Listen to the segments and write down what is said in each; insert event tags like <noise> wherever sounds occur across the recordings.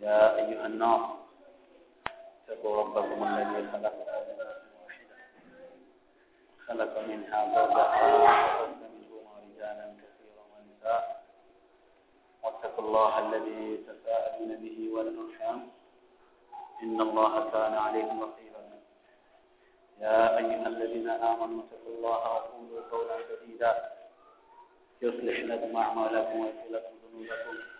يا أيها الناس اتقوا ربكم الذي خلقكم من خلق منها زوجها وخلق منهما رجالا كثيرا ونساء واتقوا الله الذي تساءلون به والأرحام إن الله كان عليكم رقيبا يا أيها الذين آمنوا اتقوا الله وقولوا قولا سديدا يصلح لكم أعمالكم ويغفر لكم ذنوبكم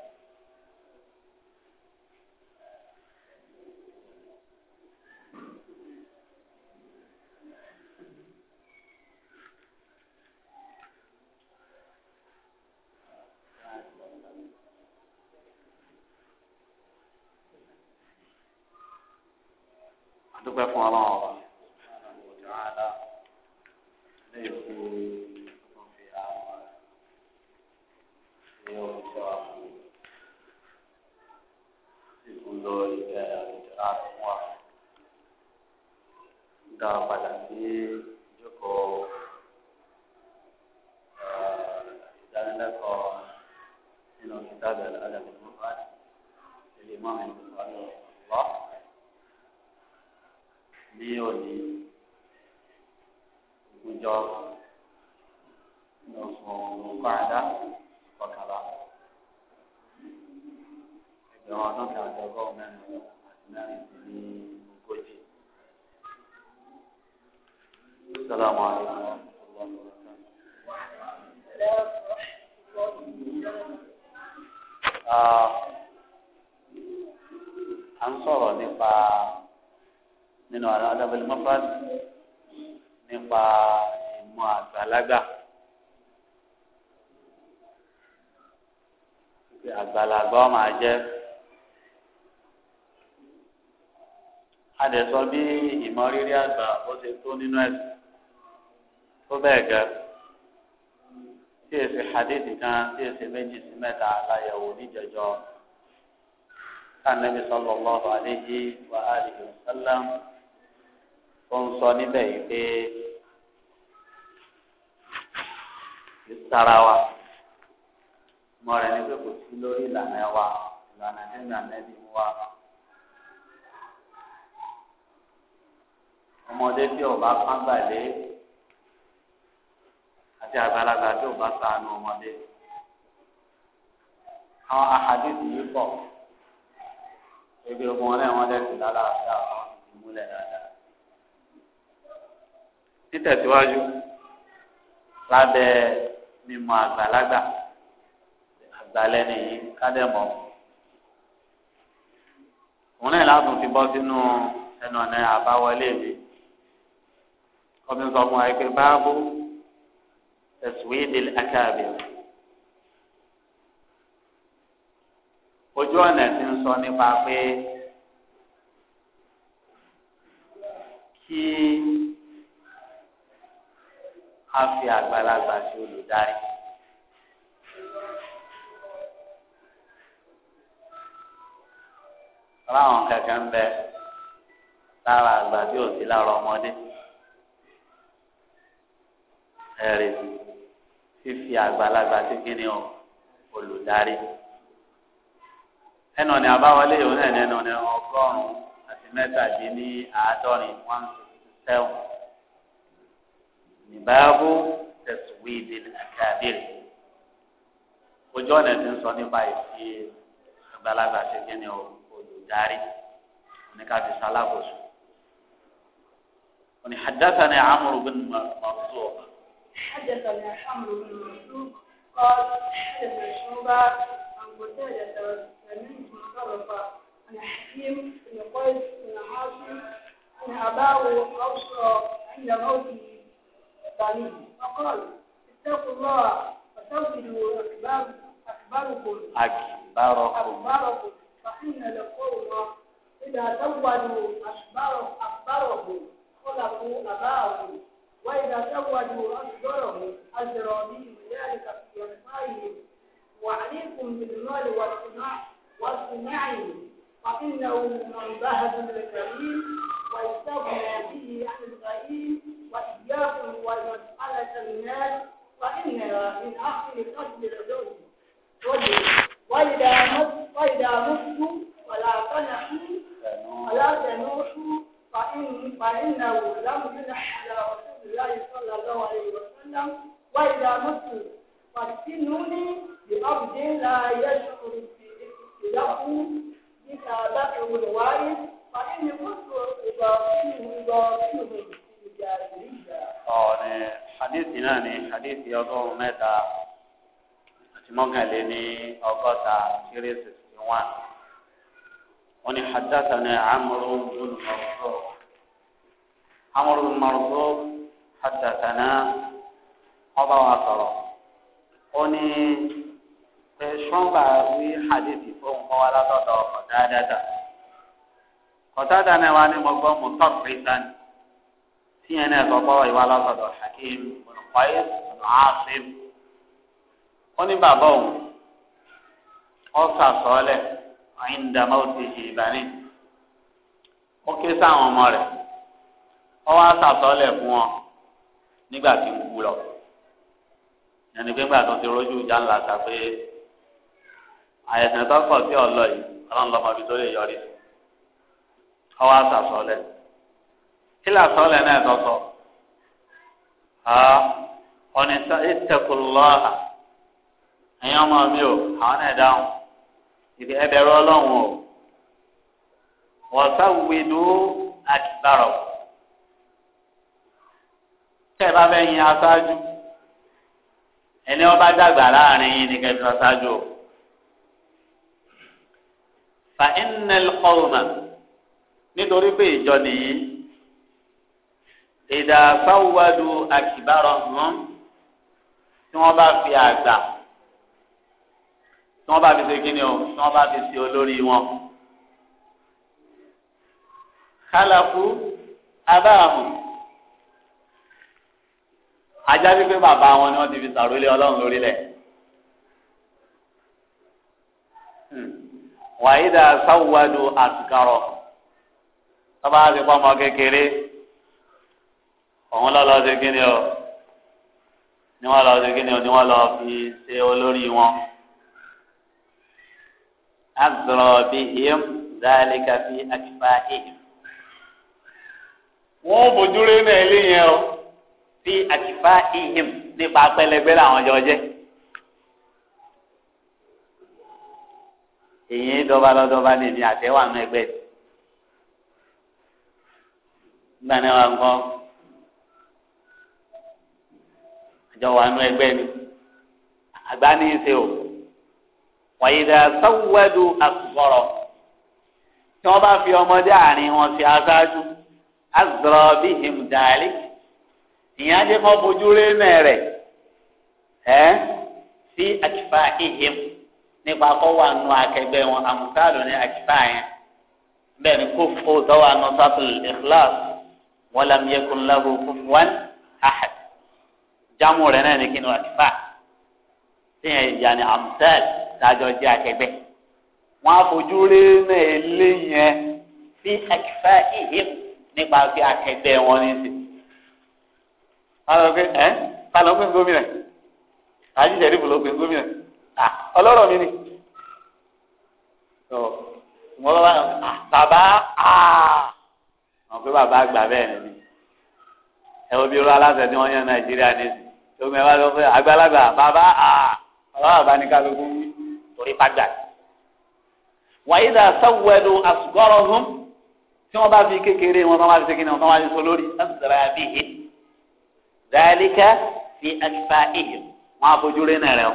ìgbàlagbọ́ máa jẹ́. adẹ̀sọ bí ìmọ̀rírí àgbà ó ṣe tó nínú ẹ̀sìn tó bẹ́ẹ̀ gẹ́ tí èsì hadithi kan tí èsì méjì sí mẹ́ta àlàyẹ̀wò níjẹjọ kánẹ́bí sallallahu alayhi wa alihi wa sallam ó ń sọ níbẹ̀ yìí pé ìsara mọ ní pé kò sí lórí ìlànà ẹ wa ìlànà ẹnu àmẹ́bí ń wa. ọmọdé tí ò bá pàǹgbà lé àti àgbàlagbà tí ò bá sànù ọmọdé. àwọn àhàdìsì yìí pọ̀ ebi ogun ọlẹ́ wọn lẹ́sìn lálẹ́ àti àwọn ìmúlẹ̀ dáadáa. títẹ̀síwájú lábẹ́ mímọ àgbàlagbà gbalẹ́ nìyí kádẹ́mọ̀. òun náà látún fi bọ́ sínú ẹnu ọ̀nà àbáwọlé mi. ọbẹ̀ sọ fún wa pé báàbù taswidil akabir. ojú ọ̀nà ti ń sọ nípa pé kí a fi àgbàlagbà sí olùdarí. ráwọn kẹkẹ ń bẹ lára àgbà tí ò sí lára ọmọdé ẹrẹ fífi àgbàlagbà sí kíni o olùdarí ẹnu ọ̀nà àbáwọlé yòó náà ní ẹnu ọ̀nà ọgọ́rùn-ún àti mẹ́tàdínní àádọ́rin one sixty seven nìbáàbò tẹ̀síwìdì àkàbírí ojú ọ̀nà ti ń sọ nípa ìfi àgbàlagbà sí kíni o. الدار انك عبد صلاح وسو وني حدثنا عمرو بن مرزوق حدثنا عمرو بن مرزوق قال حدثنا شعبة عن قتادة سمين مطرفة عن حكيم بن قيس بن عاصم عن أباه أوصى عند موته بنيه فقال اتقوا الله فتوجدوا أكباركم أكباركم أكباركم فإن القوم إذا زودوا أشبارهم خلقوا أباهم وإذا زودوا أشجارهم أجرامهم ذلك في أنفائهم وعليكم بالمال والصناع والسماع فإنه من منبهة الكريم ويستغنى به عن الغريب وإياكم ومسألة الناس فإنها من أخر قتل العلوم وإذا مت وإذا مت ولا تنحوا ولا تنوحوا فإن فإنه لم ينح على رسول الله صلى الله عليه وسلم وإذا مت فاستنوني بأرض لا يشعر لكم بكعبته الوارث فإن كنت أضافيه أضافيه الجاهلية. حديث ناني حديث يضر متى mọ́kànléní ọgọ́ta three sixty one wọ́n ní haddathana amúrú bùnú mọ̀rọ̀dọ́ amúrú mọ̀rọ̀dọ́ haddathana ọba wa sọ̀rọ̀ ó ní ṣọ́nba wí hadithi fún ọwọ́ alátọ́tọ̀ ọ̀dáadáa kọ̀tàdà náà wà ní mọ̀gbọ́ mọ̀tọ́pì sani tíyẹn náà gbọ́ ìwà alátọ́tọ̀ hakim bùnú kọ́yé ó ní bàbá òun ó sàsọ́ọ́lẹ̀ ọ̀yìn dàmọ́ ti ṣe ìbáni ó ké sáwọn ọmọ rẹ̀ ó wá sàsọ́ọ́lẹ̀ fún wọn nígbà tí ń kú lọ ẹni pé ńgbà tó ti rójú ìjà ńlá ta pé àyẹ̀sìn tó sí ọ̀lọ́ yìí ọlọ́run lọ́mọ ibi tó lè yọrí ó wá sàsọ́ọ́lẹ̀ kí làsọ́ọ́lẹ̀ náà tọ́tọ́ ọ ọ̀nìtàn ìtẹ̀kùlọ́hà ẹ̀yin ọmọ mi o àwọn náà dáhùn ìdí ẹbẹ̀rẹ̀ ọlọ́run o wọ́n sáwùwédó àkìbárọ̀ tẹ́ ẹ bá fẹ́ yin aṣáájú ẹni ọba dàgbà láàrin yín ni kẹfì aṣáájú o fa innal nítorí pé ìjọ nìyí ìdá sáwùwádó àkìbárọ̀ hàn tí wọ́n bá fi àgbà tí wọ́n bá fi ṣe kíni o tí wọ́n bá fi ṣe olórí wọn. kálàfù abáàmù ajá wípé bàbá wọn ni wọ́n ti fi sàrólé ọlọ́run lórílẹ̀. wàyídà sáwùwádùú àtùkárọ̀ tọ́ba ti pọ́ ọmọ kékeré òun lọ́ lọ́ọ́ ṣe kíni o ni wọ́n lọ́ọ́ ṣe kíni o ni wọ́n lọ́ọ́ fi ṣe olórí wọn azọrọ bi him zaalika fi akifa ihim. wọn bójú rí náà ilé yẹn o fi akifa ihim nípa pẹlẹgbẹ làwọn jọ jẹ. èyí dọba lọdọba níbi àtẹwà nù ẹgbẹ tí. gbani wa ńkọ́ àjọ wa nù ẹgbẹ ni àgbá ní í ṣe o wàyídà sáwọ́dù àkùbọ̀rọ̀ tí wọ́n bá fi ọmọdé àárín wọn sí aṣáájú azọrọ bíi himdali ìyẹn á jẹ́ kó fojú rémẹ̀ rẹ̀ ẹ́ sí àkìfà ìhìm nípa kó wà nù akẹgbẹ́ wọn àmùtálù ní àkìfà yẹn bẹ́ẹ̀ ni kó fò tọ́wọ́ àná sátìlì ikhlas wọn làm yẹ kó ńlá kó fún wọn ahad jámù rẹ̀ náà ní kí ni àkìfà tíyẹn ìyá ni àmùtálù tájọ jẹ́ akẹgbẹ́ wọn àfojú rí náà eléyẹn sí ẹ̀kífẹ́ ìhìm nípa pé akẹgbẹ́ wọn ní sí. alọ́gbé ẹ́ kálọ̀ pé gómìnà àjíṣe rí bùlọ́ pé gómìnà ọlọ́rọ̀ mi ni. wọ́n bá bàbá àwọn pé bàbá àgbà bẹ́ẹ̀ ni ẹ wo bí irú aláṣẹ tí wọ́n yàn Nàìjíríà ní sí. tó mẹ́wàá lọ pé àgbàlagbà bàbá bàbá bàbá ní kálukú wí orí pàgbà wàyídà sáwẹ́dù àsùgọ́rọ̀ hùm tí wọ́n bá fi kékeré wọn tó máa fi ṣe kíni wọn tó máa fi sọ lórí ẹ̀sìtẹ̀rẹ̀ àbíyè dàlíkà fi àkìfà ìhì wọn àfojú rí nàrẹ̀ o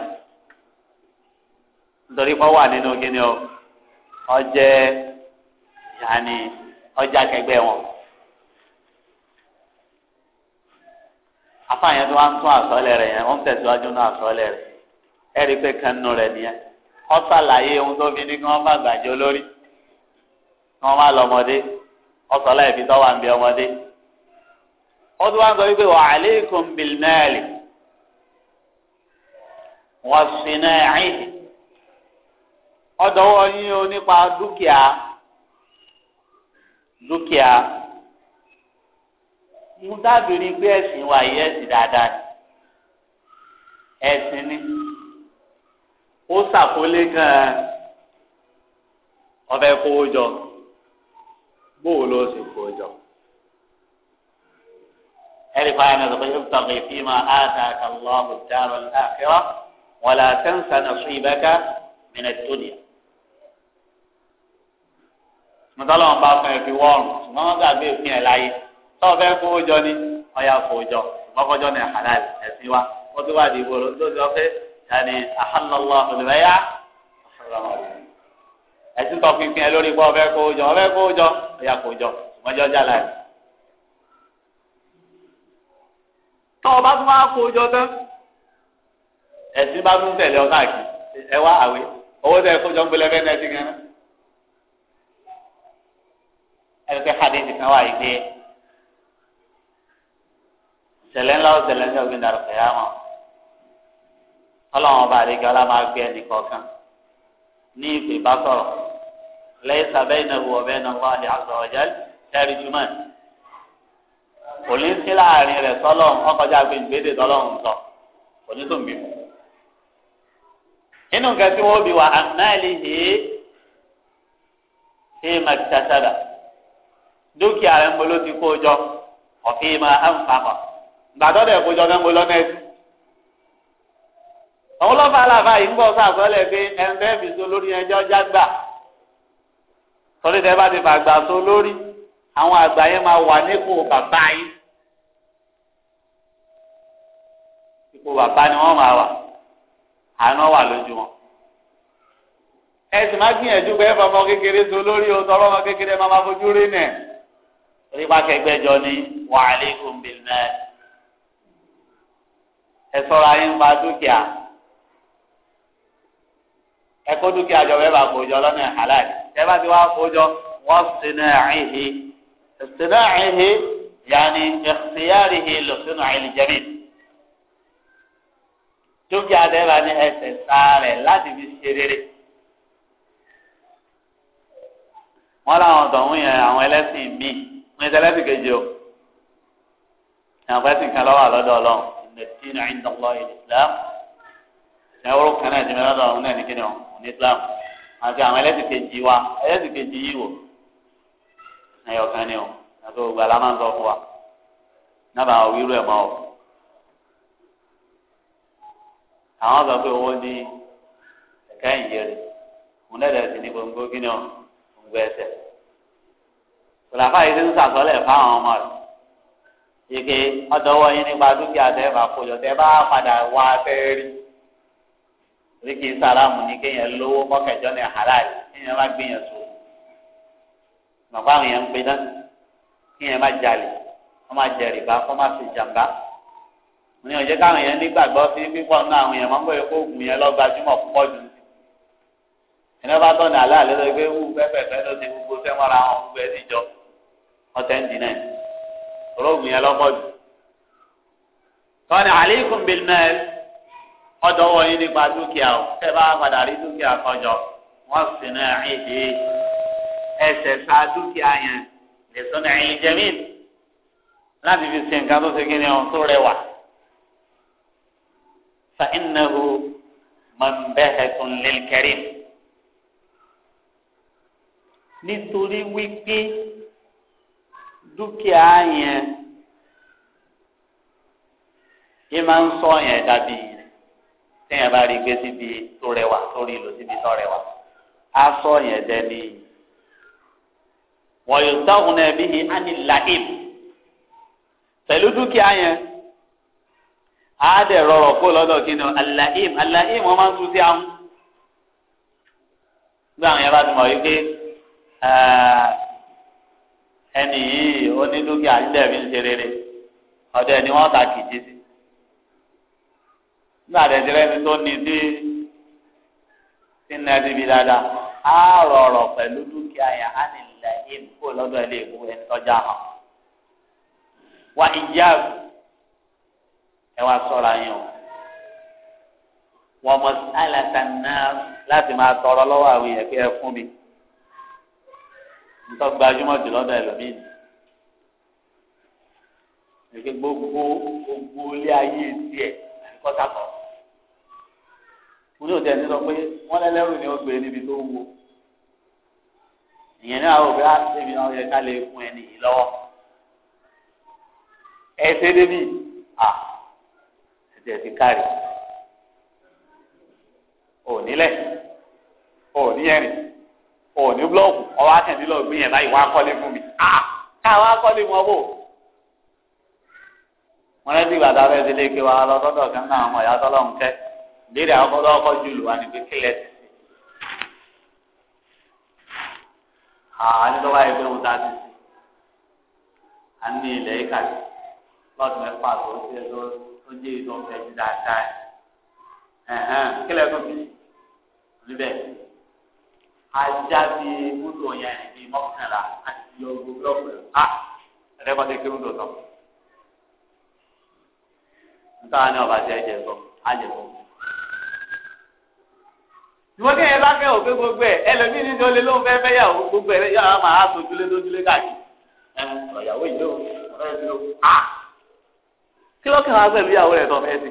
nítorí pé wà nínú kíni o ọjẹ́ yàní ọjà kẹgbẹ́ wọn. afáàyàn tó wá ń tún àsọ́lẹ̀ rẹ̀ yẹn wọ́n tẹ̀síwájú náà àsọ́lẹ̀ rẹ̀ ẹ̀rí pé kan rẹ̀ nìyẹn. ọ ṣàlàyé ohun tó fi ní kí wọ́n má gbàjọ lórí kí wọ́n má lọ ọmọdé ọ sọ láì fi tọ́wà ń bí ọmọdé. ó tún wá ń sọ wípé wa alaykum bil mali wa sina'i ọdọwọ yín o nípa dúkìá dúkìá mo dábìrì pé ẹ̀sìn wa yìí ẹ̀sìn dáadáa ẹ̀sìn ni. ó sàkólé kan ọbẹ̀ kówó jọ bóò ló sì kówó jọ ẹ̀rí fáyà náà sọ pé ibtaghi fima ataka Allahu ad-dara al-akhirah wa la tansa nasibaka min ad-dunya mọtọlọmọ bá fún ẹ fi wọrùn ṣùgbọ́n wọn gbàgbé òfin ẹ láyé tó fẹ́ kówó ni ọyà kówó jọ mọkànjọ ní halal wa wọn ti wá di ìbò lójú ọfẹ yanni ahalallahu alibaya ẹtí tọ́ pínpín ẹ lórí pọ́ ọbẹ̀ kó jọ ọbẹ̀ kó jọ ẹ̀yà kó jọ mọ́jọ́ jálá ẹ̀. tọ́ ọ bá tún wá kó jọ tán ẹ̀sìn bá tún tẹ̀lé ọ káàkiri ẹ wá àwé owó tẹ̀ kó jọ ń gbélé bẹ́ẹ̀ ẹtí gan-an. ẹni pé hadith kan wà yìí pé ṣẹlẹ̀ ńlá ọ̀ṣẹlẹ̀ ńlá ọ̀gbìn dàrú kẹ̀yà mọ́ ọlọ́run ọba àdéga ọlá máa gbé ẹnì kọ̀ọ̀kan ní ìpè bá sọ̀rọ̀ lẹ́yìn sábẹ́ ìnáwó ọbẹ̀ náà wà ní àgbà ọ̀já ẹ̀rí jùmọ̀ kò ní sí láàrin rẹ̀ sọ́lọ́run ọkọjá gbé ìgbédè tọ́lọ́run sọ kò ní tó ń bímọ. inú nǹkan tí wọ́n bí wa àmàlì yìí ṣe màkìtàṣàdà dúkìá rẹ̀ ń bolo ti kó jọ ọ̀fìn máa ń fa pọ̀ gbàdọ́dọ̀ ẹ̀kọ́ jọ náà ń bolo náà àwọn ọlọ́fà aláfà yìí ń bọ̀ sàkọọ́lẹ̀ pé ẹnfẹ́ fi so lórí ẹjọ́ jágbà sọdẹ́dẹ́ bá ti fàgbà so lórí àwọn àgbà yẹn máa wà nípò bàbá yìí ipò bàbá ni wọ́n máa wà àná wà lójú wọn. ẹ sì gbìyànjú pé ọmọ kékeré so lórí o tọrọ ọmọ kékeré máa máa fojú rí nẹ orí pàkẹ́gbẹ́jọ ni wàhálẹ́ kùnbìlmẹ́ ẹ sọ̀rọ̀ ayé ń dúkìá ẹkọ dúkìá jọ bẹ́ẹ̀ bá kójọ lọ́nà halal ẹ bá ti wá kójọ wọn sinaihi sinaihi yaani ikhtiyarihi lọsùn àìlìjẹmí dúkìá dẹ bá ní ẹsẹ sáré láti fi ṣe rere wọn làwọn tọhún yẹn àwọn ẹlẹ́sìn míì wọn ẹsẹ ẹlẹ́sìn kejì o àwọn kan lọ́wọ́ àlọdọ Ọlọ́run ìnẹtí ní àyìndọlọ ìlẹsìn láàmù ẹwúrọ kan náà jẹmẹ lọ́dọ̀ ọhún náà ní kíni ọ ní islam àti àwọn ẹlẹ́sìn kejì wa ẹlẹ́sìn kejì yìí wò ẹyọ kan ni o àti gbogbo aláma ń sọ fún wa nábà àwọn irú ẹ mọ o àwọn sọ pé owó ní ẹ̀ka ìyẹrì òun náà dẹ̀ sí ní gbogbo kíni ọ gbogbo ẹsẹ̀ kòlàfà yìí ti ń sàtọ́lẹ̀ fáwọn ọmọ rẹ̀ yìí ké ọdọ wọ̀nyí nípa dúkìá tẹ́ bá kó tẹ́ bá padà wá tẹ́ rí rí kí sàrámù ní kéèyàn lówó mọ́kànjọ́ ní halal kéèyàn má gbìyàn sùn màpá àwọn èèyàn ń gbé dán kéèyàn má jalè kó má jẹ rìbá kó má fi jàmbá ní ọjọ́ káwọn èèyàn nígbàgbọ́ sí pípọ̀ náà àwọn èèyàn máa ń gbọ́dọ̀ kó oògùn yẹn lọ gbajúmọ̀ púpọ̀ jù ẹnlẹ́ bá tọ́ni àlẹ́ àlẹ́ lọ́wọ́ pé wú fẹ́fẹ́fẹ́ ló ti gbogbo fẹ́ mọ́ra wọn gbogbo ẹ̀ níjọ ọ̀tẹ̀ ń dín náà olóògùn yẹn lọ́pọ̀ jù. tọ́ni aleikum bilmẹ́ẹ̀lì ọ̀dọ̀ wọ yín nípa dúkìá o ẹ bá padà rí dúkìá kọjọ wọn sì náà ìdí ẹsẹ sa dúkìá yẹn lè sọ ní ẹ̀yìn jẹmíìlì láti fi ṣe nǹkan tó ṣe kí ni ohun tó rẹwà fa innahu manbahatun lil karim nítorí wípé dúkìá yẹn yìí máa ń sọ yẹn dàbí yẹn téèyàn bá rí i pé síbi tó rẹwà tó rí i lò síbi tó rẹwà á sọ yẹn dẹni wọ́n yóò sáwọn ẹbí yìí á ní làhìm pẹ̀lú dúkìá yẹn á dẹ̀ rọrọ̀ kó lọ́dọ̀ kí ni àlàhìm àlàhìm wọ́n máa ń tún sí àwọn gbé àwọn yẹn bá ti mọ̀ wípé ẹni yìí onídúkìá ń dẹ̀ fi ń ṣe rere ọ̀dọ̀ ẹni wọ́n ta kìí jí sí nígbà tẹ̀síwẹ́ ni tó ní sí sínú ẹbí mi dáadáa á rọrọ̀ pẹ̀lú dúkìá yẹn á ní ilẹ̀ yìí kó lọ́dọ̀ ilé ìwú ẹni tọ́jà hàn. wá ìyá ẹ wá sọ̀rọ̀ yín o wọ́n mọ̀ sálàtà náà láti máa tọrọ lọ́wọ́ àwọn èèyàn pé ẹ fún mi nítorí gbajúmọ̀ jù lọ́dọ̀ ẹlòmíì ni èké gbogbo gbogbo ilé ayé tiẹ̀ àti kọ́sàkọ́ mo ní òtí ẹni sọ pé wọ́n lẹ́lẹ́rù ni ó gbé níbi tó wù ìyẹn ní àwọn òbí àtẹ̀mí náà yẹ ká lè fún ẹni yìí lọ́wọ́ ẹsẹ̀ débi à ẹsẹ̀ ti kárì ònílẹ̀ òní ẹ̀rìn òní búlọ́ọ̀kù ọwọ́ akẹ́ndínlọ́gbìn yẹn báyìí wọ́n akọ́lé fún mi à káwọn akọ́lé wọn bò wọn lẹ́sìn ìgbà tá a sílé kí wa lọ́sọ́dọ̀ kan náà ọmọ ìyá tọ́lọ́hún léèrè àwọn ọmọdé ọkọ jùlọ wà níbi kílẹ̀ ti sè. àwọn ẹni tó bá yẹ pé wọn ta ti sè á ní ilẹ̀ yìí kàdé lọ́ọ̀tún mẹ́fà tó ń ṣe tó tó jẹ́ ìlú ọ̀fẹ́ ti dáadáa ẹ̀hẹ́n kílẹ̀ tó bí níbẹ̀ ajá ti múlò yẹn ní mọ́kànlá àti yọ̀gbọ̀ búlọ̀kù á ẹ̀rẹ́kọ̀tì kí múlò tán. nítorí àwọn ọba tí ẹ jẹ á jẹ sọ ìwọ ní bá fẹ́ òfin gbogbo ẹ ẹlẹ́mí ní ìdílé ló ń fẹ́ fẹ́ yàwó gbogbo ẹ yàrá máa tójúlé tójúlé káàkiri ẹ ọ̀yàwó ìlú ọ̀rẹ́ ìlú à kí lọ́kàn wá pẹ̀lú ìyàwó rẹ̀ tó fẹ́ sí.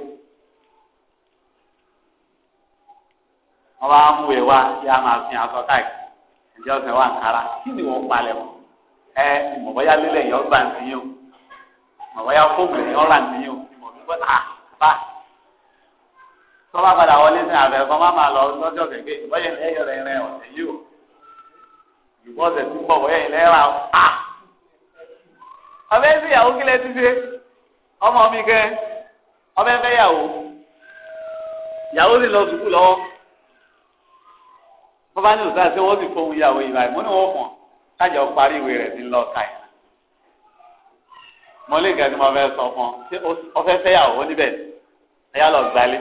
wọ́n bá mú ìwé wá kí a máa fi aṣọ káàkiri ìjọ ọ̀sẹ̀ wà ń kára kí ni wọ́n palẹ̀ mọ́ ẹ mọ̀bọ́yá lélẹ̀ yẹn ọgbà ń tiyín o mọ̀bọ́yá fóònù yẹn ọ̀rà ń tiyín o mọ̀ tọ́ba padà wọlé sí àbẹ̀ kan má máa lọ lọ́jọ́ kẹ̀kẹ́ ìbọ́yẹ̀ lẹ́yìn rẹ̀ rẹ̀ ọ̀sẹ̀ yìí o ìbọ́sẹ̀ tí bọ̀ wọ́yẹ̀ lẹ́ra o. ọbẹ̀ sí ìyàwó kílẹ̀ ti ṣe ọmọ mi kẹ́ ọbẹ̀ fẹ́ yàwó ìyàwó sì lọ sùkúù lọ́wọ́ wọ́n bá ní òṣìṣẹ́ àti wọ́n sì fóun ìyàwó ìlà ìmọ̀ ní wọ́n fọ̀n kájà ó parí ìwé rẹ̀ sí lọ káì mọ̀lẹ́gà ni mo fẹ́ sọ fún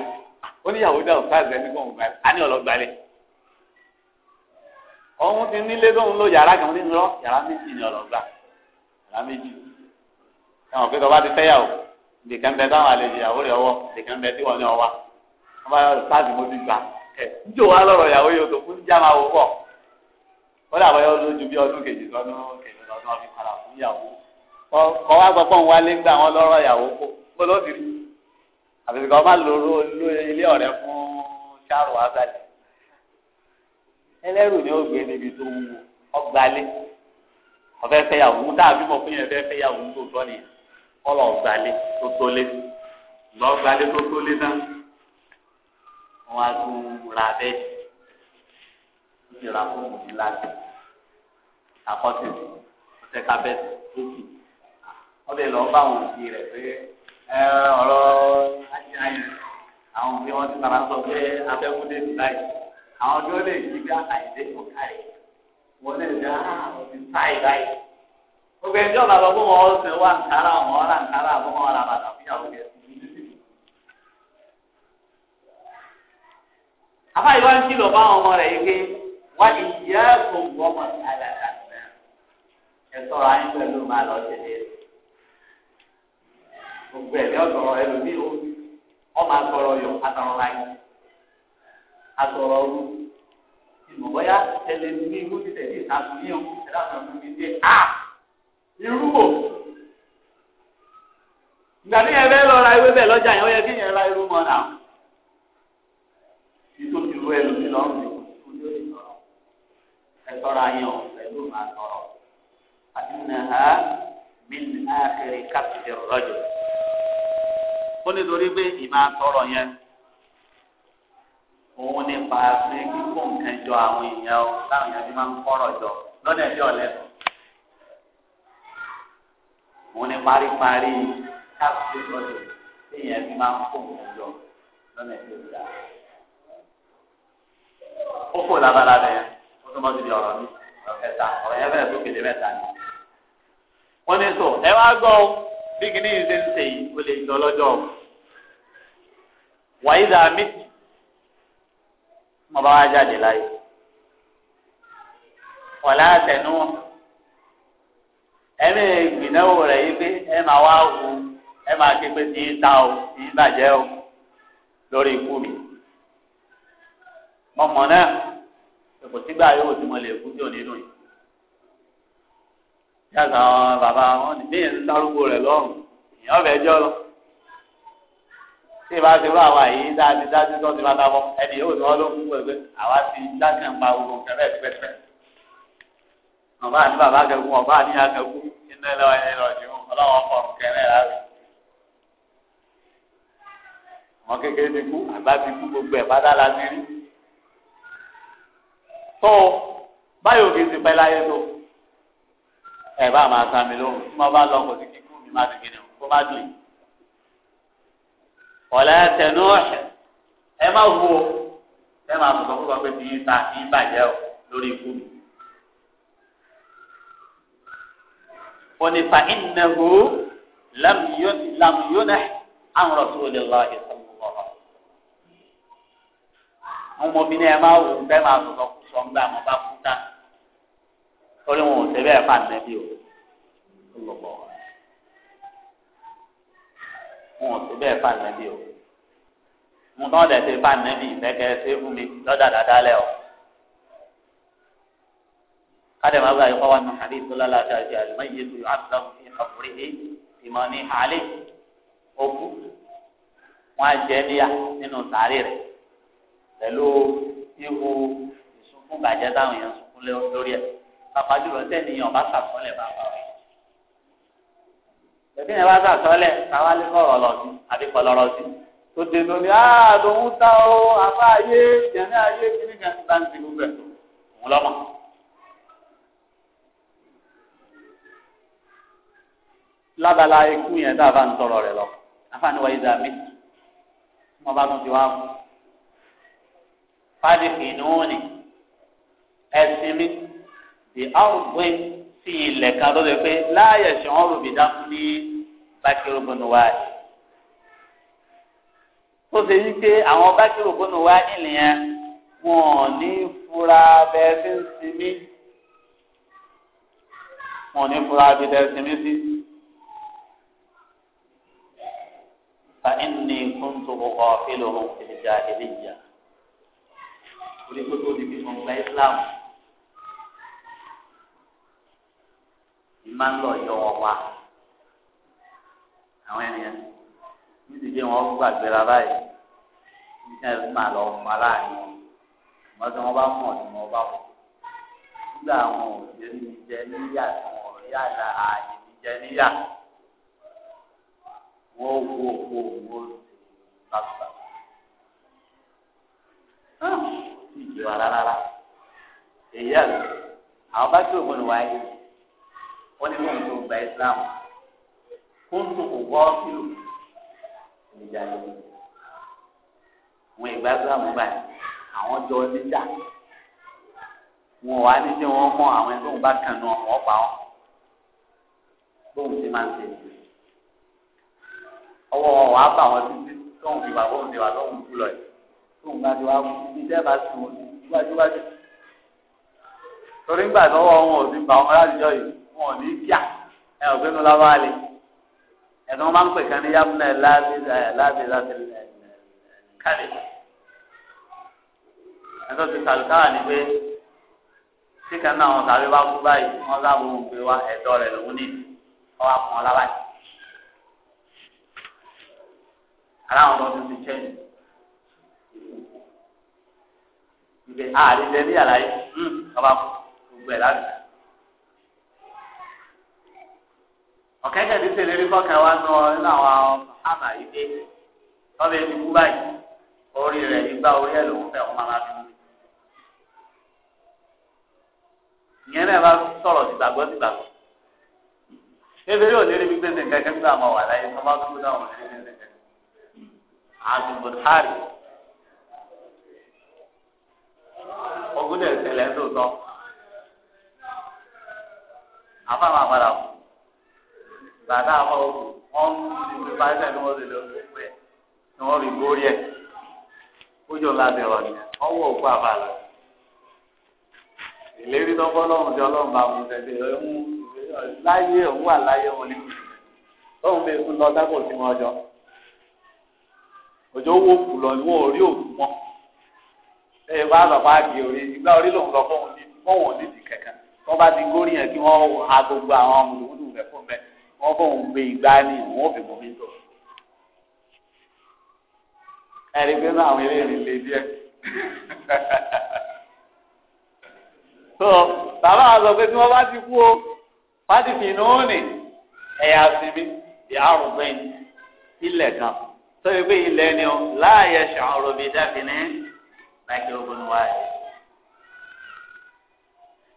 ọ ó ní ìyàwó dáhùn sáàzẹ ní gbọ̀ngàn gbàlẹ̀ á ní ọlọ́gbàlẹ̀ ọ̀hún ti nílé lóhun ló yàrá kan nínú lọ yàrá méjì ní ọlọ́gbà yàrá méjì ẹ̀wọ̀n pé tọ́ba ti fẹ́yàwó nìkan bẹ táwọn àlejò ìyàwó rẹ̀ ọwọ́ nìkan bẹ tí wọ́n ní ọwá wọ́n bá yọ sáàzì mo ti gbà ẹ̀ níjò wá lọ́rọ̀ ìyàwó yóò tó fún jáma wò pọ̀ ó dàbọ̀ yọ lójú bí ọdún kejì lọ́dún kejì lọ́dún ọdún padà fún ìyàwó kọ́ wá àbíkọ́ má lóró ilé ọ̀rẹ́ fún ṣáàrù azali ẹlẹ́rù ni ó gbé níbi tó wúwo ọgbàlẹ̀ ọ̀fẹ́ fẹ́yàwó ń dàbí mọ̀ fún yẹn fẹ́ fẹ́yàwó ń tó tọ́ nìyẹn kọ́lọ̀ ọgbàlẹ̀ tó tó lé lọ́gbàlẹ̀ tó tó lé náà wọn á tún ra bẹ́ẹ̀ ó sì ra fún òní láti àkọsílẹ̀ ọ̀sẹ̀ kábẹ́ẹ̀tì ó sì ọbẹ̀ lọ́ọ́ bá wọn sí rẹ̀ pé ọ̀rọ̀ àwọn òbí wọn ti tara sọ pé afẹ́kúndé ti táyì àwọn tí lè yí bí àìdé kò káyì wọn lè dá òbí táyì báyìí gbogbo ẹni tí fún wọn ó ṣe nkárà wọn ọ̀rà nkárà fún wọn ọ̀rà bàtà fún ìyàwó rẹ̀. afa ìwà ń kìlọ̀ bá ọmọ rẹ̀ yìí pé wá ìyá kò gbọ́ mọ̀ ní ẹ̀ sọ̀rọ̀ ayé pẹ̀lú màá lọ gbogbo ẹ̀mí ọ̀sọ̀rọ̀ ẹlòmíì ó ọmọ asọ̀rọ̀ yọ tọrọ láyé asọ̀rọ̀ ọ̀rú ìmọ̀ bọ́yá tẹ̀lé ní ikú ti tẹ̀lé ìtàkùnyàn ẹ̀dá àtàkùn mi dé a irú wò ìgbà tí yẹn fẹ́ lọ ra ewé bẹ́ẹ̀ lọ́jà yẹn ó yẹ kí yẹn ra irú mọ́ náà lọ́rùn ní ẹ yẹn pẹ̀lú màá àti nàá min ákèrè rọ́jò. ó nítorí pé ìmọ̀ àtọ̀rọ̀ yẹn òun ní paasi kíkó nǹkan jọ àwọn èèyàn o táwọn èèyàn ti máa ń kọ́rọ̀ jọ lọ́nà ẹ̀bí ọ̀lẹ́sùn òun ní paríparí káàkiri lọ́dọ̀ téèyàn ti máa ń kó nǹkan jọ lọ́nà ẹ̀bí ọ̀dà ó kò lábala bẹ́ẹ̀ ó tún mọ́tò di ọ̀rọ̀ mi ọ̀kẹta ọ̀rọ̀ yẹn bẹ̀rẹ̀ tó kéde mẹ́ta ni wọ́n ní sọ ẹ wá gbọ́ o bí kìíní yìí ṣe ń ṣe yìí ó lè jọ lọ́jọ́ o wàyí dà mí mo bá wá jáde láyé wọlé àtẹnu ẹmí ìgbìnáwó rẹ yìí pé ẹ máa wá wù ẹ máa ké pé tí ta o tí bàjẹ́ o lórí ikú mi mọ̀mọ́ náà kò sígbà yóò tí mo lè kú tí ò nínú yìí yàtọ̀ àwọn bàbá wọn ní ìyẹn dárúgbó rẹ̀ lọ́rùn ìyẹn bẹ̀ jọ lọ. tí ìbá ti rú àwa yìí dájú dájú tó ti máa dábọ̀ ẹni yóò sọ ló ń gbọ́ pé àwa ti dákẹ́ pa ogun kẹfẹ́ pẹ́pẹ́. ọba àti bàbá kẹkùn ọba àti ìyá kẹkùn iná ẹ lọ́wọ́ lọ jù ú ọlọ́wọ́ ọkọ̀ kẹrẹ́ rárẹ̀. àwọn kékeré ti kú àgbà ti kú gbogbo ẹ̀ pátá la ti rí. tó báyọ̀ kì í ti pẹ́ láyé tó ẹ bá máa sá mi lóhùn tí mo bá lọ kò sí kíkú mi má ti kíni kó má dùn yìí. ọ̀lẹ́ tẹnu ọ̀sẹ̀ ẹ má wo ẹ má sọ̀tọ̀ fún wa pé kì í ta kì í bàjẹ́ o lórí ikú mi. onífà ìnáwó lámúyónà àwọn ọ̀sùn olè lọ ìsọ̀mù ọ̀rọ̀. ọmọ mi ni ẹ má wò ó bẹ́ẹ̀ má sọ̀tọ̀ fún sọ̀ngbà mo bá kú tán torí wọn ò nẹ́bí o lọ́bọ̀ wọn ò tẹ́lẹ̀ nẹ́bí o mo tán dẹ̀ ṣe nẹ́bí ìfẹ́kẹ́ ṣe fún mi lọ́dà dáadáa lẹ́ o kádẹ máa bá yọkọ nù hàdí sọlá láti àti àlùmọ́ yìí tó yọ àtúntàn fi ìmọ̀ ní àlẹ́ òkú wọn jẹ níyà nínú sàárè rẹ̀ pẹ̀lú ihu ìsunkún bàjẹ́ táwọn èèyàn sunkún lórí ẹ̀ pàpàjùlọ sẹ́niyàn bá sàkọọ́lẹ̀ bá bá wẹ̀. Bẹ̀bí yẹn bá sàkọọ́lẹ̀ táwa lé kọ̀rọ̀ lọ sí àbí kọlọ́rọ̀ sí. Tó dé lórí àádọ́hún tá o àbá ayé jẹ̀mí ayé kiri kan bá ń sinú bẹ̀ òun lọ́mọ. Lábala ikú yẹn tá a bá ń tọrọ rẹ̀ lọ, àfààní wa ìdá mi. Wọ́n bá tún ti wá fún. Fádìkì ni ó ní ẹ̀sìn mi di arúgbìn sí ilẹ̀ kan tó lè pé láàyè ṣùgbọ́n olùbìdá fún ní bákírò bọ́nù wá yìí. tó ṣe yí pé àwọn bákírò bọ́nù wá yìí yẹn wọn ò ní fura bẹ́ẹ̀ fi ń sinmi wọn ò ní fura bẹ́ẹ̀ fi ń sinmi sí. fa inni kuntu uqafiluhum fil jahiliyya. orí kótó di bí mo gba islam. máa ń lọ yọ wọn wá àwọn ènìyàn ní ti dé wọn gbàgbéra báyìí ní sẹ́yìn fún lọ fún aláàánú wọn tí wọn bá mọ̀ tí wọn bá mọ̀ nígbà àwọn òṣèré mi jẹ níyà tí wọn ò yá ààyè mi jẹ níyà wọn wo òkú òwò lásìkò ìjọba rárá èyí ẹ̀ àwọn bá tí òun wáyé wọ́n ní kóun tó gba islam kóun tó kò gbọ́ sílò níjà ló wọn ìgbà islam gbà àwọn jọ níjà wọn wà ní tí wọn mọ àwọn ẹgbẹ́ wọn bá kàn nù ọmọ ọ̀pá wọn bóun ti máa ń ṣe ọwọ́ wọn wàá bá wọn títí tóun fi wà bóun ti wà tóun kú lọ yìí tóun bá ti wà kú iṣẹ́ bá sùn wájúwájú torí ń gbà tọwọ́ wọn ò sí gbà wọn láti jọ yìí wọn ò ní fíà ẹ ò gbẹnu lábá le ẹnu máa ń pè kan ní yamuna láti láti láti kálí ẹjọ́ ti sàlùkáwà ni pé tí kan náà wọn tàbí bá kú báyìí wọn sábà ń pè wá ẹ̀tọ́ rẹ̀ lòún ní ọwọ́ àpọn lábá yìí aláwọn ọmọ tuntun chẹ́yìn ìgbẹ́ àárín lẹ́ni àlàyé hmm, ọba gbogbo ẹ̀ láti. ọ̀kẹ́kẹ́ ti tẹ̀lé rí fọ́kẹ́ wa nù nínú àwọn àmà yìí dé lọ́bẹ̀ ti kú báyìí orí rẹ̀ igba orí ẹ̀ lòún fẹ́ ọmọ aláàbí mi. ìyẹn náà bá sọ̀rọ̀ ti gbàgbọ́ ebèrè òní rí gbígbé nìkan kí nígbà máa wà láyé tó máa kú náà wọ́n nìkan. àdùgbò hárì. ogún dẹ̀ tẹ̀lé ń lò tán. àfàmà padà kù bàtà àwọn òkú wọn ti fi pàṣẹ ní wọn lè lọ gbogbo ẹ ni wọn rí gbórí ẹ kójọ ńlá ti rọ nìyẹn wọn wọ òkú àbá lọ ìlérí tó bọ́ lọ́hùn tí ọlọ́run bá mú tẹ̀lé ọ̀hún láyé òun wà láyé òun ní lọ́hùn bẹ́ẹ̀ fún lọ dákò sí wọn jọ òjò wo kù lọ ni wọn ò rí òkú mọ́ ẹ bá lọ bá di orí ìgbà orí lòun lọ fóun ní ti kẹ̀kẹ́ wọn bá ti górí yẹn kí wọn ha gbogbo àwọn ọmọ lòun rẹ fún bẹ́ẹ̀ wọn bọ òun gbé igbá ní òun ò fi bomi tó ẹni pé náà àwọn eléyìí lè díẹ̀ tó <laughs> bàbá àgbà pé tí wọn bá ti kú o bá ti fi inú òní ẹyà sinmi ìyárùgbìn ilẹ̀ kan tó yẹ pé ilẹ̀ ni o láàyè ṣàǹrò bíi dáfínì mákìrò bùnú wáyé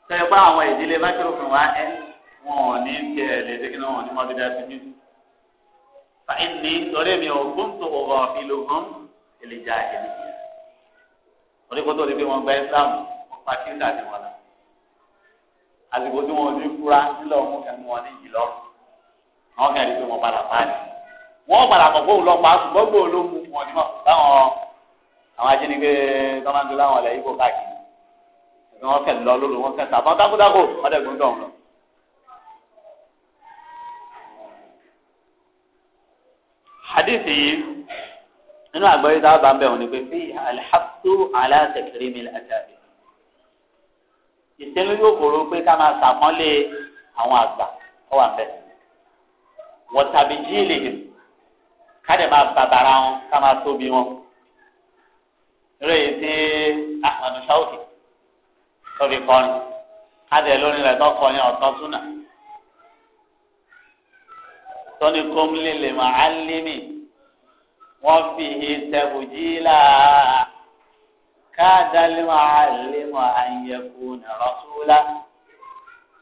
tó yẹ pé àwọn ìdílé mákìrò bùnú wọn ò ní tiẹ̀ lè dégé náà wọn ní mọ́bí dá sí mi. fàyín ní torí mi ò gbóhùn tó wọ̀ ìlú hàn ìlìjà ìlú yẹn. torí kó tó di pé wọ́n gba Islam wọ́n pa kí nígbà tí wọ́n lọ. àsìkò tí wọ́n ní fura nílò ọmọ kẹ́mi wọn ní ìlọ. àwọn kẹ́rin pé wọ́n padà pa á ní. wọ́n padà mọ̀ fóun lọ́pàá ṣùgbọ́n gbòó ló mú wọn ní mọ̀ àwọn ajínigbé tọ́mọ́tò láwọn ọ̀lẹ́ yìí kó káàkiri wọ́n fẹ́ lọ lóru wọ́n fẹ́ sàbọn dákúdákú ọdẹ gbọ́dọ̀ lọ. àdìsí yìí nínú àgbọ̀yé tá a bá ń bẹ̀ wọ́n ni pé fi alḥaqu ala takrimi al-atabi. ìsinmi yóò kóró pé ká máa sàpọ́nlé àwọn àgbà ọ wà bẹ́ẹ̀. wọ́n tàbí jíìlì yìí ká dẹ̀ máa bàbàrà wọn ká máa tóbi wọn. eré tí ahmadu shawki tó kọrin ká lórí rẹ̀ tó kọrin ọ̀tọ̀ súnà. tọ́ni kọ́mlélẹ̀ màálímì wọ́n fi tẹ̀bùjílà káàdálímọ̀ àlímọ̀ àyẹ̀kù nìrọ̀súlá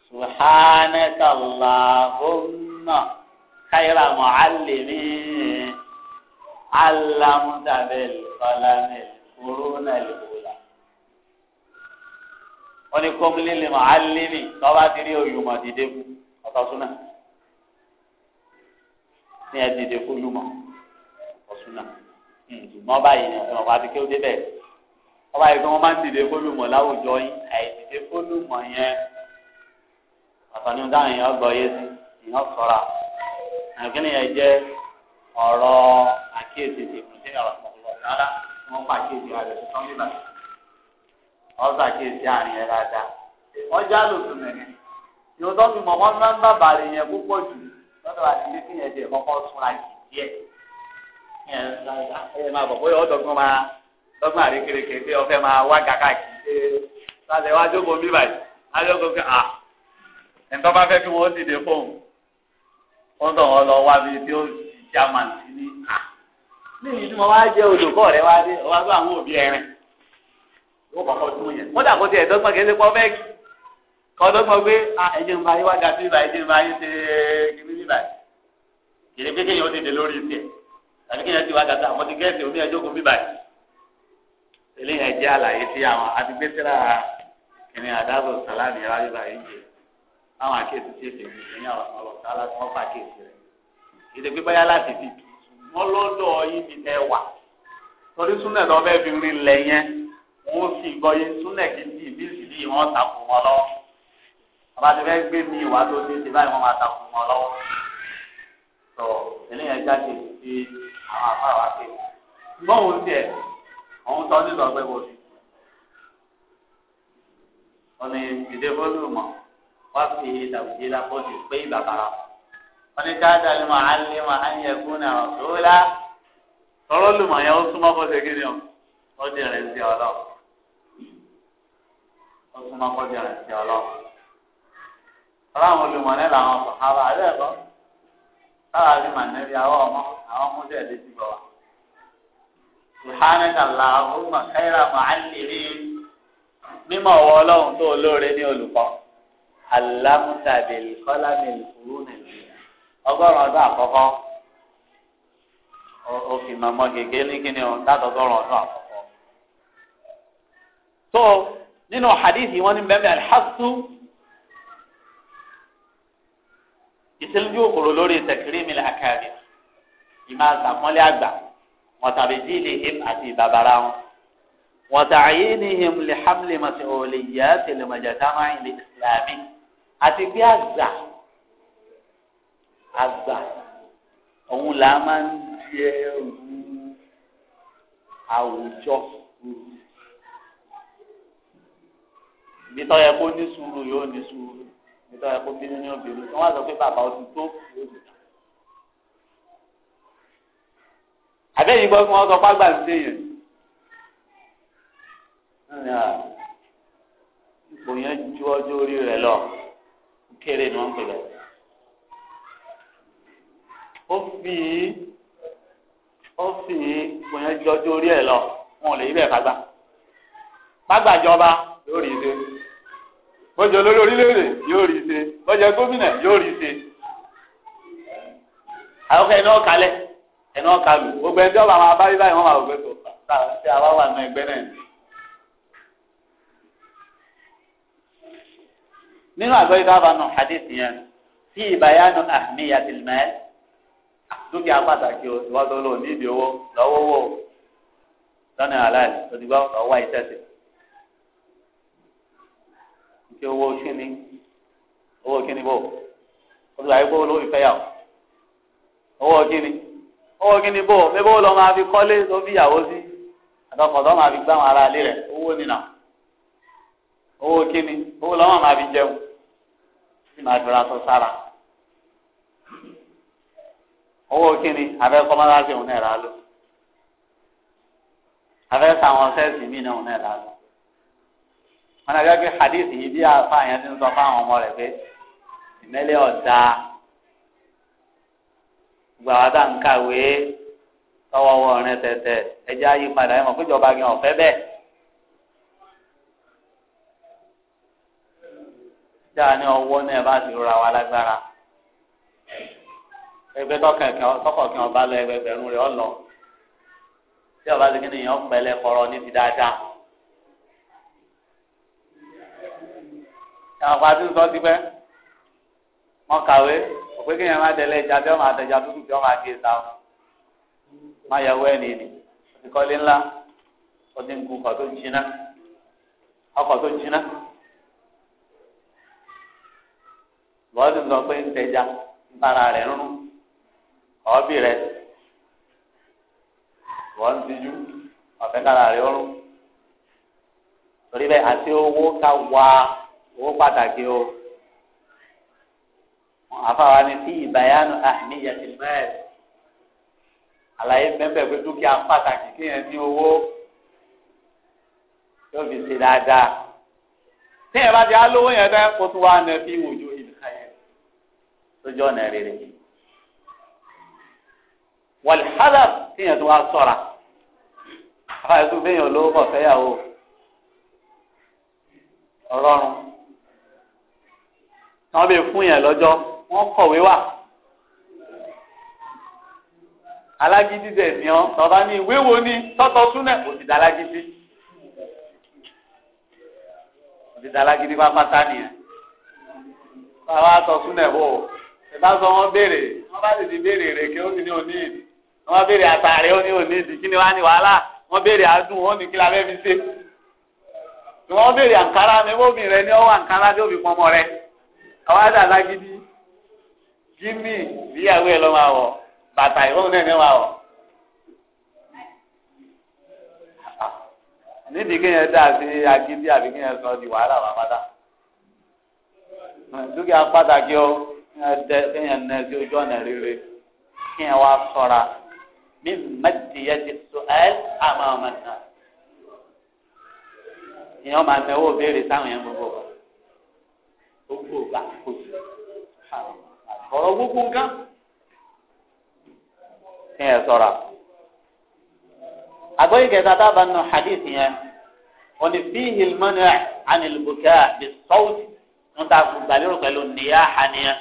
subhanakallahumma khayra muallimi allamutabil qalamil kuruna lula. wọ́n ní kọ́mílì lè muallimi lọ́ba ti rí oyùmọ̀ dìde kú ọ̀tọ̀ súnà ní ẹ̀ dìde kú súnà hmm, ṣùgbọ́n báyìí ni ọ̀sán ọba abikéwò débẹ̀ ọba yìí pé wọ́n máa ń dìde fólùmọ̀ láwùjọ yín àìdìde fólùmọ̀ yẹn ọ̀tọ̀ ni dáhùn èèyàn gbọ́ yé sí èèyàn sọ̀ra àgbẹ̀ni yẹn jẹ́ ọ̀rọ̀ àkíyèsí ti ìmùsí ọ̀rọ̀ ọ̀rọ̀ rárá tí wọ́n pa àkíyèsí rẹ̀ tó tán nígbà ọ̀sà àkíyèsí àárín ẹ̀ dáadáa wọ́n já lòsùn mẹ́rin ìwọ́n tó fi mọ̀ wọ́n máa ń yẹn púpọ̀ jù lọ́dọ̀ àti ilé yẹn jẹ́ kọ́kọ́ súnra jù díẹ̀. ẹ máa bọ̀ bóyá ọ̀dọ́gbọ́n máa lọ́gbọ́n àrékèrèké pé ọ̀fẹ́ máa wá kàkà kí ṣe sálẹ̀ wá jókòó mí báyìí á jókòó à ẹ̀ńtọ́ bá fẹ́ kí wọ́n dìde fóun wọ́n lọ wá bí ó ti sí ní à níbi tí mo wá jẹ́ olùkọ́ wá dé àwọn òbí ó kọ́kọ́ tún yẹn dàgbọ́ tiẹ̀ dọ́gbọ́n kì í ṣe pọ́ kọ́ dọ́gbọ́n tàbí kí yẹn ti wá gàtà àmọ́ ti gẹ́ẹ̀sì omi ẹjọ́ kò bí báyìí. eléyìí jẹ́ àlàyé sí àwọn adigbésíra ìrìn àdáàbò sàlámì rárí báyìí jẹ àwọn àkéèsì tí èsì mi ìyẹn ọ̀sán aláṣẹ wọn fà kéèsì rẹ̀ ìdè pípa yá láti fi wọn lọ́dọ̀ yín ni ẹ wà torí súnẹ̀ lọ bẹ́ẹ̀ fi rin lẹ̀ yẹn wọn sì gbọ́ yé súnẹ̀ kì í di ìbísí bí wọ́n takò wọn lọ́wọ́ bàbá ti fẹ́ gbé mi ìwà tó dé ti báyìí wọ́n máa takò wọn lọ́wọ́ tí àwọn àbá wa pè é gbọ́wọ́ tiẹ̀ òun tọ́ nílò ọgbẹ́ bọ́ọ̀lù wọ́n ní ìdè bọ́ọ̀lù mọ̀ wá fi ìdàgbé la bọ́ọ̀lù pé ìbàbàrà wọ́n ní dáadáa ni mo á lé mo á yẹ kún ní àwọn tó la tọ́lọ́ lùmọ̀ yẹn ó súnmọ́ bọ́ọ̀lù kí ni o ó di rẹ̀ sí ọlọ́ ó súnmọ́ bọ́ọ̀lù rẹ̀ sí ọlọ́ ọlọ́run olùmọ̀ náà làwọn sọ̀hábà àbẹ́ẹ̀kọ́ táwa bí mànẹ́bí àwọn ọmọ àwọn ọmọ dẹ̀ lé síbọ̀ wa. subhanaka allahumma khaira mu'allimin mímọ̀ ọwọ́ ọlọ́run tó olóore ní olùkọ́ alámútàbílì kọ́lámìlì kúrú nàìjíríà ọgọ́rùn ọdún àkọ́kọ́ òfin mọ̀mọ́ gègé ní kíni o látọgọ́rùn ọdún àkọ́kọ́. tó nínú hadithi wọn ní bẹ́ẹ̀ bí alḥasu. ìṣẹ́lójú òkòrò lórí tẹ̀kírímì làkàrí ìmọ̀ àtàkọ́lé àgbà wọn tàbí díìlì him àti ìbàbàrà wọn wọn tààyè ní him lè hamlin màsí òòlì yá tẹlẹmọ̀jàdá máa ń lè ìsìlámì àti pé àgbà àgbà òun là máa ń di ẹrù àwùjọ bí yẹ kó ní sùúrù yóò ní sùúrù nítorí ẹ̀kọ́ bínú ní obìnrin wọ́n á sọ pé bàbá ó ti tó àbẹ́yìn gbọ́ fún wọn sọ fágbà ń sèyàn ipò yẹn ju ọjọ́ orí rẹ̀ lọ kéré ni wọ́n pè lọ. ó fi ó fi ipò yẹn ju ọjọ́ orí rẹ̀ lọ wọn ò lè yí bẹ́ẹ̀ fagbá fagbàjọba lórí ìdè bọ́jọ́ lórí orílẹ̀-èdè yóò rí ṣe bọ́jọ́ gómìnà yóò rí ṣe. àwọn ẹni ọ̀ka lẹ̀ ẹni ọ̀ka lù gbogbo ẹni tí ọba máa bá rí báyìí wọ́n máa gbé tó ṣe àwa wà nù ẹgbẹ́ náà. nínú àgbọ̀ yìí dábàá nù hadith yẹn tí ìbáyánu àhmíyà ti mẹ́ dúkìá pàtàkì ìwádọ́lọ́ nídìí owó lọ́wọ́wọ́ lọ́nà àlàyé òdìgbò ọ̀wá ìtẹ́sẹ̀. pé owó kíni owó kíni bò olùwà yìí kó olówó ìfẹ́ yà owó kíni owó kíni bò bébó lọ máa fi kọ́lé tó fi yàwó sí àtọkọ̀tọ̀ máa fi gbá àwọn ará ilé rẹ̀ owó nìyà owó kíni owó lọ́wọ́ máa fi jẹun tí màá fi ra sọ sára owó kíni máa láti òun náà rà sẹ́ẹ̀sì mí náà òun náà rà wọn àgbà pé hadith yìí bí àfa yẹn ti ń sọ fáwọn ọmọ rẹ pé ìmẹ́lẹ̀ ọ̀dà gbàwádà ń kàwé tọwọ́ wọrin tẹ̀tẹ̀ ẹjẹ́ ayé padà ẹ̀mọ́ péjọba gan ọ̀fẹ́ bẹ́ẹ̀. dáa ní ọwọ́ náà bá ti rọra wa lágbára ẹgbẹ́ tọkọ̀kẹ́ ọba lọ ẹgbẹ̀rún rẹ̀ ọ̀lọ́ tí ọba ti kí ni yẹn ọ̀pẹ̀lẹ̀ kọ̀rọ̀ ní dáadáa. àwọn àti sọ ti pẹ́ mọ kàwé òpé kéèyàn má dẹlẹ ìjà tí wọn máa dẹjà tútù tí wọn máa di ìta wọn má yàwó ẹni ni ìkọ́lé ńlá ó ti ń gun ọkọ̀ tó jiná ọkọ̀ tó jiná wọ́n ti sọ pé ń tẹja ń bára rẹ̀ rún ọ̀ọ́bì rẹ̀ wọ́n ń tijú ọ̀fẹ́ kára rẹ̀ rún torí bẹ́ẹ̀ àti owó ká wá owó pàtàkì o àfàwọn ni fi ìbáyánu àmì ìyàtìmọ́ ẹ̀ àlàyé bẹ́ẹ̀ pé dúkìá pàtàkì kéèyàn ní owó yóò fi ṣe dáadáa téèyàn bá ti á lówó yẹn tẹ́ kó tún wá nà fi wòjú ìlúkà yẹn lójú ọ̀nà rere wàlhálà téèyàn tún wá sọ̀ra àfàwọn ẹ̀sùn téèyàn lówó kọ̀ fẹ́yàwó ọlọ́run wọ́n bẹ fún yẹn lọ́jọ́ wọ́n kọ̀wé wà alágídí dẹ̀ ní ọ́ tọ́ba ní ìwé wo ni tọ́tọ́ súnẹ̀ kò sì dá alágídí kò sì dá alágídí pápátá nìyẹn báwa tọ́ súnẹ̀ wò ó ìbá sọ wọ́n béèrè wọ́n bá sì ti béèrè rèké ó sì ní òní ìdí béèrè àtàrí ó ní òní kí ni wàá ní wàhálà wọ́n béèrè adùn ó ní kí la fẹ́ fi ṣe wọ́n béèrè àǹkárá ni wọ́n bìnrin ni ó àǹkárá tí ó fi pọnmọ rẹ̀ àwọn àdàlà gidi jimmy ìyàwó ẹ lọ máa wọ bàtà ìwọ́n náà ní máa wọ. nídìí kéèyàn dá sí agídí àbí kéèyàn sọ di wàhálà wà pátá dúkìá pàtàkì ó kéèyàn nà sí ojú ọ̀nà rere kéèyàn wá sọ́ra mí mẹ́tìyẹ́ ti sọ ẹ́ àmọ́ ọmọ náà ìyẹn máa náwó béèrè sáwọn yẹn gbogbo wa gbogbo ìgbà kò sí ọ̀rọ̀ gbogbo nǹkan ní ẹ̀ sọ̀rọ̀ àgbọ̀yìn kẹta dábàá nù hadith yẹn wọ́n ní fi hilmanu anilbuka bi sọ́ọ̀tì wọ́n ta gbàlérò pẹ̀lú nìyá hàníyàn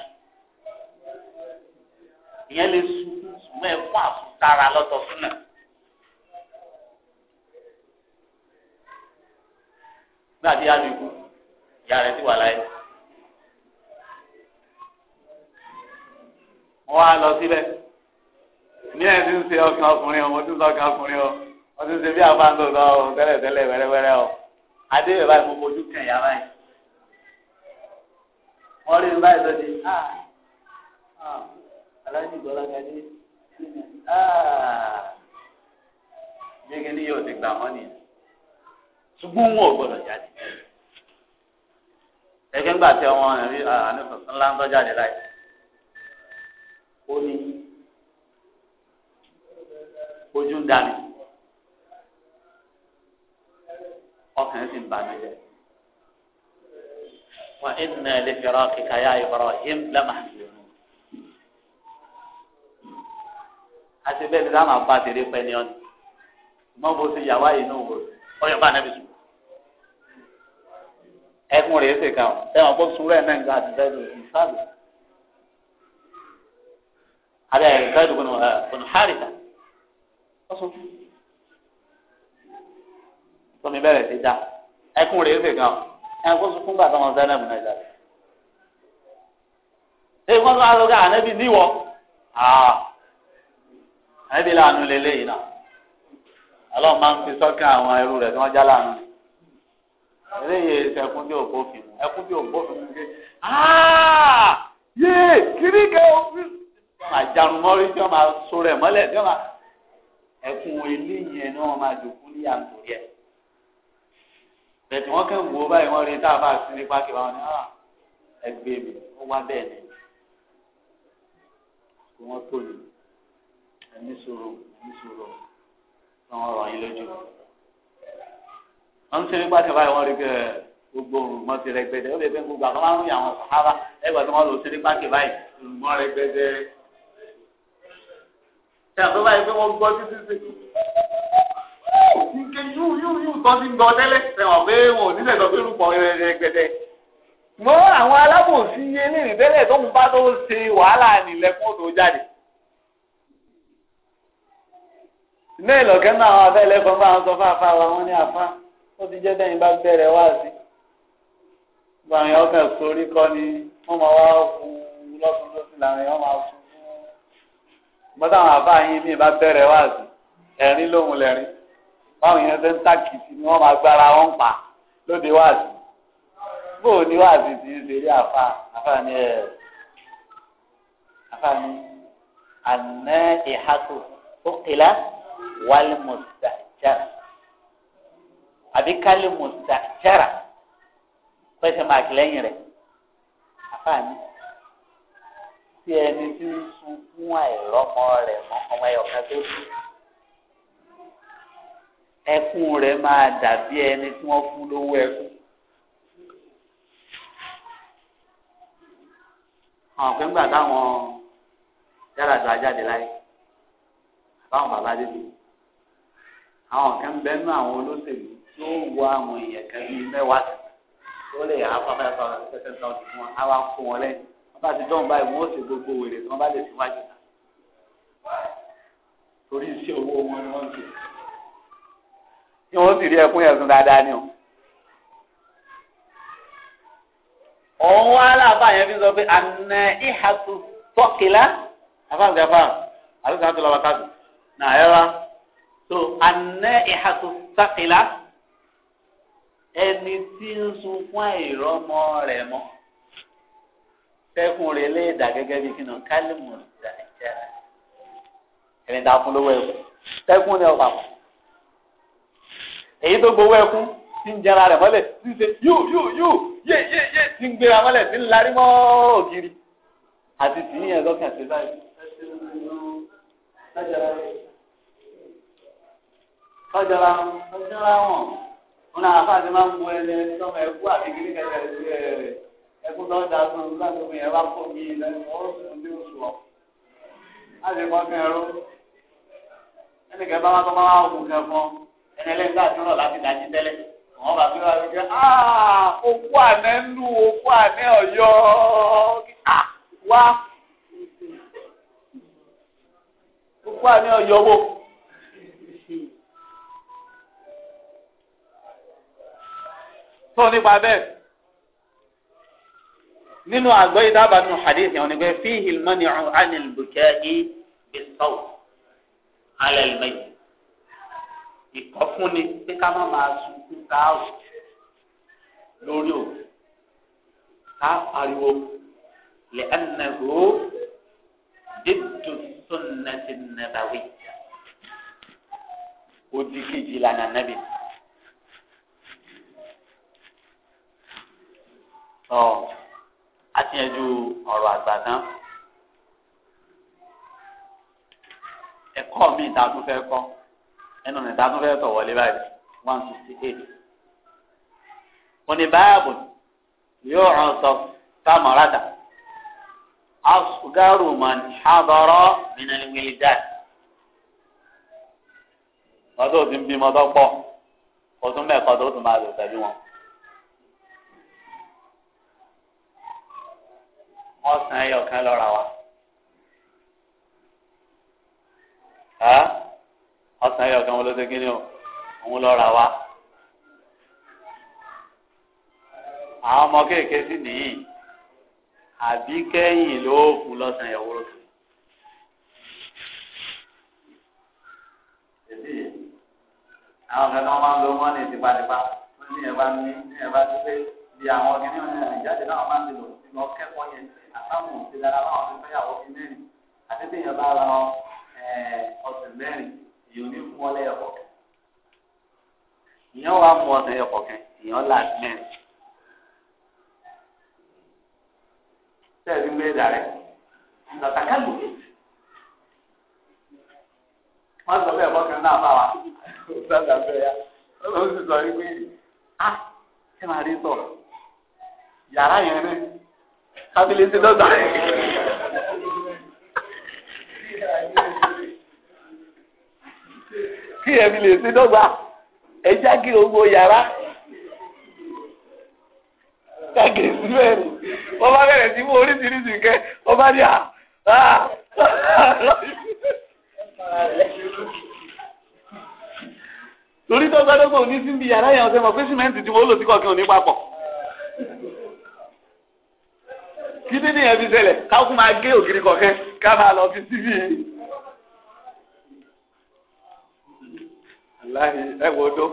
ìyẹn lè sùn ṣùgbọ́n ẹ̀ fún àfùtara lọ́tọ̀ fún náà. gbàdí àlùkù ìyá ti wà láyé. wọ́n wá lọ síbẹ̀ ní ẹ̀ ti ń ṣe ọkàn ọkùnrin o mo ń sọ ọkùnrin o mo ti ń ṣe bí àbáńdò lọ o tẹ́lẹ̀ tẹ́lẹ̀ wẹ́rẹ́wẹ́rẹ́ o adé báyìí mo fojú kàn yá báyìí wọ́n rí báyìí tó di ah ah gbọ́dọ̀ gàdé ah gbégé ní yóò ti gbà wọ́n nìyẹn ṣùgbọ́n wọn ò gbọ́dọ̀ jáde ẹgbẹ́ ńgbà tí ọmọ rẹ̀ rí ah, ànífọ̀sán láńtọ́ jáde láì ó ní ojú ń dání ọkàn sì ń bànújẹ́ wa inna li firaqika ya Ibrahim lamahzunun. àti bẹ́ẹ̀ ni sáà máa bá tèrè pẹ́ ní ọ́n mọ́ bó ti yàwá yìí ní òwò ọyọ̀ bá nẹ́bí sùn. ẹkún rèé ṣèkà ọ̀ ẹ̀wọ̀n kó sùúrù ẹ̀ náà ń ga àtìlẹ́yìn ìsáàlù abẹ́ ẹ̀rìkẹ́dù kùnú hárìtà ọ̀sùn tómi bẹ̀rẹ̀ sí dá ẹkún rẹ̀ fẹ̀ gan ẹkún sunkún bàtà wọn sẹ́nẹ̀ bùnà ìjà rẹ̀ ṣé wọ́n tún aṣọ ká ànábì níwọ̀ ànábì lànà lélẹ́yìn náà ọlọ́run máa ń fi sọ́kàn àwọn ẹrú rẹ̀ tí wọ́n já lànà eléyìí ṣe ẹkún bí òbófin ẹkún bí òbófin ṣe yéé kiri máa jarun mọ́rí tí wọ́n máa so rẹ̀ mọ́lẹ̀ tí wọ́n máa ẹkùn ilé yẹn ni wọ́n máa jòkó ní àǹtò yẹ. bẹ̀tẹ̀ wọ́n kàn wò ó báyìí wọ́n rí tá a bá sí ní pákí wọn ni ah, ẹgbẹ́ mi ó wá bẹ́ẹ̀ ni kí wọ́n tó lù ẹni sòrò ẹni sòrò tí wọ́n rọ̀ yín lójú. wọ́n ń ṣe ní pákí báyìí wọ́n rí kẹ́ ẹ̀ eh, gbogbo òrùnmọ́ ti rẹgbẹdẹ ó lè fẹ́ gbogbo àwọn márùn yà wọn sàhábà ẹgbẹ́ tí wọ́n lò sí ní pákí báyìí òrùnmọ́ rẹgbẹdẹ ṣe àtọ́lá pé wọ́n gbọ́ títí sí nke yóò yóò yóò tọ́ sí gbọ́ tẹ́lẹ̀ ṣẹ̀wọ̀n pé wọn ò nílẹ̀ sọ pé rúpọ̀ rẹ̀gbẹ̀dẹ̀. mọ àwọn alábòsí yé ní ìrìntẹ́lẹ̀ tó ń bá tó ṣe wàhálà nílẹ̀ fún jáde. ilé ìlọ̀kẹ́ náà àwọn abẹ́lẹ̀ kan bá wọn sọ fún afá wa wọn ní afá ó ti jẹ́ tẹ́yìn bá bẹ̀rẹ̀ wá sí. báyọ̀ ọkàn sórí kọ́ ni wọ́n máa wá kú lọ́sùn lọ́sùn làwọn èèyàn máa kú mọ́tà àwọn àbá yín mi bá bẹ̀rẹ̀ wá sí ẹ̀rín lóhun lẹ́rín báwọn yẹn ṣe ń tàkìtì ni wọ́n máa gbára wọn pa lóde wá sí bóò ni wá sí ti ṣeré àfa àfa ni ẹ̀ àfa ni àná ìhàtò ó wálé mùsàjára àbí mùsàjára pẹ́sẹ̀ máa kìlẹ́yìn rẹ̀ àfa ni sí ẹni tí ń sunkún àìrọ́mọ rẹ̀ mọ́ ọmọ ẹ̀yọ̀kan tó kù. ẹkún rẹ̀ máa dàbí ẹni tí wọ́n fún lówó ẹkún. àwọn òfin gbà táwọn yàrá tó ajáde láyé àbáwọn bàbá dédé àwọn kan bẹ́ẹ̀ náà àwọn olóṣèlú tó wọ àwọn èèyàn kan bíi mẹ́wàá tó lè há fáfáfá fẹ́fẹ́ sáwọn fún wọn á wá kó wọn lẹ́yìn bá ti dán báyìí wọ́n ó ṣe gbogbo wèrè tí wọ́n bá lè fi wájú ta torí iṣẹ́ owó wọn ni wọ́n ń ṣe tí wọ́n sì rí ẹkún yẹn sún dáadáa ni o. òun wá láàbà yẹn fi sọ pé àná ìhàtú tọ́kìlá àfàǹgàfà àlùkò àti lọ́wọ́ káàdùn náà ẹ̀rọ so àná ìhàtú tọ́kìlá ẹni tí ń sunkún àìrọ́mọ rẹ̀ mọ́ tẹ́kùn rẹ̀ lé dà gẹ́gẹ́ bí kíni kálímù ìdàgbẹ́ ẹni tá a fún lówó ẹkún tẹ́kùn ni ọ̀pá pọ̀ èyí tó gbowó ẹkún ti ń jẹra rẹ̀ mọ́lẹ̀ ti ṣe yóò yóò yóò yé yé yé ti ń gbéra mọ́lẹ̀ ti ń larí mọ́ ògiri àti tìyẹn lọ́kàn ṣe báyìí. Ọjọ́ra ọjọ́ra wọn, wọn náà fàdé máa ń mú ẹni ẹni tó ẹkú àti kìnnìkan ẹ̀rẹ̀ ẹkún lọ da tó nígbà tó fi yẹn bá kó mi lẹ́nu wọn sùn bí oṣù ọ láti mọ kẹrù ẹnì kẹfà wọn tó bá wà wù kẹfọ ẹnì ẹlẹ́yìn náà tó rọ̀ láti dájí tẹ́lẹ̀ wọn bá fi wá wípé òkú àná nù òkú àná ọ̀yọ́ wá òkú àná ọ̀yọ́ wò. tó nípa bẹ́ẹ̀ nínú àgbọ̀ ìdábà nínú hadith yẹn ni pé fíhì mọ́ni anil bukai bisaw alẹ́lẹ́mẹ́yì ìkọ́fúnni pé ká má máa sunkún káàwù lórí o ká pariwo lẹ́ẹ̀nàgó dídú sunnati nàbàwí odi kejì lànà nàbì. Oh. á ti ọ̀rọ̀ mi ìta tún fẹ́ kọ́ ẹnu ìta tún fẹ́ tọ̀ wọlé báyìí one sixty eight. òní yóò sọ sámọ̀ràdà asùgárù màn hábọ̀rọ̀ mìnàlíwìlì dáì. ọdún òsì bímọ tó pọ̀ mẹ́kọ̀ọ́ tó tún máa lò tẹ̀lé ọ̀sán ẹyọ kan lọ́ra wa. ọ̀sán ẹyọ kan olóṣè kí ni o òun lọ́ra wa. àwọn ọmọ kéèké sì nìyí àbí kẹ́yìn ló fún lọ́sàn ẹ̀yọ̀ wúrọ̀ sí. àwọn kan náà máa ń lo mọ́nì tipátipá ní ẹ̀ bá ní ẹ̀ bá ti pé bí àwọn kìnìún ní ẹ̀ náà máa ń lò lọ kẹ́kọ̀ọ́ yẹn àtàwọn òsè dára láwọn ti fẹ́yàwó fi mẹ́rin àtẹ́tẹ́ yẹn bá ra ọ̀sẹ̀ mẹ́rin èèyàn ní fún ọlẹ́yẹ kọ̀kẹ́ ìyẹn wàá mú ọ̀sẹ̀ yẹ kọ̀kẹ́ ìyẹn là mẹ́rin tẹ́ẹ̀rí mẹ́rin rẹ̀ ìgbàkàkà lò wọ́n sọ bẹ́ẹ̀ bọ́kẹ́ náà bá wa sábà bẹ́ẹ̀ ya ó sì sọ wípé ah ṣé máa rí sọ̀rọ̀ yàrá yẹn náà abili ti dọ́ta. kí ẹ̀mí lè ti dọ́gba ẹja kí gbogbo yàrá kàkè síbẹ̀ ni wọ́n bá bẹ̀rẹ̀ sí mú oríṣiríṣi kẹ́ wọ́n bá ní à ah, ah, ah. torí dọ́gbadọ́gba ò ní síbi yàrá yẹn ọ̀sẹ̀ mọ̀ pé símẹ́ǹtì tí wọ́n lò sí kọ̀ọ̀kan ò ní papọ̀. títí ni ẹbí ṣẹlẹ̀ káwọn máa gé ògiri kọ̀ọ̀kan ká máa lọ fi síbí. aláhi ẹ̀wọ̀n tó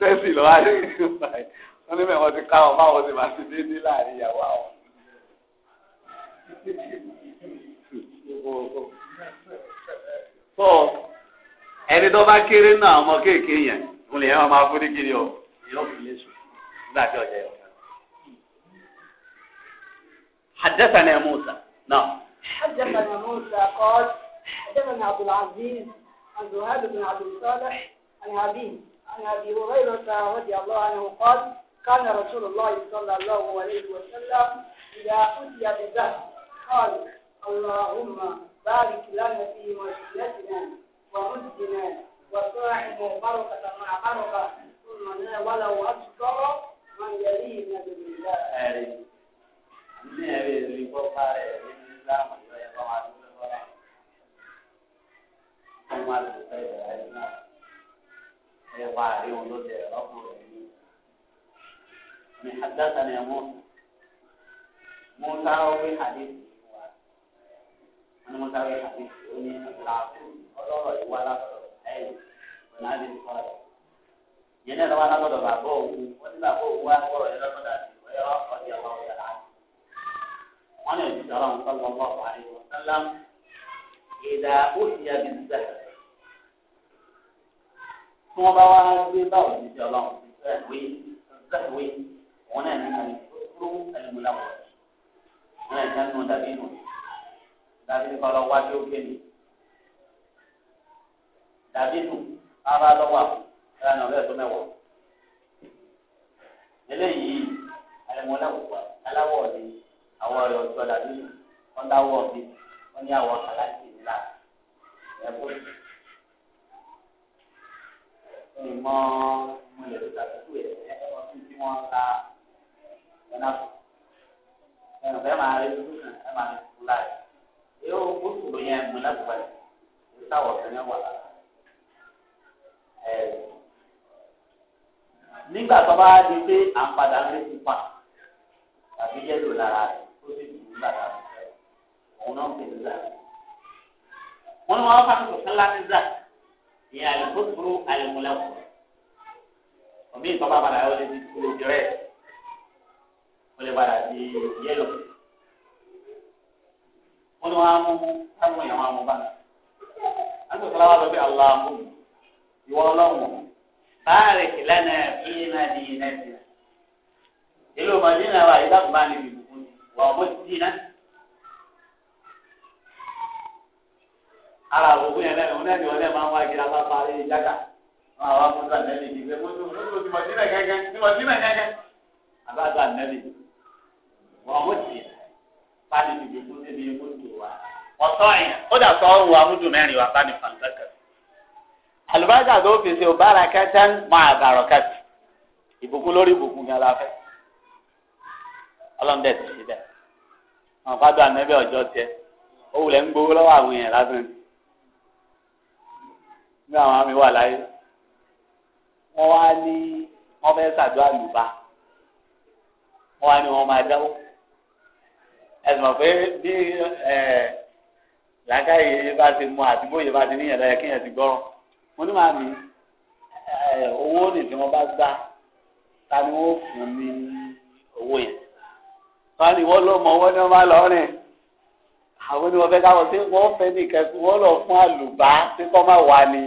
tẹ́sí lọ́wọ́ àti ìgbà yìí wọ́n ní mẹ́wọ́n ti káwọn báwọn ti máa ti dé ní láàrin ìyàwó àwọn. So ẹni tó bá kéré náà ọmọ kéèké yẹn kò lè yẹn máa fún ní kiri o yóò fi lé sùn nígbà tí ọjà yọ. حدثنا يا موسى نعم حدثنا موسى قال حدثنا عبد العزيز عن زهاد بن عبد الصالح عن أبي عن أبي هريرة رضي الله عنه قال كان رسول الله صلى الله عليه وسلم إذا أتي بالذهب قال اللهم بارك لنا في مسجدنا ومسجدنا وصاحب بركة مع بركة ثم ولو أشكر من يليه من الله ní ẹ̀rí ìlú kọ́kọ́ rẹ̀ ní ìsìlámù yọ ẹ̀ bá wọn àdúgbò lọ́wọ́ wọn máa lè fẹ́ ìyàrá yìí náà ẹ̀ bá rí wọn lóde ọkùnrin yìí. ní àdáta ni ẹ̀mú mú sáwọ́ pé àdéhùn wa wọn ni mo sáré àdéhùn ó ní àgbàlagbà ọlọ́rọ̀ ìwà látọ̀ ẹ̀yìn ọ̀nà àdéhùn sọ̀rọ̀ yẹn wọn lè ti sọ̀rọ̀ àwọn sọlọ bọ àyè wọn sọlá ìdá ó ti yà bí sẹ tí wọn bá wá gbé báwo ti sọ lọ sẹwé sẹwé wọn náà ní àyè kúrú ẹlẹmúlá wọn wọn náà ní àyè dàbí nù dàbí kọlọ wá tó kéde dàbí nù ara lọ wà ara nà ọbẹ tó mẹwàá eléyìí ẹlẹmúlá wọn aláwọ ọdẹ yìí àwọn ọ̀rẹ́ ọ̀sọ́ dàbí wọ́n dáwọ́ ọ̀bí wọ́n ní àwọn aláìsí ńlá ẹ̀kọ́ ìmọ̀ mo lè lò tàbí ẹ̀ ẹ̀kọ́ tí wọ́n ń ta ẹ̀nà ẹ̀nà bẹ́ẹ̀ máa rí ojú kan ẹ̀ máa rí ojú láì yóò ó sòrò yẹn mú lẹ́kọ̀ọ́ ẹ̀ ló sáwọ̀ fún ẹ̀ wà lára ẹ̀ nígbà tó bá di pé à ń padà ń rí pupa tàbí yẹ́lò lára rẹ̀ nígbà tá a fi fẹ́ òun náà ń pè ní zà. wọ́n ní wọ́n fàtí kòkó ńlá ní zà ní àlùkòtòrò àlùmọ́lẹ́kọ̀ òmí ìtọ́ bá padà ó lè di ó lè di rẹ̀ ó lè padà di yẹ́lò. wọ́n ní wọ́n á mú táwọn wọn á mú bá mi. àgbẹ̀ fúláwá lọ bí aláàmú ìwọ ọlọ́run báàrẹ̀ kìlánà fíìmà ní ilẹ̀ ìlú mọ̀dínà wa ìdáàbò bá níbi. ومسجنا ara gbogbo yẹn lẹ́nu lẹ́nu ọ̀lẹ́ máa ń wá kiri apá parí ìjáka máa wá fún sàn lẹ́nu ìdílé mọ́tò mọ́tò ti mọ̀tí náà gẹ́gẹ́ ti mọ̀tí náà gẹ́gẹ́ abáàgbà nẹ́bì wọ́n mú tì pálí ìdìbò fún níbi mọ́tò wa ọ̀tọ́ yẹn ó dà sọ ọ́rùn wa múdù mẹ́rin wa bá ní fàǹtàkà. àlùbáṣà tó fi ṣe òbára kẹta máa bàrọ̀ kẹta ìbùkún lórí ìbùkún gan la fẹ́ ọlọ́ndẹ̀ ti ṣe bẹ́ẹ̀ wọn do anabi ọjọ́ tiẹ̀ ó ń gbowó lọ́wọ́ àwọn èèyàn lásán ní àwọn àmì wà láyé wọn wá ní wọn fẹ́ sàdó àlùbá wọn wá ní wọn máa dáwó ẹsùn mọ̀ pé bí làákàyè bá ti mú àti bóyè bá ti níyàn lọ́yẹ kéèyàn ti gbọ́rọ̀ mo ní màmí owó nìtí wọn bá gbà ta wọn fún ní owó yẹn wọn ni wọn ló mọ wọn ni wọn máa lọ rìn àwọn ni wọn fẹ́ káwọn tí wọn fẹ́ nìkan tí wọn lọ fún àlùbá tí wọn máa wà ní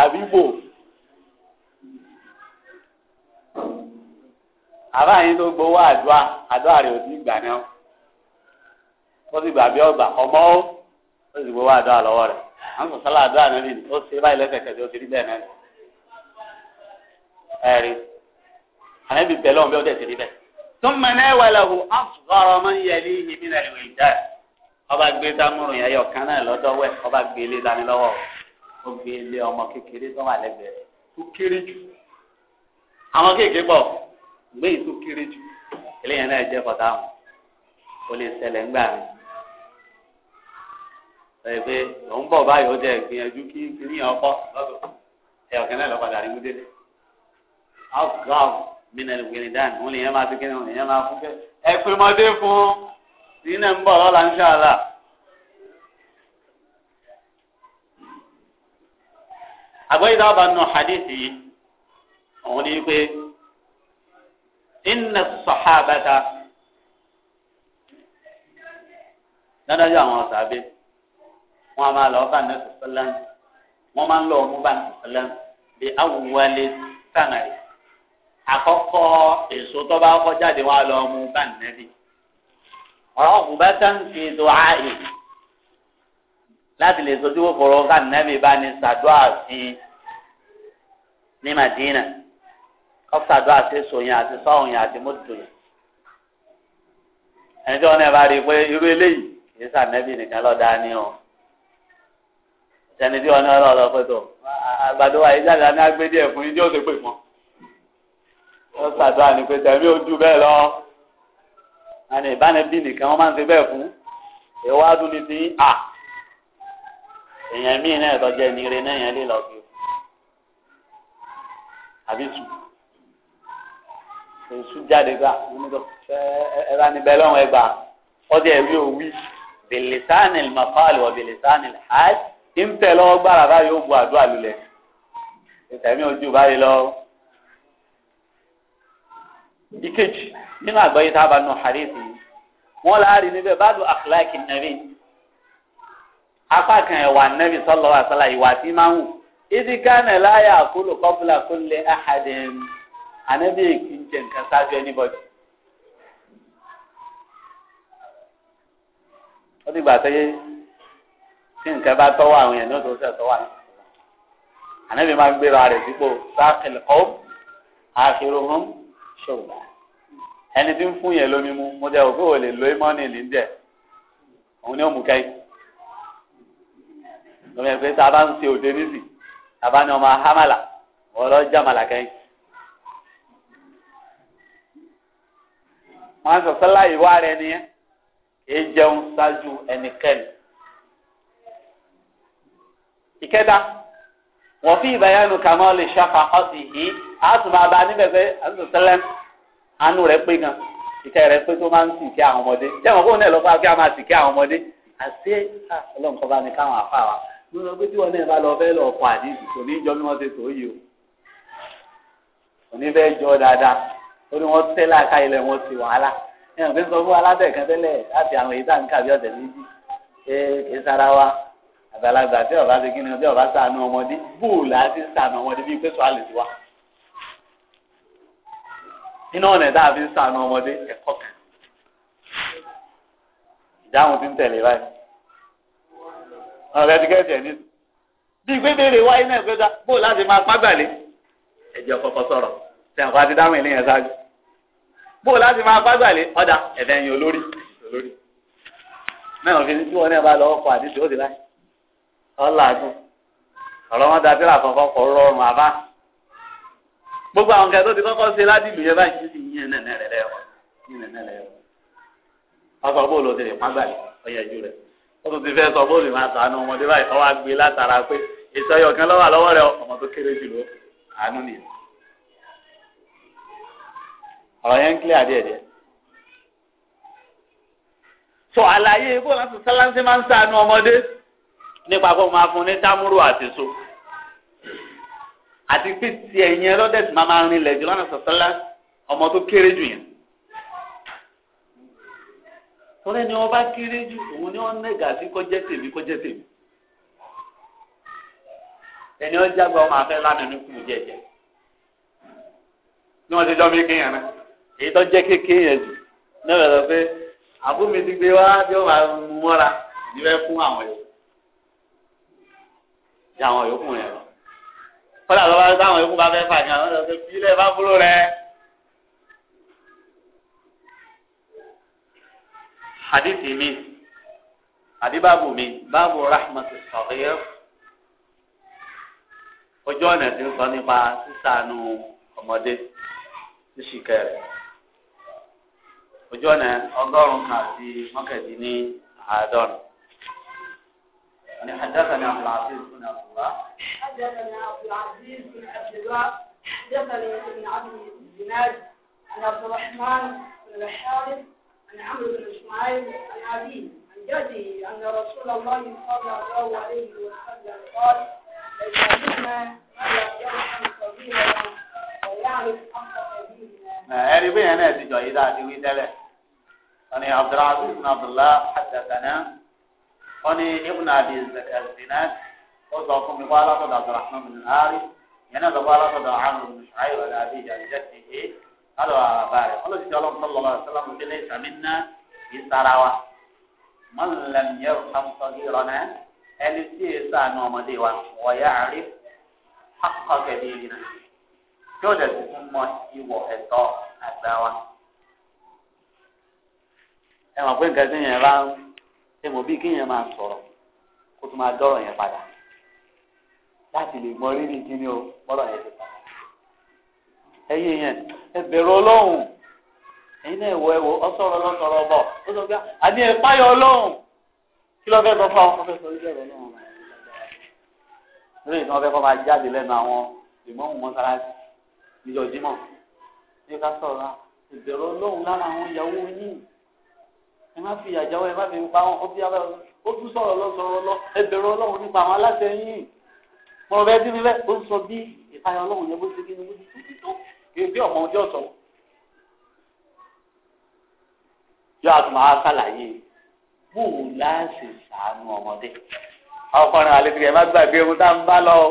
àríbò àbá yín tó gbowó àdúrà àdúrà rẹ ò sí gbà náà wọn sì gbà bí ọgbà ọmọ ó ó sì gbowó àdúrà lọ́wọ́ rẹ àwọn sọsọlá àdúrà náà lè ó ṣe báyìí lẹ́sẹ̀kẹsẹ̀ ó ti rí bẹ́ẹ̀ náà ẹ̀rí àná ibi bẹ́ẹ̀ lọ́wọ́ bí ó dẹ̀ ti rí bẹ́ẹ̀. ثم ناوله أصغر من يليه من الولدان ọba gbé dámúrò yẹn yọ kan náà lọ́dọ̀ wẹ̀ ọba gbé ilé dání lọ́wọ́ ó gbé ilé ọmọ kékeré tó wà lẹ́gbẹ̀ẹ́ tó kéré jù àwọn kéèké bọ̀ gbé yìí tó kéré jù eléyẹn náà jẹ́ kọ́tà àwọn ó lè ṣẹlẹ̀ ńgbà mi ẹ pé òun bọ̀ báyìí ó jẹ́ ìgbìyànjú kí kí ní ọkọ lọ́dọ̀ ẹ̀ ọ̀kẹ́ náà lọ́padà rí mú délé. mina wiridan wọn lè yẹn fi kí ni wọn lè yẹn máa fún kẹ ẹ pé mọdé fún nínú ń bọ̀ lọ́la ń ṣàlà. àgbẹ̀ ìdá ọba nù hadith yìí òun ni pé inna sọ̀hábàtà dáadájú àwọn ọ̀sàbẹ̀ wọn a àkọ́kọ́ èso tó bá kọ́ jáde wá lọ mú bá nẹ́bí ọ̀rọ̀ ọ̀kùnbá sáǹkì tó ààyè láti lè sojú kòkòrò ká nẹ́bí bá ní sàdúrà sí i ní Madina kọ́ sàdúrà sí sòyìn àti sọ́ọ̀yìn àti mọ́tòyìn ẹni tí wọn náà bá rí i pé irú eléyìí kì í nìkan lọ́dá ni ọ ẹni tí wọn náà lọ́ọ́ lọ àgbàdo àyíjáde àná agbé fún yín tí ó pè fún wọ́n ṣàdúrà ní pé tẹ̀mí ojú bẹ́ẹ̀ lọ àní ìbánibí nìkan wọ́n máa ń ṣe bẹ́ẹ̀ fún ìwádùn ní ti à èèyàn míì náà tọ́jú ẹni rẹ náà yẹn lè lọ sí o àbí sùn èsù jáde gbà nínú ẹ bá níbẹ̀ lọ́wọ́ ẹgbà ọdẹ ẹ̀rí òwì bèlèsánì màfáàlì wà bèlèsánì hajj ń tẹ̀ lọ́wọ́ gbára báyìí ó bu àdúrà lulẹ̀ ìtẹ̀mí ojú báyìí lọ́wọ́ ìkejì nínú àgbáyé tá a bá nù hadithi yìí wọn láàrin níbẹ̀ báàdù akhlaqi nàbí apá kan ẹ̀wà nàbí sallallahu alaihi wasallam ìwà tí máa ń wù ìdí gánà láyà àkólò qabla kulli ahadin ànábì èkì ń jẹ nǹkan ṣáájú anybody. ó ti gbà sẹ́yẹ́ tí nǹkan bá tọ́wọ́ àwọn èèyàn ní oṣooṣù ẹ̀tọ́wọ́ àná ànábì máa ń gbéra rẹ̀ sípò sáàkìlì qawm akhiruhum ẹni tí ń fún yẹn lómi mú mo jẹ́ òkú ò lè lo imọ́nì níjẹ̀ òun ni ó mú kẹ́yìn lómi ẹgbẹ́ tá a bá ń ṣe òde nísì tá a bá ní ọmọ ahámàlà ọlọ́ jàmàlà kẹ́yìn. wọ́n á sọ sọ́lá ìwá rẹ nìyẹn kì jẹun ṣáájú ẹnikẹ́ni. ìkẹta wọ́n fi ìbáyánu kàmọ́ lè ṣàfàkọ́ sí yìí a tún máa bá a níbẹ̀ pé àtúntò sẹ́lẹ̀mù àánú rẹ̀ pé gan ìkẹ́ rẹ̀ pé tó máa ń sì kí àwọn ọmọdé jẹ́wọ̀n fóun náà lọ́pàá kí a máa sì kí àwọn ọmọdé àti ọlọ́run kọ́ bá ní káwọn àfa wa mo lọ pé tí wọn náà bá lọ fẹ́ lọ kọ àdìsí kò ní jọ bí wọ́n ṣe tó yìí o kò ní fẹ́ jọ dáadáa ó ní wọ́n tẹ́ láàká ilẹ̀ wọn ti wàhálà ẹ̀ ǹ fi sọ fún alábẹ̀kan tẹ́lẹ̀ láti àwọn èyí tá à ń kà bí ọ̀sẹ̀ méjì ṣé kìí sára wa àgbàlagbà tí ọba ti kí ni ọba sànù ọmọdé bóòlù àti sànù ọmọdé bíi pé àlè ti wá nínú ọ̀nà tá a fi ń sànú ọmọdé ẹ̀kọ́ kan ìdáhùn ti ń tẹ̀lé báyìí ọ̀rẹ́ tíkẹ́ẹ̀tì ẹ̀ ní. bí ìgbébèrè wáyé náà gbé dá bó láti máa pàgbàlé ẹ̀jẹ̀ kọ́kọ́ sọ̀rọ̀ sẹ́yìn kó a ti dáhùn eléyẹn ṣáájú bó láti máa pàgbàlé ọ̀dà ẹ̀fẹ̀ yín olórí olórí náà fi tí wọn náà bá lọ́wọ́ kọ àdìsí ó ti láyé ọ̀làdùn ọ̀rọ̀ wọn da sílà kọ̀ọ̀kan kọ̀ rọrùn àbá gbogbo àwọn kẹtọ́ ti kọ́kọ́ ṣe ládìlú yẹn báyìí ti yín nẹ̀nẹ̀ rẹ̀ lẹ́yọ̀ yín nẹ̀nẹ̀ rẹ̀ lẹ́yọ̀ ọkọ̀ bóòlù ti lè má gbàlẹ̀ ọ̀yẹ̀jú rẹ̀ ó tún ti fẹ́ sọ bóòlù máa sànú ọmọdé báyìí ọwọ́ agbe látara pé ìsọyọ̀ kan lọ́wọ́ àlọ́wọ́ rẹ̀ ọmọ tó kéré jù lọ àánú nìyẹn ọ̀rọ̀ yẹn ń kílẹ̀ àdéhẹ̀dẹ́ sọ àlàyé bóòlù àti sálánsì máa ń sànú ọmọdé nípa kó máa fún ní dámúrò àti so àti pé tiẹ̀ yẹn lọ́dẹ̀sì máa máa rin ilẹ̀ jù sọ̀tọ́lá ọmọ tó kéré jù yẹn. torí ni wọ́n bá kéré jù òun ni wọ́n nẹ̀gà sí kọjẹ́ tèmi kọjẹ́ tèmi. ẹni wọ́n jágbe ọmọ afẹ́ lánàá ní kùmù jẹ́jẹ́. ní wọ́n ti jọ́ mi kéèyàn náà èyí tó jẹ́ kékeré yẹn jù náà bẹ̀rẹ̀ pé àbúmi ti gbé wá bí wọ́n máa mú mọ́ra ìdílé fún àwọn yòókù kọ́lá tó bá fẹ́ táwọn ikú bá fẹ́ fà ní àwọn ọ̀dọ́ fi ilé bá búrò rẹ̀. hadithi mi àbí báàbù mi báàbù rahmat sọ̀rọ̀ ojú ọ̀nà tí ń sọ nípa sísànù ọmọdé ṣíṣìkẹ́ rẹ̀ ojú ọ̀nà ọgọ́rùn-ún kan àti mọ́kàndínní àádọ́rùn-ún. ni حدثني عبد العزيز بن عبد حدثنا عبد العزيز بن الله حدثني ابن عبد الزناد عن عبد الرحمن بن الحارث عن عمرو بن اسماعيل عن ابيه عن جده ان رسول الله صلى الله عليه وسلم قال اذا ما لا يرحم كبيرنا ويعرف حق كبيرنا. يعني بين ناس جيدة عدوي دلة. أنا عبد العزيز بن عبد الله حدثنا. أنا ابن أبي الزكاة الزناد ó sọ fún mi wá látọ̀dọ̀ abdulrahman bin ari yẹn náà lọ́wọ́ látọ̀dọ̀ àrùn bin ṣáì wà láàbí ìjà ìjà ti ṣe látọ̀dọ̀ àbá rẹ̀ wọ́n lọ sí ọlọ́run sọ́lọ́ lọ́wọ́ sọ́lọ́mù kí lẹ́yìn láti lè mọ rírì kí ni o mọ́rọ̀ yẹn ti pàdé. ẹyẹ yẹn ẹ bẹ̀rù ọlọ́run ẹ̀yin náà ẹ̀wọ̀ ẹ̀wọ̀ ọ̀sọ̀rọ̀ lọ́sọ̀rọ̀ bọ̀ ó sọ pé àní ẹ̀ páyọ̀ ọlọ́run kí ló fẹ́ sọ fún àwọn ọ̀fẹ́ sọ orí bẹ̀rù ọlọ́run lórí ìtàn ọ̀fẹ́ kọ́ máa jáde lẹ́nu àwọn ìmọ̀ọ́mù mọ́sálásí níjọ jímọ̀ ní ká sọ̀rọ̀ ìbẹ̀rù ọlọ́run lára àwọn ìyàwó yín ẹ má fi ìyàjáwọ́ ẹ má fi pa wọn ó fi ó tún sọ̀rọ̀ lọ́sọ̀rọ̀ lọ ẹ ọlọ́run nípa àwọn aláṣẹ yín mo bẹ dín mi bẹ ń sọ bí ìpayọ Ọlọ́run yẹn bó ṣe kí ni mo tó ti tó kí ọmọ ọjọ́ sọ yọ àtùmọ̀ á ṣàlàyé bó o láṣẹ ọmọdé ọkùnrin àlejò ẹ má gbàgbé ohun tá à bá lọ o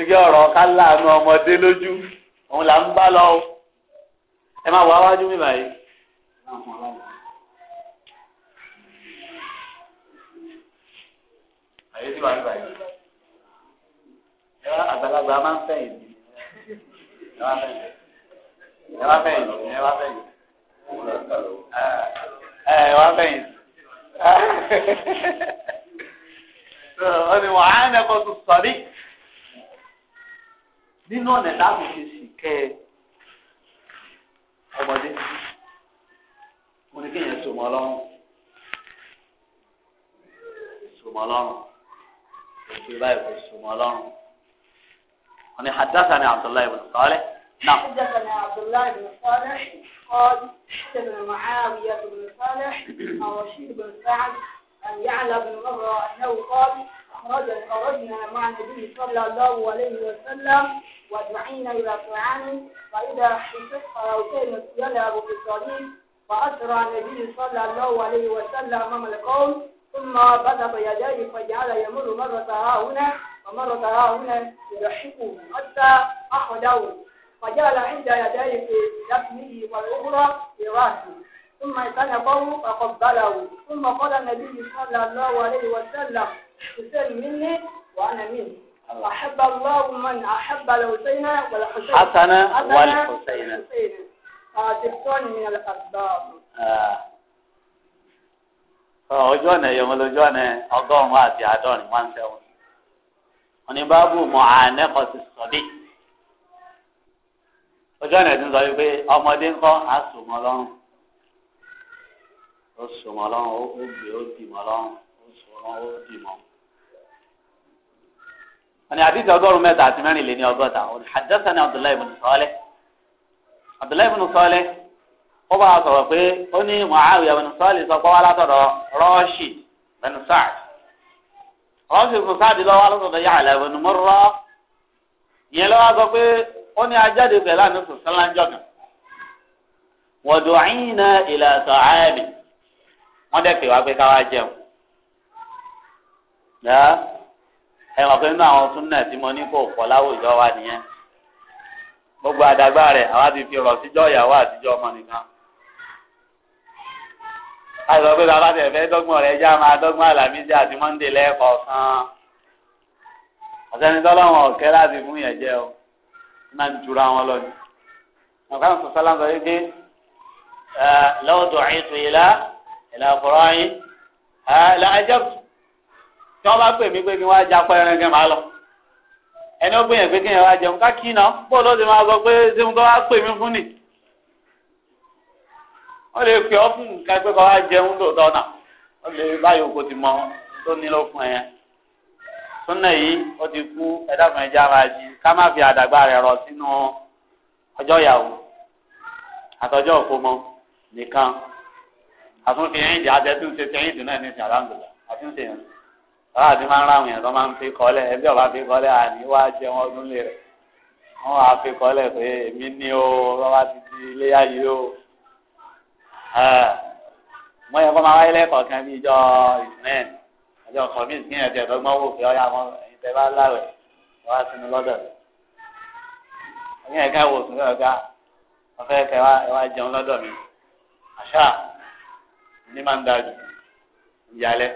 igi ọ̀rọ̀ ká láàánú ọmọdé lójú òun là ń bá lọ o ẹ má wá wájú mi báyìí. àyè tí wàá ń báyìí àgbàlagbà máa ń fẹ̀yìn ní ẹ wá fẹ̀yìn ẹ wá fẹ̀yìn ẹ wá fẹ̀yìn ẹ wá fẹ̀yìn ọ̀nì wàá nẹ́kọ̀ tó sọ̀rí nínú ọ̀nà láti fi sìnkẹ́ ọmọdé mo ní kéèyàn sòmọ́ ọlọ́run sòmọ́ ọlọ́run òṣèlú báyìí kò sòmọ́ ọlọ́run. حدثني عبد الله بن صالح نعم حدثني عبد الله بن صالح قال حدثنا معاوية بن صالح عن رشيد بن سعد عن يعلى بن مرة أنه قال خرج خرجنا مع النبي صلى الله عليه وسلم ودعينا إلى طعام فإذا حسق روتين يلعب في الطريق فأسرى النبي صلى الله عليه وسلم أمام القوم ثم بدأ يديه فجعل يمر مرة ها هنا ومرت هنا يضحكه حتى أخرجه فجعل عند يديه في لفنه والأخرى في رأسه ثم اعتنقه فقبله ثم قال النبي صلى الله عليه وسلم تسل مني وأنا منه أحب الله من أحب الحسين والحسين حسن والحسين فاتفتون من الأسباب ọjọ́ ọ̀nà ẹ̀yọ́mọ lójú ọ̀nà ọgọ́rùn-ún àti àádọ́rin one seven òní báàbù mọ ànẹ́kọ̀ ti sọ̀dí. ojú ọ̀nà ìdí ń sọ wípé ọmọdé ńkọ́ á sùn mọ́ lọ́rùn ó sùn mọ́ lọ́rùn ó gbé ó dì mọ́ lọ́rùn ó sùn lọ́rùn ó dì mọ́. أنا حديث أدور متى أتمنى لأني أقطع حدثني عبد الله بن صالح عبد الله بن صالح هو بعض رفيق أني معاوية بن صالح فقال على ترى راشد بن سعد rọ́ọ̀sì fún sáàdì lọ́wọ́ alọ́sọ̀dọ̀ yà àlẹ́ ìwé numọ́ rọ́ yẹn lọ́wọ́ sọ pé ó ní ajáde pẹ̀lú àníṣe sẹ́láńjọ́ kan wọ́dọ̀ àyìnà ìlà àtọ̀ àyàmì wọ́n dẹ̀ pè wá pé káwá jẹun ẹ wọ́n pé nínú àwọn súnà tí mo ní wa gbogbo awa fi ọmọ àìsàn pé bàbá tẹ̀ fẹ́ dọ́gbọ́n rẹ̀ já máa dọ́gbọ́n àlàmísì àti mọ́ndé lẹ́ẹ̀kọ̀ọ̀kan ọ̀sẹ̀nitọ́ lọ́wọ́n ọ̀kẹ́ láti fún yẹn jẹ́ o máa ń jura wọn lọ ni. ọ̀gá ń sọ sọ́lá ń sọ wípé lọ́wọ́dọ̀ àyín tó yẹ lá ìlà ọ̀pọ̀rọ̀ àyín là á jẹ́ tí wọ́n bá pè mí pé kí wọ́n á já pẹ́ẹ́rẹ́ kẹ́ máa lọ. ẹni ó gbìyànjú yẹn wá kí wọ́n lè pè ọ́ fún nǹkan pé kọ́ wá jẹun lóòótọ́ náà wọ́n lè báyìí kò ti mọ tó ní ló fún ẹ̀yẹn súnà yìí ó ti kú ẹ̀dáfún ẹja ara jí ká má fi àdàgbà rẹ̀ rọ sínú ọjọ́ ìyàwó àtọjọ́ òkómọ nìkan àtúnfi ẹ̀yìn ìdí àtẹ̀tún ṣe fi ẹ̀yìn ìdí náà ní ìsìn àdáǹdùlá àti ń sèyàn ọ̀rọ̀ àti máa ń ráwọn èèyàn tó máa ń fi kọ́lẹ̀ ẹbí ọ̀bá fi kọ́lẹ̀ àní wá jẹun ọdún lè rẹ̀ wọ́n wá fi kọ́lẹ̀ pé èmi ní o lọ́wọ́ ti di iléyà yìí o wọ́n yẹ kó máa wáyé lẹ́kọ̀ọ́ kan bí ìjọ ìsìnẹ́ẹ̀n àjọ ọkọ̀ mi ìsìn ẹ̀jẹ̀ ẹ̀dọ́gbọ́n wò pé ọ̀yà wọn ẹ̀yin tẹ́ bá láwẹ̀ wọ́n á sinmi lọ́dọ̀ rẹ̀ ẹ̀yin ẹ̀ka wò sùn lọ́dọ̀ ká wọ́n fẹ́ kẹ́ wá jẹun lọ́dọ̀ mi àṣà ní máa ń da jù ìyálẹ́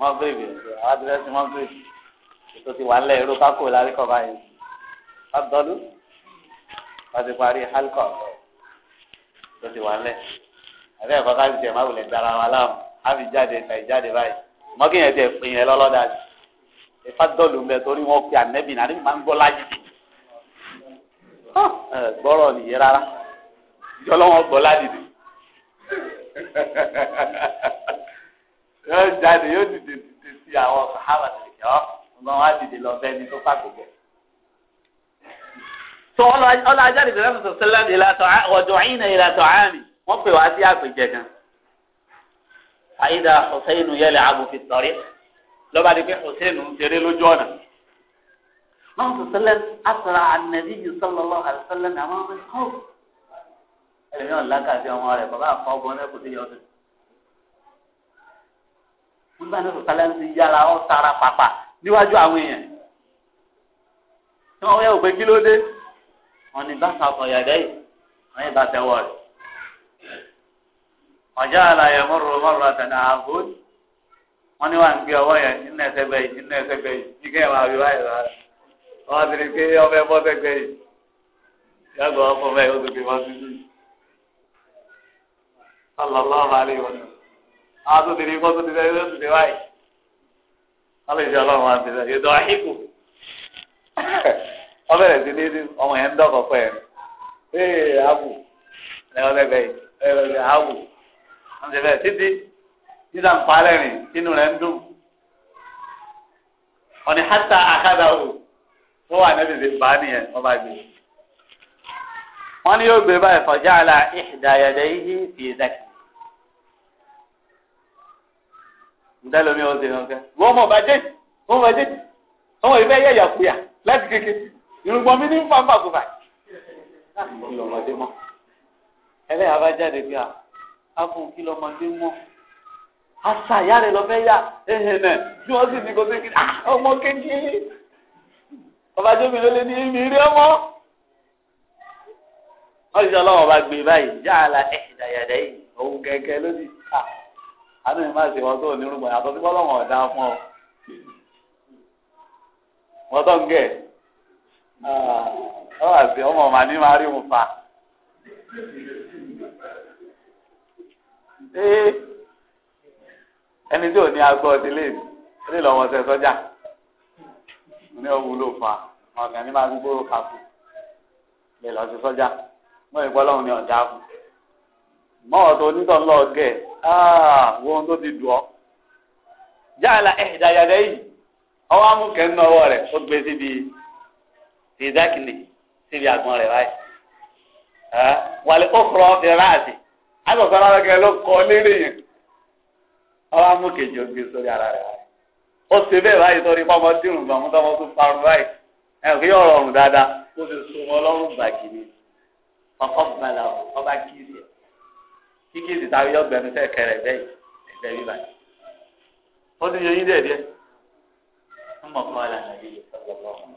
mọ́gírìbì àwọn adírẹ́sì mọ́gírìbì ètò ti wà lẹ̀ ẹ̀rọ pákó láríkọ̀ báyìí tó ti wà ń lẹ̀ àbẹ́ ẹ̀kọ́ ká ti tẹ̀ má wulẹ̀ dara wa láàmú á fi jáde ta ìjáde báyìí mọ́kì yẹn tẹ̀ pin yẹn lọ́lọ́dà sí ifá dọ́ọ̀lù mbẹ torí wọn fi ànẹ́bì náà ànẹ́bì máa ń gbọ́ láyé gbọ́rọ̀ nìyẹn rárá ìjọ lọ́wọ́ gbọ́ ládìdì yóò jáde yóò dìde dìde sí àwọn sàhábà tẹ̀lé ọ́ ọmọ wa dìde lọ bẹ́ẹ̀ ni tó fà gbogbo tó ọlọ ajáde bẹ̀rẹ̀ sọ̀tọ̀ sẹ́lẹ̀ ìlàtọ̀ ọ̀dọ̀ ìnà ìlàtọ̀ àmì wọ́n pè wá sí àpèjẹ kan. àyídà hùsẹ́yìn yẹlẹ̀ àbòfin sọ̀rí lọ́ba di pé hùsẹ́yìn ń ṣeré lójú ọ̀nà. náà sọ̀tọ̀ sẹ́lẹ̀ asọ̀rọ̀ ànàbí yìí sọ̀lọ́lọ́ àlùsọ̀lẹ̀ ní àwọn ọmọ ẹ̀mí ọ̀làkà sí ọmọ rẹ̀ bàbá àfọ̀ ọgbọ́n náà kò sí yọ ọdún. nígbà náà sọ̀tọ̀ wọn ni bá sàkọ yàgẹ yìí wọn yìí bá tẹwọ rẹ ọjà àlàyé mọrò mọrò àtẹnà àbò wọn ni wà ń gbé ọwọ́ yẹn nínú ẹsẹ̀ bẹyì nínú ẹsẹ̀ bẹyì ní kẹyìn wà wíwá yìí rárá wọn ti rí pé ọbẹ bọ sẹgbẹ yìí yàgò ọkọ bẹ́ẹ̀ yóò tó fi wọn sísú sallallahu alayhi wa sallam àwọn tó ti rí tó ti fẹ́ tó fi wáyìí wọn lè ṣe Ọlọ́run àti wọ́n bẹ̀rẹ̀ sí ní ọmọ yẹn ń dọ̀kọ̀ pẹ̀ ee abu ẹ ọlẹ́gbẹ̀ẹ́ yìí ẹ ọlẹ́gbẹ̀ẹ́ abu wọ́n ti bẹ̀rẹ̀ títí títà ń palẹ̀ rìn sínú rẹ̀ ń dùn ọ̀nì hátà àkàdà o ó wà ní bèbè bá nìyẹn wọ́n bá gbé wọ́n ní yóò gbé báyìí fọjá àlà ìdàyàdà yìí fi dàkì. ǹdá lomi ọ̀sẹ̀ wọ́n mọ̀ bàjẹ́ wọ́n bàjẹ́ wọ́n mọ̀ ìfẹ́ yẹ̀yà kúyà láti kékeré irùngbọ̀n mi ní nfàǹfà kò fà kí lọmọdé mọ ẹlẹ́yà bá jáde bí a á fún kí lọmọdé mọ àṣà ìyá rẹ̀ lọ fẹ́ yà ehèmẹ̀ tí wọ́n sì ní kó sí kí ah, ọmọ kékeré ọba jómi ló lé ní èmi rí ọmọ wọ́n ti sọ gbé báyìí yàrá ẹ̀dàyàdà yìí òun kẹ̀kẹ́ lódì ká àánú mi máa ṣe wọn tó onírúgbọ̀n yàtọ̀ sí bọ́lọ́wọ́n ọ̀dà fún ọ. wọ́n tọ́ ń gẹ̀ ọ ah, wà ọmọ màá ní máa ẹni tí ò ní agbọ́ ọdílé ilé o ṣe sọ́jà ní ọ̀wúlò fa ọ̀gá ní máa gbóró kakú lè lọ́ọ́ ṣe sọ́jà mọ́ ìgbọ́lọ́hún ní ọ̀dà kù mọ́wọ́ onítọ̀ ah, wo ohun tó ti dùn ọ́ jáàlà ẹ̀ẹ́dàyàdẹ́ yìí ọwọ́ amúkẹ́ ń rẹ̀ ó gbé síbi. fi dákìlì síbi àgbọn rẹ báyìí wàlẹ̀ kó kúrọ̀ ọ̀fẹ́ láàṣì àgbọ̀sán lára kẹ ló kọ́ lédè yẹn ọba mú kejì ògbé sórí ara rẹ báyìí ó ṣe bẹ́ẹ̀ báyìí torí pọ́nmọ́ dìrùn gbọ̀n dị tọ́mọ́ tó parun báyìí ẹ̀ kí yọ̀rọ̀ ọ̀run dáadáa ó ti sun ọlọ́run gbà kìíní ọkọ̀ gbàlà ọba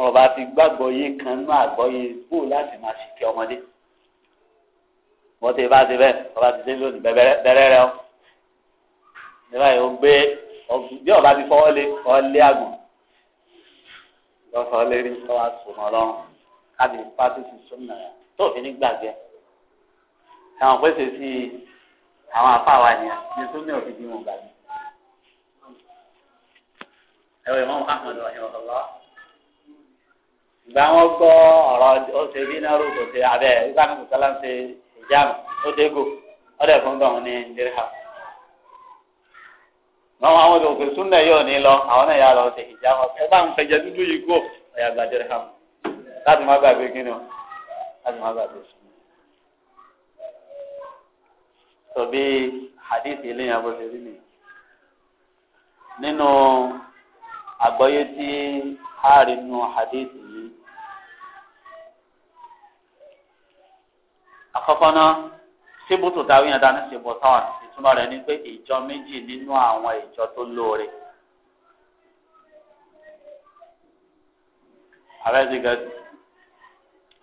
wọn bá fi gbàgbọ́ yé kan nú àgbọ́yé bó láti máa ṣìkẹ́ ọmọdé wọ́n ti bá ti bẹ́ẹ̀ wọ́n bá ti dé lónìí bẹ̀rẹ̀ rẹ o ní báyìí ó gbé bí ọba ti fọwọ́ lé ọlé àgùn lọ́sọ̀ọ́ lérí lọ́wọ́ sùnmọ́ lọ́rùn káàdì pátí ti súnmọ́ ẹ̀ tó fi ní gbàgbé àwọn pèsè sí àwọn afáwa yẹn ní súnmọ́ òfin bí wọn gbàgbé. ẹ wọ ìmọ̀ ọ̀hún àmọ̀dọ̀ ọ̀hún ọ̀hún ọ̀hún. ìgbà wọn ọ̀rọ̀ ó bí náírà kò ṣe abẹ́ ìgbà mi ń ṣe yóò ní lọ àwọn náà yà lọ ṣe bá ń dúdú yìí ọ̀yà gba láti má gbàgbé kí ni o láti má hadith rí nínú a rí hadith àkọ́kọ́ náà síbùtù táwọn yẹn dání sí bọ̀ táwọn ìtumọ̀ rẹ̀ ni pé ìjọ méjì nínú àwọn ìjọ tó lóore. ààrẹ ti ga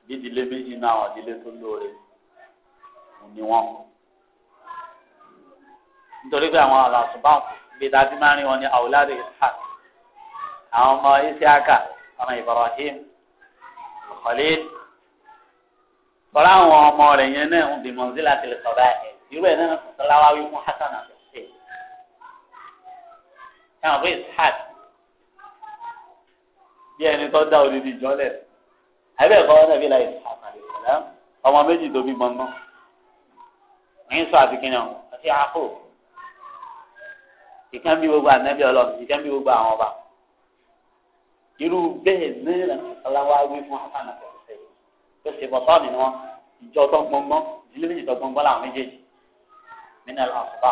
dídìlé méjì nínú àwọn ìdílé tó lóore ni wọn. nítorí pé àwọn àlàsùnbáwọn bíi dájú máa ń rí wọn ní àwòládé ishaq àwọn ọmọ isiaka ọmọ ibrahim khalil kọ́ra àwọn ọmọ rẹ̀ yẹn náà ń bímọ sí láti lè sọ̀rọ̀ ẹ̀ irú ẹ̀ náà sọ̀tọ́láwá wí fún hasan àtúnṣe táwọn fún ishaq bí ẹni tó dá odidi jọlẹ̀ àbẹ̀ kọ́ ọ́nà bí la ishaq àdìsọ̀lá ọmọ méjì tó bímọ náà ẹ̀yin sọ àti kìnìún àti àpò ìkan bí gbogbo ànábì ọlọ́run ìkan bí gbogbo àwọn ọba irú bẹ́ẹ̀ náà sọ̀tọ́láwá ìjọ tó gbọngbọn ìdílé méjì tó gbọngbọn làwọn méjèèjì nínú ẹ̀rọ àṣùbà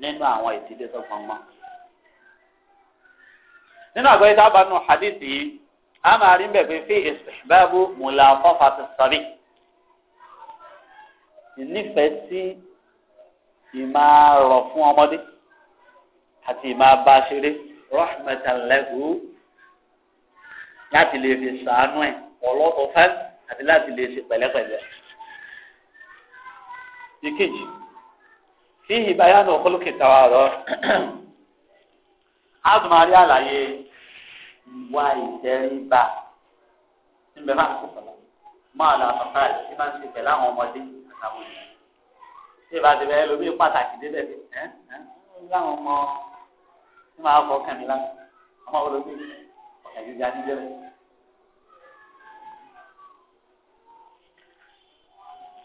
nínú àwọn ìdílé tó gbọngbọn. nínú àgbẹ̀yẹ tá a bá nu hadith yìí a máa rí bẹ̀ pé fi ìsìnbáàbò mùlá fọ́fà ti sọ̀rí ìnífẹ̀ẹ́ sí ìmáa fún ọmọdé àti ìmáa ṣeré rahmatan láti lè fi sàánú ẹ̀ ọlọ́tọ̀ fẹ́ẹ́ àti láti lè ṣe pẹ̀lẹ́pẹ̀lẹ́. ìkejì fi ìbáyánu ọkọlùkì tàwa rọ a tún máa rí àlàyé ìwà ìtẹríba níbẹ̀ máa kó sọ̀rọ̀ máa lọ àtọ̀ká rẹ̀ tí máa ń ṣe pẹ̀lú àwọn ọmọdé àtàwọn ènìyàn. ṣé ìbá ti bẹ̀rẹ̀ lómi pàtàkì débẹ̀ bí ẹ́ ẹ́ láwọn ọmọ tí máa fọ kàn ọmọ olómi ọ̀kẹ́ gíga níjẹ́ bẹ́ẹ̀.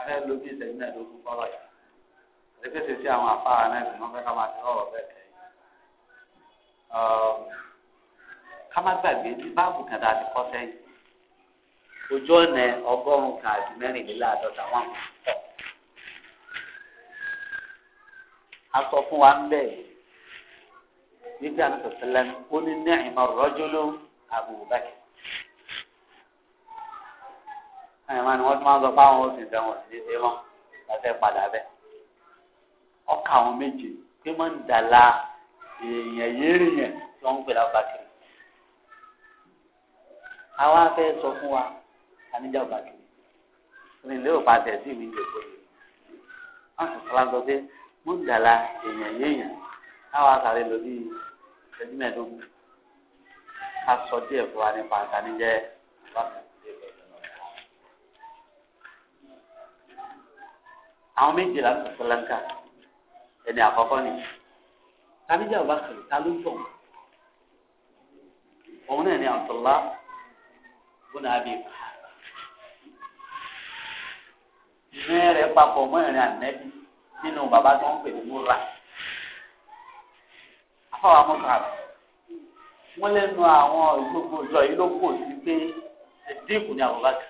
afẹ́ ló bí ìṣẹ́yìn náà ló kú fọ́rọ̀ yìí àdékèsè sí àwọn afárá náà ni wọ́n fẹ́ ká máa ti rọ̀rọ̀ bẹ́ẹ̀ kẹ́yìn. ká má gbàgbé ní báàbù kan ti kọ́ sẹ́yìn ojú ọ̀nà ọgọ́rùn-ún kan àti mẹ́rìnléláàádọ́ta wọn kò pọ̀. a sọ fún wa ń bẹ̀ nígbà tó tẹ́lẹ̀ ó ní ní ìmọ̀ rọ́jò ló Abubakar. ẹ̀ máa ni wọ́n ti máa ń sọ pé àwọn oṣù ìdánwò sí ṣe mọ́ lọ́sẹ̀ padà bẹ́ẹ̀. ọkà àwọn méje pé máa ń dàla èèyàn yéèrè yẹn tí wọ́n ń pè lábàá kiri. àwa fẹ́ sọ fún wa àníjà ọ̀bà kiri. ìrìnlẹ̀ ò pàṣẹ sí mi lè kó yìí. wọ́n sì sọ́ra sọ pé mo ń dàla èèyàn yéèyàn láwa sàré lórí ìṣẹ́jú mẹ́ẹ̀ẹ́dógún. a sọ díẹ̀ fún wa nípa àtàníjẹ́ ọ̀bà kiri. àwọn méjì la sọ sọlánká ẹni àkọ́kọ́ ni kàdíjà ọba kiri ta ló tọ̀ òun náà ni àtọ̀lá bónà àbí ìrìn rẹ̀ papọ̀ mọ́ ìrìn ànẹ́bí nínú bàbá tó ń pè ní múra afọwọ́ amúkàrà wọ́n lẹ́nu àwọn ìgbógun ọjọ́ yìí ló kò sí pé ẹ̀dínkù ni àbúrò bá kà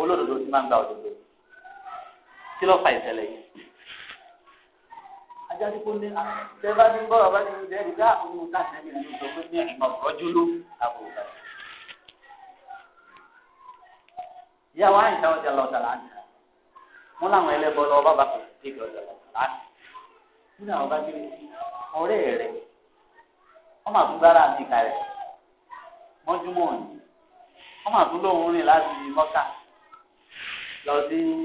olódodo ti máa ń gba òdodo. kí ló fa ìṣẹ̀lẹ̀ yìí. ajásí ní ṣe ah, bá ti ń bá ti ń òun ká sẹ́yìn ní oṣù tó ní ìmọ̀ ló àbúrò bá ti. ìyá wa àyìnṣá ẹlẹ́bọ lọ kò sí ìgbà ọjà láti nínú àwọn bá ti rí ọ̀rẹ́ rẹ̀ wọ́n máa tún mọ́júmọ́ òní wọ́n máa tún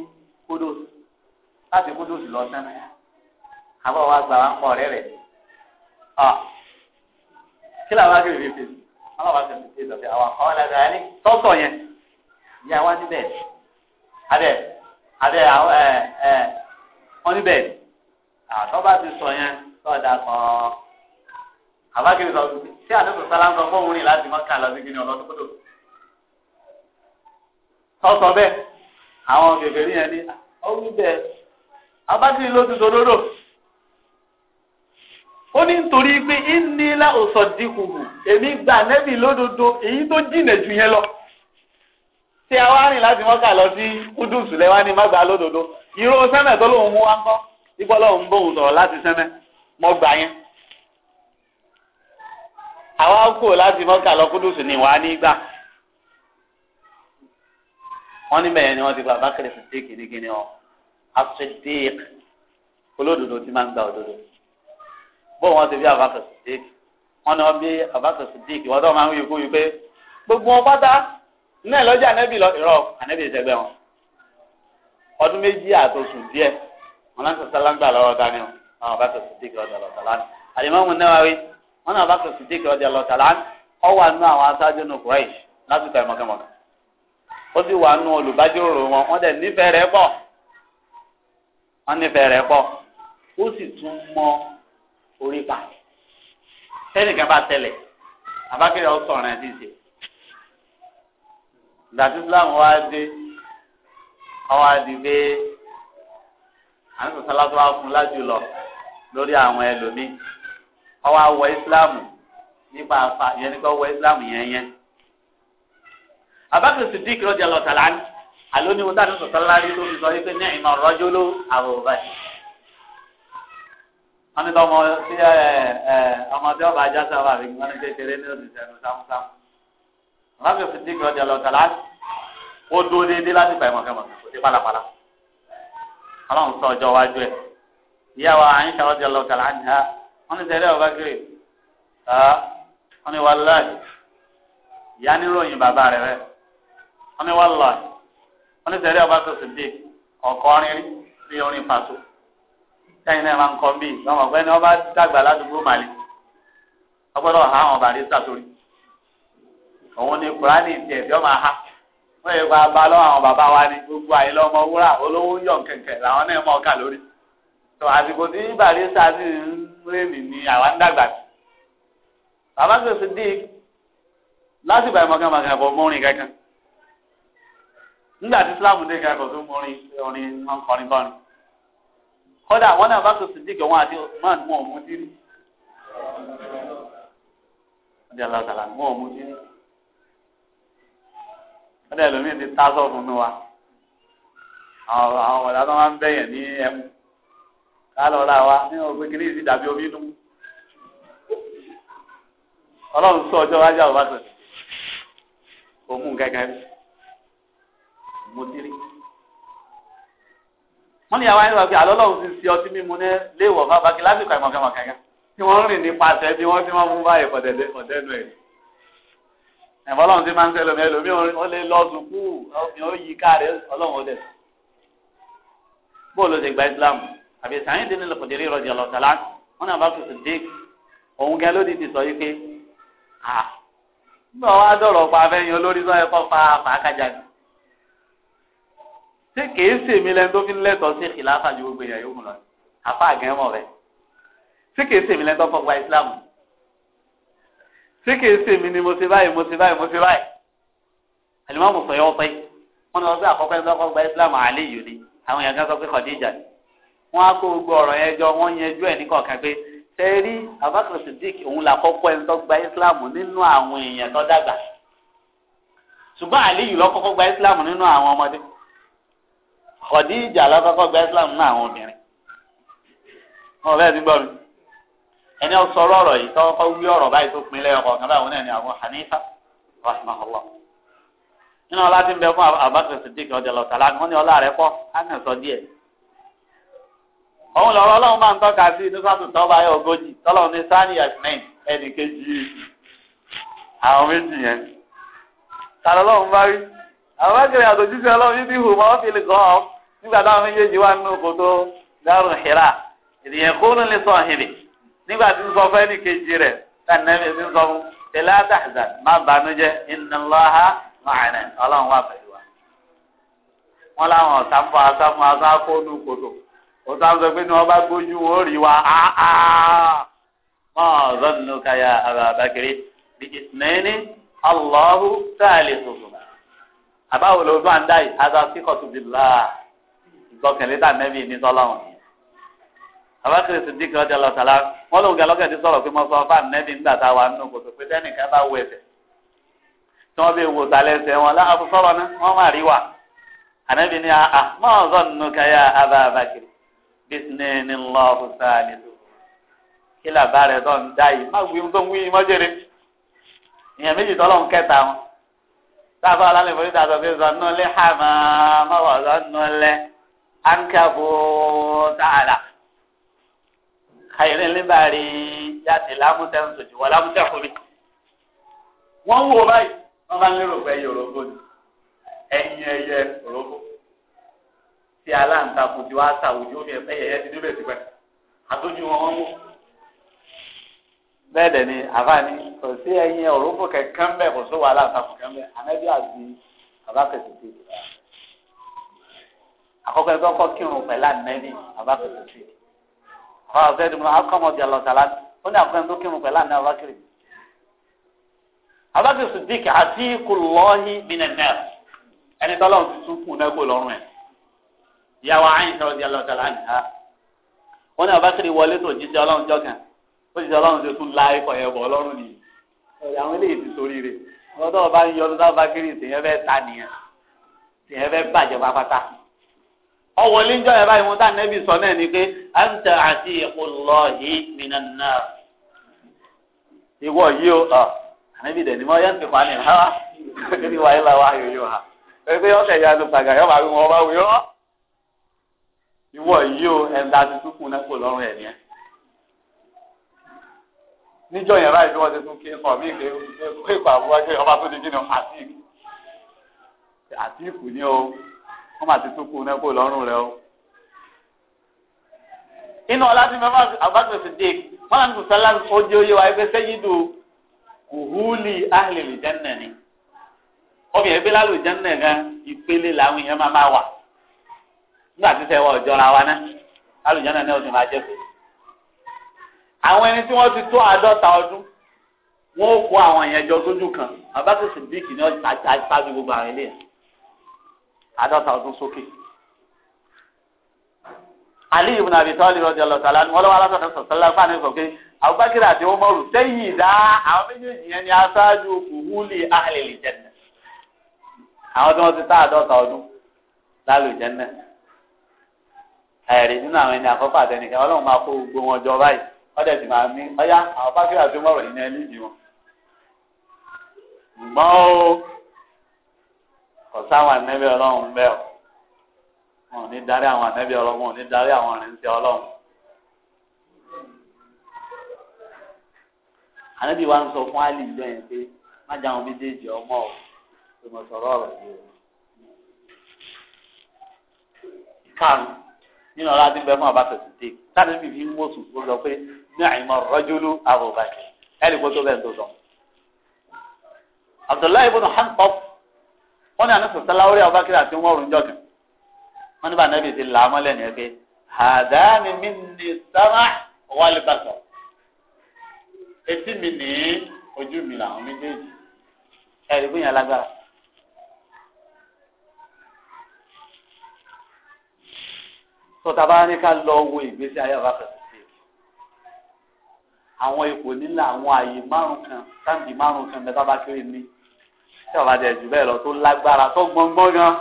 láti kúndùn sí lọ́sán àbọ̀ wa gbà wá ń pọ̀ rẹ̀ rẹ̀ kí làwọn akéwì fi fi ọlọ́wà kan ti fi lọ́sẹ̀ àwọn àwọn ọ̀làdà ẹni tọ́tọ̀ yẹn ìyá wa níbẹ̀ adẹ adẹ àwọn ẹ ẹ wọn níbẹ̀ àtọ́ba ti sọ yẹn lọ́ọ̀dà kan àbákiri sọ sí àdókò sálá ń sọ fún òun rìn láti mọ́kà lọ sí kíni ọlọ́dún kótó tọ́tọ̀ bẹ́ẹ̀ àwọn kèfèrí yẹn ní ọ̀hún abákiri ló ti sòdodo ó ní nítorí pé ìnílá òsòdìkùkù èmi gba nẹ́bì lódodo èyí tó jìnà jù yẹn lọ tí a wá rìn láti mọ́kà lọ sí kúdùsù lẹ́wà ní má gbà lódodo irú sẹ́mẹ̀ tó lóun mú wá ń kọ́ ipò lóun bóun sọ̀rọ̀ láti sẹ́mẹ̀ mọ́ gbà yẹn àwa kò láti mọ́kà lọ kúdùsù ní wàá nígbà wọ́n ní bẹ́ẹ̀ ni wọ́n ti gba bákẹ́rẹ́ sí kékeré ọ́ asidik olódodo ti máa ń gba òdodo bó wọn ti bí abakọ sidik wọn ni wọn bí abakọ sidik wọn tó máa ń wí ikú yìí pé gbogbo wọn pátá náà lọ́jà ànẹ́bì lọ ìrọ̀ ànẹ́bì ìṣẹ́gbẹ́ wọn ọdún méjì àtòsù díẹ̀ wọn náà sọ̀tà lágbà lọ́wọ́ dání o àwọn abakọ sidik lọ́jà lọ́tà lánàá àdìmọ́mù náà wí wọn náà abakọ sidik lọ́jà lọ́tà lánàá ọ wà àwọn aṣáájú nù kúrẹ́ẹ̀ṣì lásìkò ẹ̀mọ́kẹ́mọ́kẹ́ ó sì wà nù olùbájóró wọn wọn dẹ̀ nífẹ̀ẹ́ rẹ̀ pọ̀ wọ́n nífẹ̀ẹ́ rẹ̀ pọ̀ ó sì tún mọ orí pa tẹ́nìkan bá tẹ̀lẹ̀ àbákẹ́rẹ́ ọ sọ̀rọ̀ ẹ̀ díje ìdàtí Islam wá dé ọwọ́ àdìgbé àwọn sọ̀sọ́lá tó wá fún lájú lọ lórí àwọn ẹlòmíì ọwọ́ àwọ̀ Islam nípa àfa yẹn nípa ọwọ́ Islam yẹn yẹn àbákẹ́rẹ́ sì díkì lọ́jà lọ́tàlá ní àló ni wọn dáná sọ̀tọ́ lárí tó fi sọ wípé ní ìmọ̀ rọ́jò ló àwòrán yìí. wọ́n ní tọmọ sí ọmọ tí ọba ajá sábà rí wọ́n ní kékeré ní òsì sẹ́nu sámúsámú. wọ́n fi fi dìgbò ọjà lọ kàlá ó dúró déédéé láti pa ìmọ̀kẹ́mọ̀ kò sí pálapàla. ọlọ́run sọ ọjọ́ wájú ẹ̀. ìyá wa àyín kàlọ́ ọjà lọ kàlá ní ha wọ́n ní tẹ̀lé ọba kiri wọ́n ní wàlláhì ìyá níròyìn bàbá rẹ̀ rẹ̀ wọ́n ní wàlláhì wọn ní sẹ́rí ọba tó sì dé ọ̀kọ́ rírí sí orin pàtó sẹ́yìn náà máa ń kọ́ bí ìgbọ́n ọ̀gbẹ́ni ọba dàgbà ládùúgbò màlẹ́ ọgbọ́dọ̀ ha àwọn bàrí sàtórí òun ni kùránì tiẹ̀ bí ọmọ ha wọ́n yẹ kó a bá àwọn bàbá wa ni gbogbo àyè lọ́mọ wúrà olówó yọ̀ kẹ̀kẹ́ làwọn náà mọ̀ ọ́kà lórí tó àsìkò tí bàrí sàtì ń rèmì ni àwa ń dàgbà sí bàbá sèse dé lásìkò àìmọ̀kànmọ̀kàn ẹ̀fọ́ mọ́rin kankan nígbà tí islam dé kẹ́kọ̀ọ́ tó mú orin wọn kọrin bọ́ni kódà wọn náà bá tó sìdík wọn àti Usman wọn ò mú dírí ọdí aláàtàlà wọn ò mú dírí ọdí ẹlòmíín ti tá sọ́ọ̀fù nù wa àwọn ọ̀dà tó máa ń bẹ̀yẹ̀ ní ẹmu kálọ̀ ọ̀la wa ní ọgbẹ́ kìíní ìsì dàbí omi nù ọlọ́run sọ ọjọ́ wájú àwọn bá tó kò mú nǹkan kan rí mutiri wọ́n ní àwọn ẹ̀rọ pé àlọ́lọ́run ti fi ọtí mímu ní léèwọ̀ bá bákí lásìkò àìmọ̀kẹ́mọ̀ kankan tí wọ́n rìn nípasẹ̀ bí wọ́n ti máa mú báyìí ọ̀dẹ́nu ẹ̀. ẹ̀fọ́ ọlọ́run ti máa ń sẹ́lẹ̀ mi ẹlòmí ó lè lọ sùkú ọ̀gbìn ó yí káàrẹ̀ ọlọ́run ó bóòlù ti gba Islam àbí sàyìn dín nílò kòtìrí rọjì ọlọ́sàlá wọn náà bá fi sùdík òun gẹ́ lódì ti sọ yí pé ah nígbà wọn á dọ̀rọ̀ pa afẹ́yìn olórí sọ́yẹ́kọ́ fa fàákàjà ni ṣé kìí sèmi lẹ́nu tó fi ń lẹ́tọ̀ọ́ sí ìlàfà ju gbogbo èèyàn yòókù lọ àfa àgẹ́mọ̀ rẹ̀ ṣé kìí sèmi lẹ́nu tó fọ́ gba ìsìlámù ṣé kìí sèmi ni mo ṣe báyìí mo ṣe báyìí mo ṣe báyìí àlùmọ́ mo sọ̀yọ́ ọ̀pẹ́ wọn ni wọ́n sọ àkọ́kọ́ ẹni tó fọ́ gba ìsìlámù àlẹ́ yìí ni àwọn èèyàn kan sọ pé Khadija ni wọ́n á kó gbogbo ọ̀rọ̀ yẹn jọ wọ́n yanjú ẹ̀ ní kọ̀ọ̀kan pé tẹ́rí Abubakar Siddiq Khadija lọ́kọ́kọ́ gba Islam náà àwọn obìnrin wọn bẹ́ẹ̀ ti mi ẹni ọ sọ̀rọ̀ yìí tọ́kọ́ wí ọ̀rọ̀ báyìí tó pin ọkọ kan báyìí náà ni àwọn Hanifa rahimahullah nínú ọlá tí ń bẹ fún ọjà wọn ni ọlá rẹ sọ òun ń sí inú sátún ayé ogójì ní sani yasmin ẹnì kejì nígbà táwọn méjèèjì wà nínú kòtò dárò hìrà ìdíyẹn kó ló lè sọ hìbì nígbà tí ń sọ fún ẹnì kejì rẹ̀ tànàbí ti ń sọ fún tẹlẹ àtàzà má bànújẹ́ ìnàláha màánà ọlọ́run wà pẹ̀lú wa. wọn láwọn ọ̀sá fún asá fún asá kòtò kòtò sọ pé ni wọn bá gbójú wọn rí wa áá mọ ọzọnù káyà àbàbàkiri bí ìsìnẹ́ni ọlọ́hu sáà tuntun. àbáwò ló bá ń asá síkọ̀tù bìlá lọ́kànlé tá nẹ́bí ní sọ́lọ́run yìí abakiri sidi kan jẹ lọtala wọn lòun gẹ lọkẹ ti sọ̀rọ̀ pé mo sọ fáàmù nẹbi nígbà tá a wà nínú kòtò pé tẹnìkan bá wọ ẹsẹ̀ tí wọn bẹ wò sálẹ ẹsẹ̀ wọn láàbù sọ̀rọ̀ ní wọn má rí wa ànẹbi ní àhà máa zọ nínú káyà abá abakiri bísíní ní lọọfù sáàlì tó kí làbá rẹ tó ń dá yìí má wíwú tó ń wí mọ́jèrè ìyẹn méjì tọ́lọ́ ń kẹta wọn sáfà alálẹ̀ fọ́lítà sọ pé zọ nínú lé má wà zọ nínú lẹ́ ankabut ala khayril libari yàtì lámútẹ́ nsòjì wà lámútẹ́ fúnmi. wọ́n wò báyìí wọ́n bá ń lérò pé ẹyẹ òrógbó ni ẹyin ẹyẹ òrógbó tí aláǹtakùn ti wá sàwùjọ bí ẹ̀fẹ́ yẹyẹ ti débẹ̀ tipẹ́ àtúntò wọn wọ́n wò. bẹ́ẹ̀ dẹ̀ ni àfààní kò sí ẹyin òrógbó kẹ̀kẹ́ ń bẹ̀ kò sówó aláǹtakùn kẹ́ ń bẹ̀ ànábì àti àbáfẹ̀sì ti àkọ́kọ́ ẹgbẹ́ ọkọ̀ kírun pẹ̀lú ànẹ́bí abákòtò sí i ọ̀rọ̀ ọ̀sẹ̀ ìdìbò akọ́mọ ọ̀dì ọ̀lọ́sàlá ó ní àkọ́kọ́ tó kírun pẹ̀lú ànẹ́bí abákòtò abákòtò sí dìkì àti kùlọ́ọ̀hì mìnẹ̀nẹ̀ ẹni tọ́lọ́ tuntun kù náà kó lọ́rùn ẹ̀ ìyàwó àyìnṣẹ́ ọ̀dì ọ̀lọ́sàlá nìyà ó ní abákòtò wọlé tó jíjẹ ọlọ́run jọ́kàn ó jíjẹ ọlọ́run tó tún láì kọ̀yẹ̀ bọ̀ ọlọ́run nìyí àwọn eléyìí ti sórí rẹ̀ ọ̀dọ́ ọba ń yọ ọdún sábà kiri ìsìn ọwọ́ lẹ́jọ́ yẹn báyìí wọn tá nẹ́bí sọ náà ni pé àǹtà àti ìkọlọ́ọ̀hì mìíràn náà. ìwọ yìí o ànábì dẹ̀ ni mo yẹn ti pa ní rárá níbi wàá ilà wa yòó yòó ha pé ọ̀sẹ̀ yẹn ló gbàgà yọ̀ bá wí wọn bá wí ọ́. ìwọ yìí o ẹ̀ńdà ti túkùn náà kò lọ́rùn ẹ̀ ní ẹ. níjọ́ yẹn báyìí bí ti tún kí ẹ̀kọ́ mi kí ẹ̀kọ́ àbúrò ọba tó di kí ni àtìkù àtìkù ni o wọ́n máa ti tún kú náà kó lọ́rùn rẹ o. inú ọlá tí mẹ́fà àbáṣe ti dé wọ́n náà ní kò sálá ó jẹ́ oyé wa ẹgbẹ́ sẹ́yìn dò kùhúlì áhìlì jẹ́nà ni. obìnrin ẹgbẹ́ lálù jẹ́nà gan ìpele làwọn èèyàn máa máa wà. nígbà tí sẹ́wọ́ ọ̀jọ́ra wa náà lálù jẹ́nà náà ó sì máa jẹ́ fún. àwọn ẹni tí wọ́n ti tó àádọ́ta ọdún wọ́n ó kó àwọn èèyàn jọ sójú kan àbáṣe ti dé kì àádọ́ta ọdún sókè. Ali ibn Abi Talib radiyallahu ta'ala anhu lọ́wọ́ alásọ̀tẹ̀ sọ̀tẹ́lá fún àná ìsọ̀kè Abubakar àti Umaru sẹ́yìn ìdá àwọn méjèèjì yẹn ni aṣáájú kùhúlì ahlil jannah. àwọn tí wọ́n ti tá àádọ́ta ọdún lálù jẹ́nà ẹ̀rí nínú àwọn ẹni àkọ́kọ́ àtẹnìkan ọlọ́run máa kó gbogbo wọn jọ báyìí ọdẹ sì máa ní ọyá àwọn Abubakar àti Umaru nínú ẹni ìdí wọn. ṣùgbọ́n o ọ̀sáwọn ànẹ́bí ọlọ́run bẹ́ẹ̀ o ní darí àwọn ànẹ́bí ọlọ́run ní darí àwọn àrẹ́ńtẹ́ ọlọ́run. ànẹ́bí wa ń sọ fún Àlì ìjọ yẹn pé má jẹ́ méjèèjì ọmọ o pé mo sọ̀rọ̀ ọ̀rọ̀ yìí ìkarùn nínú ọ̀la tí bẹ fún abakar sídè sáré bíbí ń mọ̀sù ó sọ pé ní àìmọ̀ rọ́jòlú Abubakar ẹ̀ lè kó tó bẹ́ẹ̀ tó sọ. Abdullahi ibn Hanqaf wọ́n ní àníṣe sáláwórí abubakar àti wọ́ọ̀rùn jọ̀kàn wọ́n ní bàánẹ́bì ti là á mọ́lẹ̀ ní ẹgbẹ́ àdáni mi ní sábà wálé bàtọ̀ etí mi ní ojú mi làwọn méjèèjì ẹ̀rí fún yẹn lágbára. sọta bá ní ká lọ wo ìgbésí ayé abubakar sí àwọn ipò nílẹ̀ àwọn àyè márùn kan táǹdì márùn kan mẹ́ta bá kéré ní tí ọba tẹ̀ jù bẹ́ẹ̀ lọ tó lágbára tó gbọ́ngbọ́n gan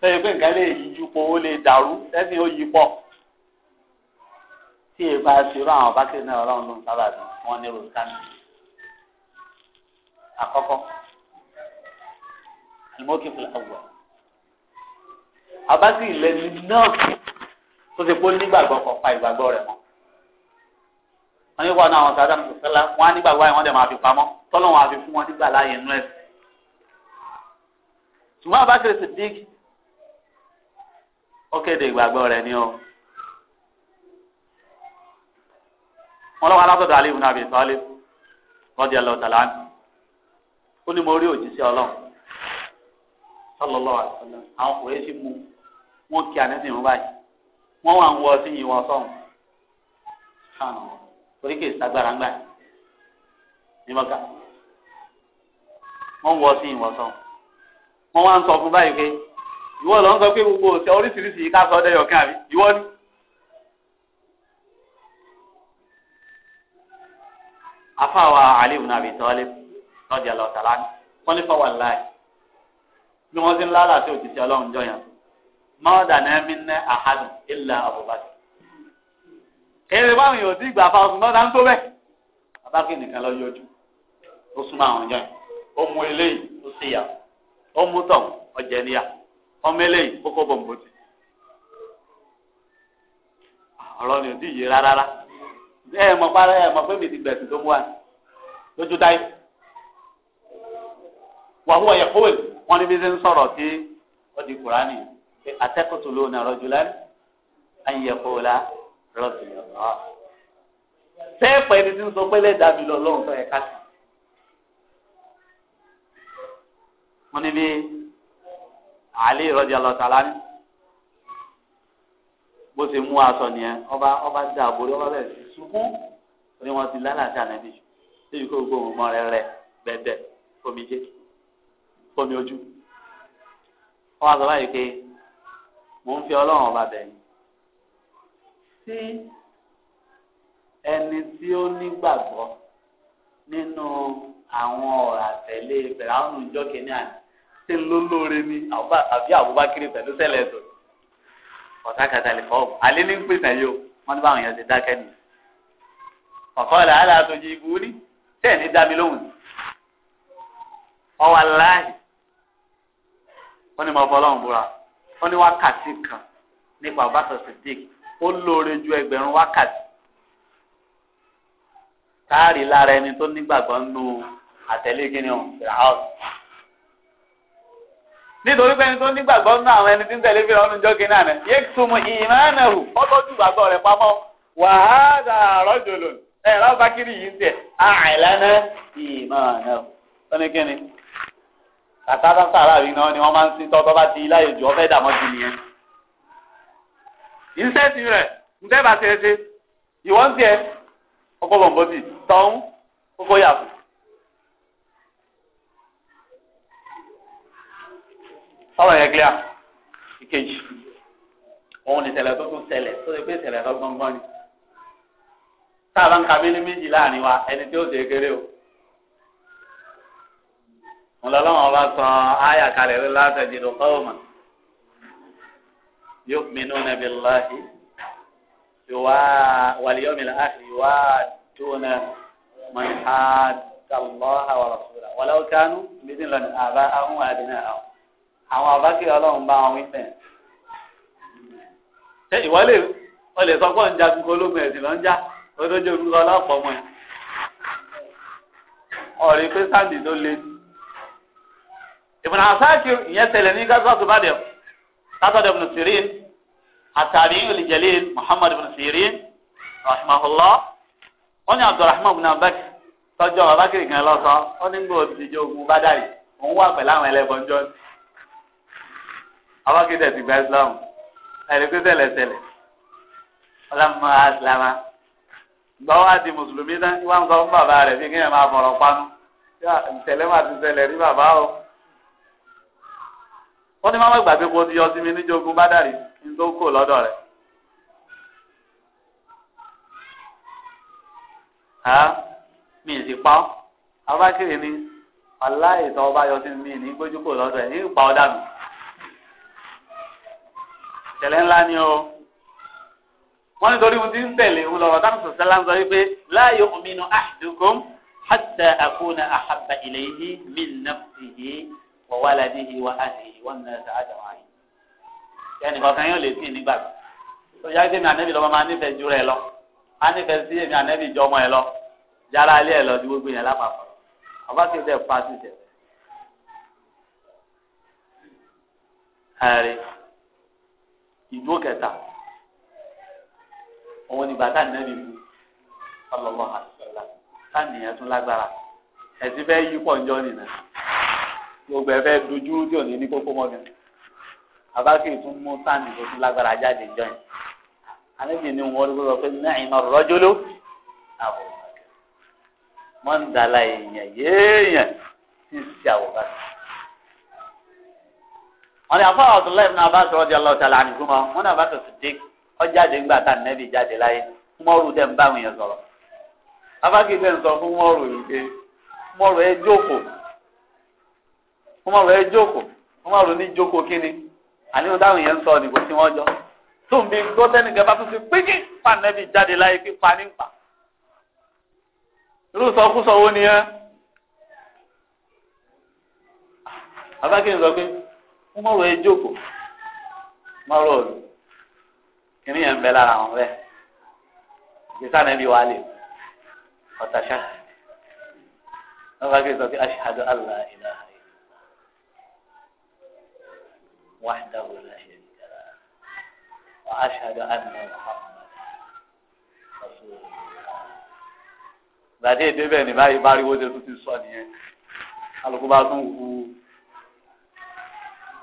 sẹ́yìn pé nǹkan lè yíjú pọ̀ ó lè dàrú sẹ́sìn ó yí pọ̀ tí èyí bá ṣe irú àwọn bákẹ́rì náà ọlọ́run ló ń sábà bí wọ́n ní roscani àkọ́kọ́ àlùmọ́kì fún àwùjọ àbákẹ́rì lẹ́nu náà tó ṣe pé ó nígbàgbọ́ kan pa ìgbàgbọ́ rẹ̀ mọ́ wọ́n ní wọn náà àwọn sáadà nìkan sẹ́lá wọ́n á nígbàgbọ́ àwọn ọ̀dẹ̀ máa fi pamọ́ tọ́lọ́ wọn á fi fún wọn nígbà láàyè nú ẹ̀sìn ṣùgbọ́n abakiri sidik ó kéde ìgbàgbọ́ rẹ̀ ni ó. wọn lọ́wọ́ alásọ̀dọ̀ alẹ́ ìbùnà àbí ìsọ́lẹ̀ rọ́dí ẹ̀ lọ́ọ́ tàlá ó ní mo rí òjíṣẹ́ ọlọ́run sallallahu alaihi wasallam àwọn kò yẹ sí mu wọn kí ànẹ́sìn mú báyìí wọn wà ń wọ sí yìí wọn sọ̀hún sànù torí kì í sagbára ńgbà ní mọ́ká wọn wọ sí yìí wọn wọ́n wá ń sọ fún báyìí pé ìwọ ló ń sọ pé gbogbo ọ̀sẹ̀ oríṣiríṣi yìí ká sọ ọdẹ yọ̀kan àbí ìwọ ni. afáwa Ali ibn Abi Talib lọ́dí ọlọ́tàlá ni wọ́n ní fọwọ́ láì bí wọ́n ti ń lálà sí òtítí ọlọ́run jọyàn mọ́ọ̀dà náà mi ná àhádù ilà Abubakar. kèrè báwọn yóò dígbà fáwọn mọ́ọ̀dà ń tó bẹ́ẹ̀ abákẹ́ nìkan lọ yọjú ó súnmọ́ àwọn jọyàn ó mú eléyìí ó sì yàwó ọmú tọ̀hún ọ̀jẹ̀ níyà ọmọ eléyìí kókó bọ̀m̀bọ̀tì. ọ̀rọ̀ ni ò tí ì yé rárá ẹ mọ̀ pé ẹ mọ̀ pé mi ti gbẹ̀sìn tó mú wa lójú táyé wàhùwà yẹ kówè wọn ní bí ṣe ń sọ̀rọ̀ sí ọdí kùránì atẹ́kùtù ló nà rọ́jú lẹ́nu ayé yẹ kówè la rọ́ọ̀sì yọ̀ lọ́wọ́. sẹ́ẹ̀pẹ̀ ni tí ń sọ pé lẹ́dàá lọ lọ́hùn tó yẹ ká sí. wọ́n ní bí Ali radiyallahu ta'ala ní bó ṣe mú aṣọ nìyẹn ọba ọba dá àbórí ọba bẹ̀rẹ̀ sí sunkún ni wọ́n ti lálàáṣà nàbí jù léyìí kó gbóhùn mọ́ rẹ̀ rẹ̀ bẹ̀bẹ̀ omijé omi ojú wọ́n á sọ báyìí pé mò ń fi ọlọ́run ọba bẹ̀ yín sí ẹni tí ó nígbàgbọ́ nínú àwọn ọ̀rọ̀ àtẹ̀lé bẹ̀rẹ̀ àwọn ìjọ kìíní àná ṣe ń ló lóore ni àbí àbúbákiri pẹ̀lú sẹ́lẹ̀ tó ọ̀tàkàtà lè fọ́ alẹ́ ní pèsè yìí o wọ́n ní báwọn èèyàn ti dákẹ́ nìyí ọ̀kọ́ là á láàtò jí ibú ní tẹ̀ ní dá mi lóhùn ọwọ́ aláì wọ́n ní mo fọlọ́run búra wọ́n ní wákàtí kan nípa Abubakar Siddiq ó lóore ju ẹgbẹ̀rún wákàtí táàrí lára ẹni tó nígbàgbọ́ nù àtẹ̀lé kíni ọ̀hún nítorí pé ẹni tó nígbàgbọ́ nínú àwọn ẹni tí ń tẹ̀lé fi ọ̀nù jọ́ kínní àná yé tumu ìmánahu ọlọ́dún ìgbàgbọ́ rẹ̀ pamọ́ wàhálà rọ́jòlò ẹ̀ rábàkiri yìí ń tẹ̀ àìlànà ìmánahu tóníkínní kàtàkà sàrà rí náà ni wọ́n máa ń sin tọ́tọ́ bá ti iláyè jù ọ́fẹ́ dàmọ́ jù nìyẹn. iṣẹ́ ti rẹ̀ ǹtẹ́ bá ti ẹ ṣe ìwọ́n ti ẹ ọkọ̀ bọ̀m̀bọ̀tì tọ́hún kókó ọ̀rọ̀ yẹn clear ìkejì òun ni tẹ̀lẹ̀ tó tún tẹ̀lẹ̀ tó ṣe pé tẹ̀lẹ̀ tó gbọ́ngbọ́n ni tá a bá ń ka bí ní méjì láàrin wa ẹni tí ó ṣe kéré o wọn lọ bá sọ ayà kalẹ̀ rí látẹ̀jì ló kọ́ ọ̀mà yóò pinnu nàbí láàyè yòwá wàlíyọ́mi láàyè yòwá dúnà mọ̀nyá dàlọ́ àwọn ọ̀rọ̀ sọ̀rọ̀ wàlẹ́ òkè bí ní lọ́nà àbá àwọn àdínà àwọn. àwọn àbákẹ́ ọlọ́run bá wọn wípé ṣé ìwọ lè o lè sọ pé ọ̀njà gbogbo ológun ẹ̀sìn ló ń já olójú orúkọ ọlọ́pọ̀ ọmọ ẹ̀ ọ̀rẹ́ pé sáǹdì tó le ìbùnà àṣáàkì ìyẹn tẹ̀lé ní gásọ́ọ̀tù bá dẹ̀ àtàrí olùjẹ̀lẹ̀ wọ́n ní tọ́jú ọ̀rọ̀ lọ́sọ̀ọ́ ó ní gbòòdì àwọn kéde ti gba islam ẹni pé tẹ́lẹ̀tẹ́lẹ̀ ọlọ́mọ asilámà gbọ́wọ́ àti mùsùlùmí náà wá ń sọ fún bàbá rẹ̀ bí kéèyàn máa fọ̀rọ̀ panu tẹ̀lé máa ti tẹ̀lẹ̀ rí bàbá o. wọ́n ní máa gbàgbé kó ti yọ sí mi níjogún bádàrí ní tó kò lọ́dọ̀ rẹ̀. mi ì sì pa ọ́ abákìrì ni aláìtọ́ ọba yọ sí mi ní gbójú kò lọ́dọ̀ ẹ̀ ní ìpa ọ̀dà mi tẹ̀lé ńlá ni o wọ́n ní torí mo ti ń tẹ̀lé òun lọ́wọ́ táwọn sọ̀sẹ́ lá ń sọ wípé la yu'minu ahadukum hatta akuna ahabba ilayhi min nafsihi wa waladihi wa ahlihi wan nasi ajma'in ẹnì kọ̀ọ̀kan yóò lè tì nígbà tó yá gbé mi ànẹ́bí lọ́mọ máa nífẹ̀ẹ́ ju rẹ̀ lọ á nífẹ̀ẹ́ sí èmi ànẹ́bí jọ ọmọ ẹ lọ yàrá alẹ́ ẹ lọ ju gbogbo yẹn lápapọ̀ ọba ti dẹ̀ pa sí ìṣẹ̀lẹ̀ ìdúró kẹta òun ni bàtà nẹ́ẹ̀mí bu ọlọ́mọ àtúntò sáànìyàn tún lágbára ẹ̀sìn fẹ́ yí pọ̀ njọ́ nìyẹn gbogbo ẹ̀ fẹ́ dojú tí ò ní ní kókó mọ́gàn abáké tún mú sáànì tó tún lágbára jáde njọ́ yẹn alẹ́bí ni wọ́n gbọ́dọ̀ pé náà ìmọ̀ rọ́jòló àbọ̀ mọ́ ń dàlà èèyàn yéèyàn tí ń ṣe àwòrán wọn ni afa abdullahi ibn abbas radiyallahu ta'ala anhuma wọn ni abbas siddiq ọjáde ńgbà tá nẹbi jáde láyé mọrù dẹ ń bá àwọn yẹn sọ̀rọ̀ afákì dẹ ń sọ fún mọrù yìí pé mọrù ẹ jókòó mọrù ẹ jókòó mọrù ní jókòó kíni àní wọn táwọn yẹn ń sọ nìkó tí wọn jọ tó ń bi tó tẹnikẹ́ bá fi pínpín pa nẹbi jáde láyé pípa nípa irú sọkúsọ wo ni ẹ afákì ń pé fún mọ̀rọ̀ ẹ jókòó mọ̀rọ̀ òdu kìnìún yẹn ń bẹ lára àwọn bẹ́ẹ̀ ìgbésà náà bí wàá lè ọ̀tà ṣá wọ́n bá gbé sọ pé aṣáájú àlá ìlà وحده لا شريك له وأشهد أن محمدا رسول الله gbàdé ìdébẹ̀ ní báyìí bá ríwó de tó ti sọ nìyẹn alùpùpù bá tún hu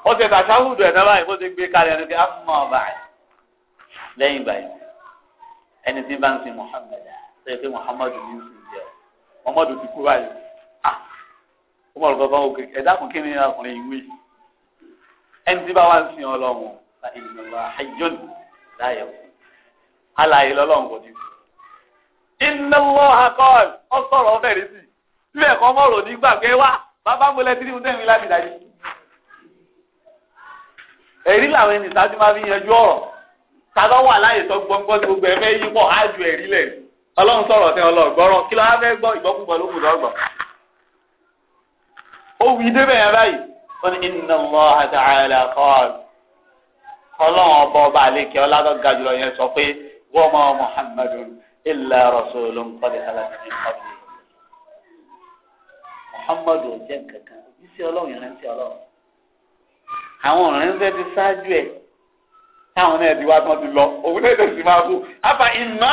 ó ti tàṣáhùdù ẹ̀ náà báyìí kó ti gbé kalẹ̀ ẹni pé áfúnmọ́ ah, ọba ẹ̀ lẹ́yìn ìgbà yìí ẹni tí bá ń sin Muhammad ṣe é pé Muhammad ní í sin jẹ́ Muhammad ti kú báyìí ah ó mọ̀ lọ́kọ́ báwo kékeré ẹ̀dá kò kéwìn ọkùnrin ìwé ẹni tí bá wà ń sin ọlọ́run ìgbàlá àjọ láyé alàyè lọ́lọ́run kò ní kú. iná lọ́ akọ́ọ̀lù ọ sọ̀rọ̀ ọ sí i bí ẹ̀kọ́ mọ̀rọ̀ nígbà pé wá bàbá mo lẹ́ ẹ̀rí làwọn ẹni sáájú máa fi yanjú ọ̀rọ̀ tàbá wà láyè tó gbọ́ngbọ́n tó gbẹ fẹ́ yípo ájú ẹ̀rí lẹ̀ ọlọ́run sọ̀rọ̀ tẹ ọlọ́gbọ́rọ̀ kí ló wá fẹ́ gbọ́ ìgbọ́kùgbọ́ ló kù lọ́gbọ́. ó wí débẹ̀ yẹn báyìí ó ní inna Allaha ta'ala qala ọlọ́run ọba ọba àlekẹ́ ọlọ́dọ̀ ga jùlọ yẹn sọ pé wa ma Muhammadun illa rasulun qad khalat min qablihi Muhammadu jẹ́ kankan ìṣe ọlọ́run yẹn ń ṣe ọlọ́run àwọn ọ̀rẹ́ ń fẹ́ ti ṣáájú ẹ̀ táwọn náà ti wá tán ti lọ òun náà lè sì máa kú àbá iná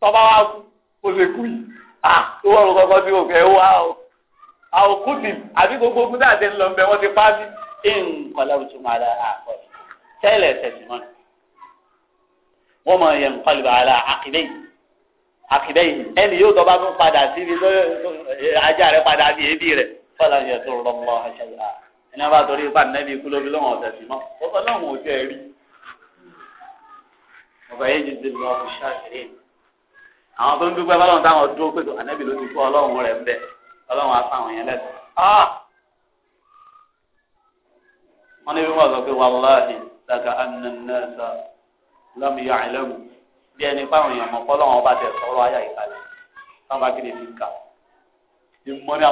tọba wa kú ó ṣe kú yìí à tó wọ́n kọ́kọ́ tí kò fẹ́ wá o àwọn kú ti àbí gbogbo ogun dáadé ń lọ ń bẹ wọ́n ti pàdé nǹkan lẹ́wọ̀n tó máa dá àpọ̀ tẹ́lẹ̀ tẹ̀sí mọ́ wọ́n mọ̀ yẹn nǹkan lè bàálà àkìdé yìí àkìdé yìí ẹni yóò tọ́ bá padà sí ibi ajá rẹ̀ padà bí ebi rẹ̀ fọlá yẹn tó rọ́ mọ́ àṣẹ yàrá ẹni wọn bá torí ipá nẹ́bí ikú lóbi lọ́wọ́ ọ̀sẹ̀ sí mọ́ ọkọ náà wọn ò tẹ́ ẹ rí ọkọ yẹn ti di lọ fún ṣáàkiri àwọn tó ń dúpẹ́ bọ́lọ́run táwọn dúró pé ànẹ́bí ló ti kó ọlọ́run rẹ̀ ń bẹ ọlọ́run á fáwọn yẹn lẹ́sẹ̀ ah! wọ́n ní bí wọ́n sọ pé wàláhì daga ananasa lọ́mìyà ìlẹ́mu bí ẹni fáwọn èèyàn mọ̀ kọ́lọ́run ọba tẹ̀ sọ́rọ́ ayà ìkàlẹ̀ táwọn bá kéde ń kà ìmọ̀ ni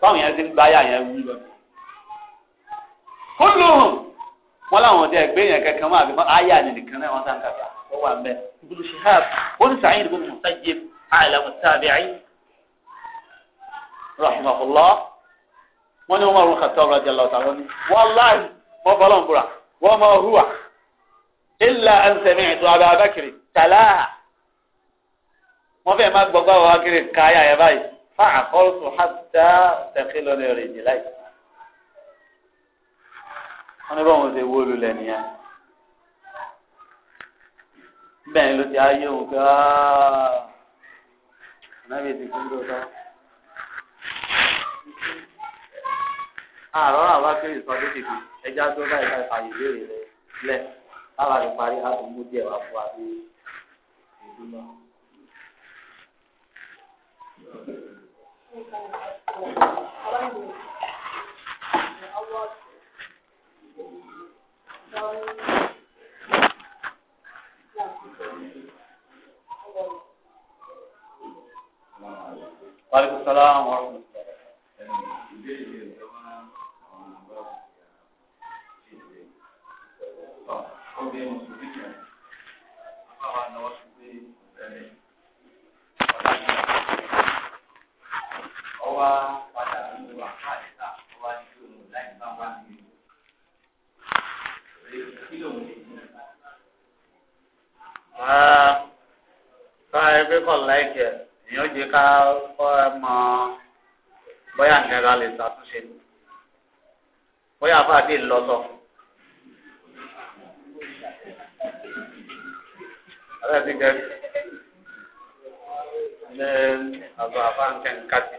báwọn yẹn ti ń báyà yẹn wí lọ. kúlù wọn làwọn ọdẹ ẹgbẹ́ yẹn kankan wọn àbí àyà ni nìkan náà wọn sá ń kàkà wọn wà mẹ. ibùdó shihab ó ní sàyìn ìdìbò mustajib àìlàmù tabi'in rahimahullah wọn ni wọn máa rún kàtọ́ ọ̀rọ̀ jẹ́ lọ́ta wọn ni wọn láì wọn bọ́lọ̀ ń wọn máa hùwà ilà ẹnsẹ̀mí ìtọ́ abẹ́ abẹ́kiri tàlá wọn fẹ́ẹ́ má gbọ́gbọ́ àwọn akéré káyà yẹn báyìí fa àkọ́sù hàtà tẹ̀kí lọ́lẹ̀ rẹ̀ jì láì. wọ́n ní báwọn ṣe wó lulẹ̀ nìyẹn. bẹ́ẹ̀ ló ti ayé òun ká ànábì ti kú lóòótọ́. àárọ̀ àwa kiri ìsọdún kìkì ẹja tó báyìí láì fààyè léèrè rẹ̀ lẹ̀ láwa lè parí àtúntò díẹ̀ wá fún wa bí ìdúná. Waaleykum salaam wa rahmatulah. wá padà nínú àkáàdé ta ó wá ní kí láì bá wá ní ìlú kí ẹgbẹ́ kọ̀ láìkẹ̀ èèyàn jẹ́ ká kọ́ ẹ mọ bóyá nǹkan lè ṣàtúnṣe bóyá fàdé lọ sọ. Ọlọ́run ti gẹ̀ẹ́sì. Ní àbọ̀ àbá nǹkan kásì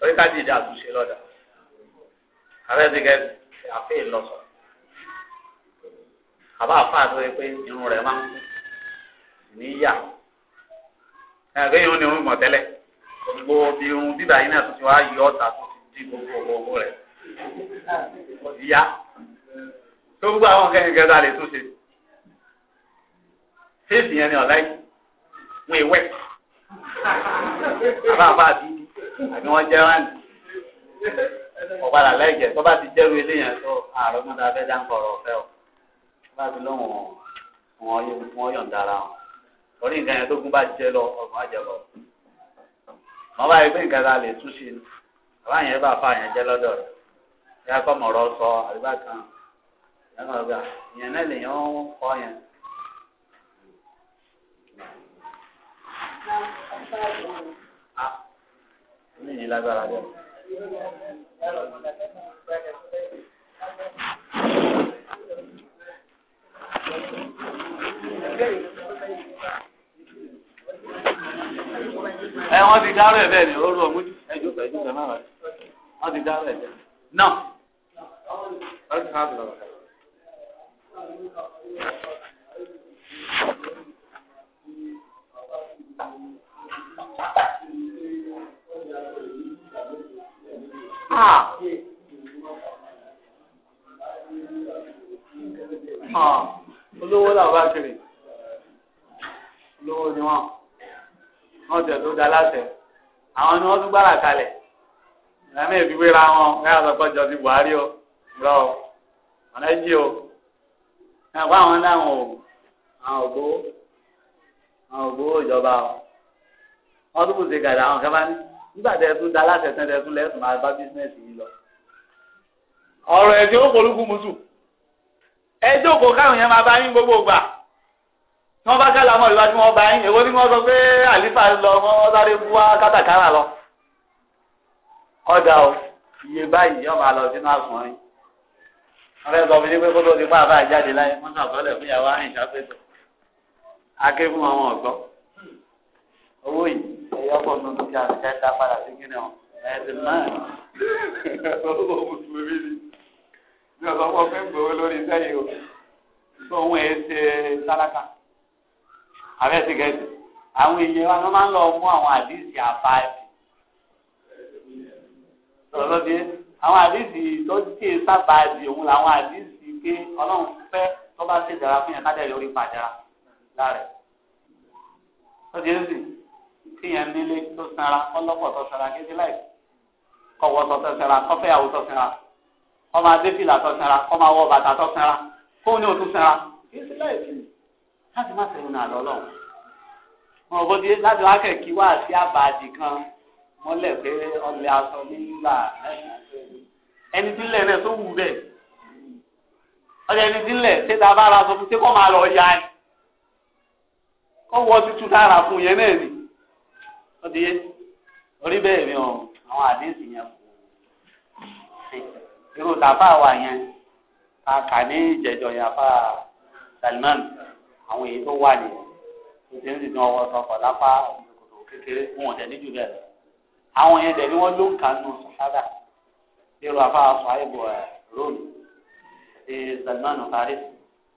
torí ká dìde àtúnṣe lọ́dà àbẹ́sìkẹ́ àfẹ́ ìlọsọ àbá àfáà tó yẹ pé irun rẹ̀ máa ń kú níyà ẹgbẹ́ irun ni irun gbọ̀n tẹ́lẹ̀ gbogbo irun bíbà yìí náà tó ti wá yọ ọ̀tà tó ti di gbogbo gbogbo rẹ̀ ìyá tó gbogbo àwọn kẹ́kẹ́ tá a lè túnṣe fífi yẹn ni ọ̀la yìí wọn èwẹ́ àbá àbá àbí àbí wọ́n jẹ́ rántí ọ̀padà lẹ́jẹ̀ tó bá ti jẹ́rú eléyàn tó ààrùn mọ́ta fẹ́ dáńkọ̀rọ̀ ọ̀fẹ́ o bá ti lóhùn wọn yọ̀ǹda ara wọn torí nǹkan yẹn tó gún bá jẹ́ lọ ọ̀gbọ́n àjẹ́ lọ. wọ́n bá rí pé nǹkan ta lè túnṣe ni bàbá yẹn bá fa yẹn jẹ́ lọ́dọ̀ rẹ̀ bí akọ́mọ̀rọ̀ sọ àríwá kan yẹn náà gbà ìyẹn náà lèyàn ń kọ́ yẹn. Thank you níyì lágbára bọ̀. ẹ wọ́n ti dárò ẹ̀ bẹ́ẹ̀ ni ó rú ọmú jù ẹ jù pẹ̀lú ẹ má rà wọ́n ti dárò ẹ̀ bẹ́ẹ̀ náà. Thank you. Ha. Ha. Olówó làwọn bá kiri. Olówó ni wọ́n. Wọ́n tẹ̀ tó da láṣẹ. Àwọn ni wọ́n tún gbára kalẹ̀. Ìlànà ìfiwéra wọn, ẹ àlọ́kọ́ jọ ti Buhari o. Rọ o. Ọ̀nà ẹjì o. Ẹ̀kọ́ àwọn náà ò. Àwọn ògbó. Àwọn ògbó ìjọba o. Wọ́n tún kù sí gàdá àwọn kan ní nígbà tẹ tún da alátẹ̀tẹ̀ tẹ tún lẹ́sùn máa bá bísínẹ́sì yìí lọ. ọ̀rọ̀ ẹ̀sìn ó polúkú musu ẹ jókòó káwọn yẹn máa bá yín gbogbo gbà tí wọ́n bá kálá mọ́ ìwà tí wọ́n bá yín èwo ni wọ́n sọ pé àlífà lọ wọ́n sáré bú wá kátàkárà lọ. ọ̀dà o iye báyìí yóò máa lọ sínú àsùn yín. wọ́n sọ fún yín pé kó tó ti pa àbá àjáde láyé wọ́n sàkọọ́lẹ̀ fún ìyàwó ẹ̀yọ́kọ̀ nù tó kíá ẹ̀ dá padà sí kí ni ọ ẹ̀ ti máa ọwọ́ mùsùlùmí ni bí ọ̀sán pọ̀ fẹ́ gbowó lórí sẹ́yìn o tó òun ẹ̀ ṣe tálákà abẹ́sí gẹ̀ẹ́sì àwọn èèyàn wa wọ́n máa ń lọ mú àwọn àdìsí àbáyé sọ̀rọ̀ bí àwọn àdìsí tó ti sábà di òun làwọn àdìsí pé ọlọ́run fẹ́ tó bá ṣèdára fún yẹn ká dẹ̀ lórí pàjára lára ẹ̀ sọ́jọ́ kéèyàn nílé tó sanra ọlọ́pọ̀ tó sanra kéde láì kọ̀wọ́ tó sanra kọ́fẹ́ àwò tó sanra kọ́mọ adébìlà tó sanra kọ́mọ awọ bàtà tó sanra fóònù ò tún sanra kéde láì fi láti má sẹ́yìn náà lọ́lọ́ wọn ò bó di láti wá kẹ̀kí wá sí àbàdì kan mọ́lẹ̀ pé ọlẹ́ aṣọ nígbà ẹni tí ń lẹ̀ tó wù bẹ́ẹ̀ ọjà ẹni tí ń ṣé ta bá ra sọ fún ṣé kọ́ máa lọ ya ẹ kọ́ wọ́ tuntun tá a fún yẹn náà ni ó ti yé orí bẹ́ẹ̀ mi ò àwọn àdéhùn yẹn kò irú tàfà wà yẹn a kà ní ìjẹjọ yẹn àfà Salman àwọn èyí tó wà nìyẹn ó ti ń sì tún ọwọ́ sọkọ̀ lápá òkòtò kékeré wọn ò tẹ̀ níjù bẹ́ẹ̀ lọ àwọn yẹn dẹ̀ ni wọ́n ló ń kà nù sàhádà irú afá sàhíbù ẹ̀ róòlù àti Salmanu Faris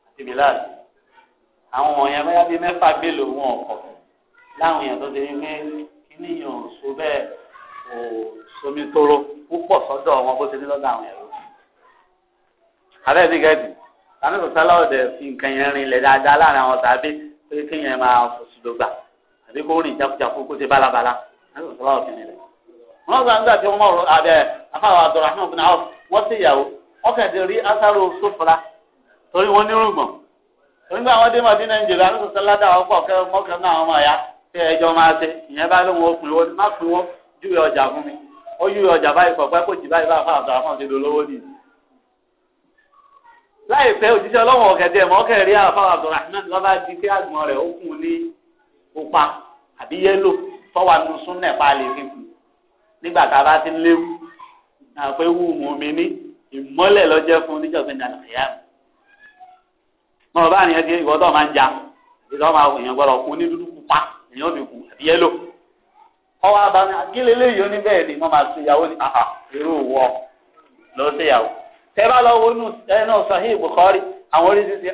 àti Bilal àwọn wọ̀nyẹn bẹ́ẹ̀ bí mẹ́fà mélòó wọn ọ̀kọ̀ láwọn yẹn tó ti ní pé kíní yàn bẹ́ẹ̀ ò somi tóró púpọ̀ sọ́dọ̀ wọn bó ṣe ní lọ́dọ̀ àwọn ẹ̀rọ. alẹ́ ní gẹ̀ẹ́dì sani sọ sálá fi nǹkan yẹn rin ilẹ̀ dáadáa láàrin àwọn tàbí pé kéèyàn máa fòsì lọ́gbà àbí kó rìn jákujáku kó ṣe bálabàla sani sọ sálá ọ̀dẹ̀ nílẹ̀. wọ́n gbà nígbà tí wọ́n mọ̀ abẹ́ afáwọ̀ Abdulrahman bin Awf wọ́n wọ́n kẹ̀dẹ̀ rí wọ́n ní tí ẹjọ́ máa ṣe ìyẹn bá lóun ó pinwó má pinwó júwe ọjà fún mi ó yúwe ọjà báyìí pọ̀pẹ́ kò jì báyìí bá fáwọn àtàwọn àwọn òṣèlú olówó nìyí. láìpẹ́ òjíṣẹ́ ọlọ́wọ̀n ọ̀kẹ́dẹ́ mọ́kẹ́ rí àfáwọn Abdulrahman lọ́ba di pé àgbọn rẹ̀ ó kún ní pupa àbí yẹ́lò fọwọ́ nu súnnẹ̀ pa lè fi kù nígbà tá a bá ti ń léwu àpé wù mú mi ní ìmọ́lẹ̀ lọ́jẹ́ fún níjọ́gbìn dàlàyà mọ̀ bá nìyẹn ti ìwọ́dọ̀ máa ń ja ìdọ́ máa wòyàn kún ní dúdú pupa èèyàn fi kú àbí yẹ́lò ọwọ́ abami àgílẹ̀ lẹ́yìn oní bẹ́ẹ̀ ni wọ́n máa ṣe ìyàwó ni àhà irú wọ lọ sí ìyàwó tẹ́ bá lọ wo inú ẹnu Sahih Bukhari àwọn oríṣiríṣi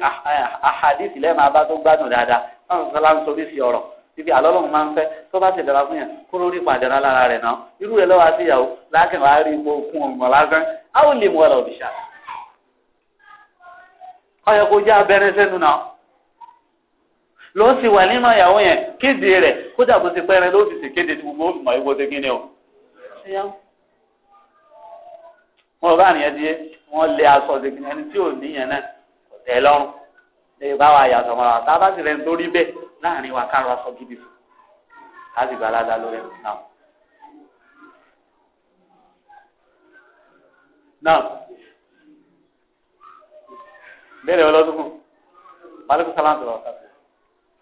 àhàdìsì lẹ́ẹ̀ma bá tó gbádùn dáadáa wọ́n sọ láǹsọ oríṣi ọ̀rọ̀ ibi àlọ́lọ́run máa ń fẹ́ tó bá ti dára fún yẹn kó ló rí pàdánù lára rẹ̀ náà irú rẹ̀ lọ́wọ́ àti ìyàwó lákàn wá rí ipò okun ọ̀gbọ̀n lásán á ò lè mú ọ lọ bìṣà. ọyọ kò jẹ́ abẹ́rẹ́ sẹ́nu náà ló sì wà nínú ìyàwó yẹn kéde rẹ̀ kódà bó ti pẹ́rẹ́ ló sì sì kéde tí gbogbo olùmọ̀ ìwọ ti kíni o. wọn bá nìyẹn di wọn lé aṣọ ti kíni ẹni tí ò níyẹn náà kò tẹ́ lọ́rùn lè bá wa yàtọ̀ mọ́ra tá a bá sì rẹ̀ ń torí bẹ́ẹ̀ láàrin wa káàrọ̀ aṣọ gidi fún a sì gbà lórí ẹ̀ náà. náà bẹ́ẹ̀ ni ọlọ́dún fún wa aleykum salaam tó lọ́wọ́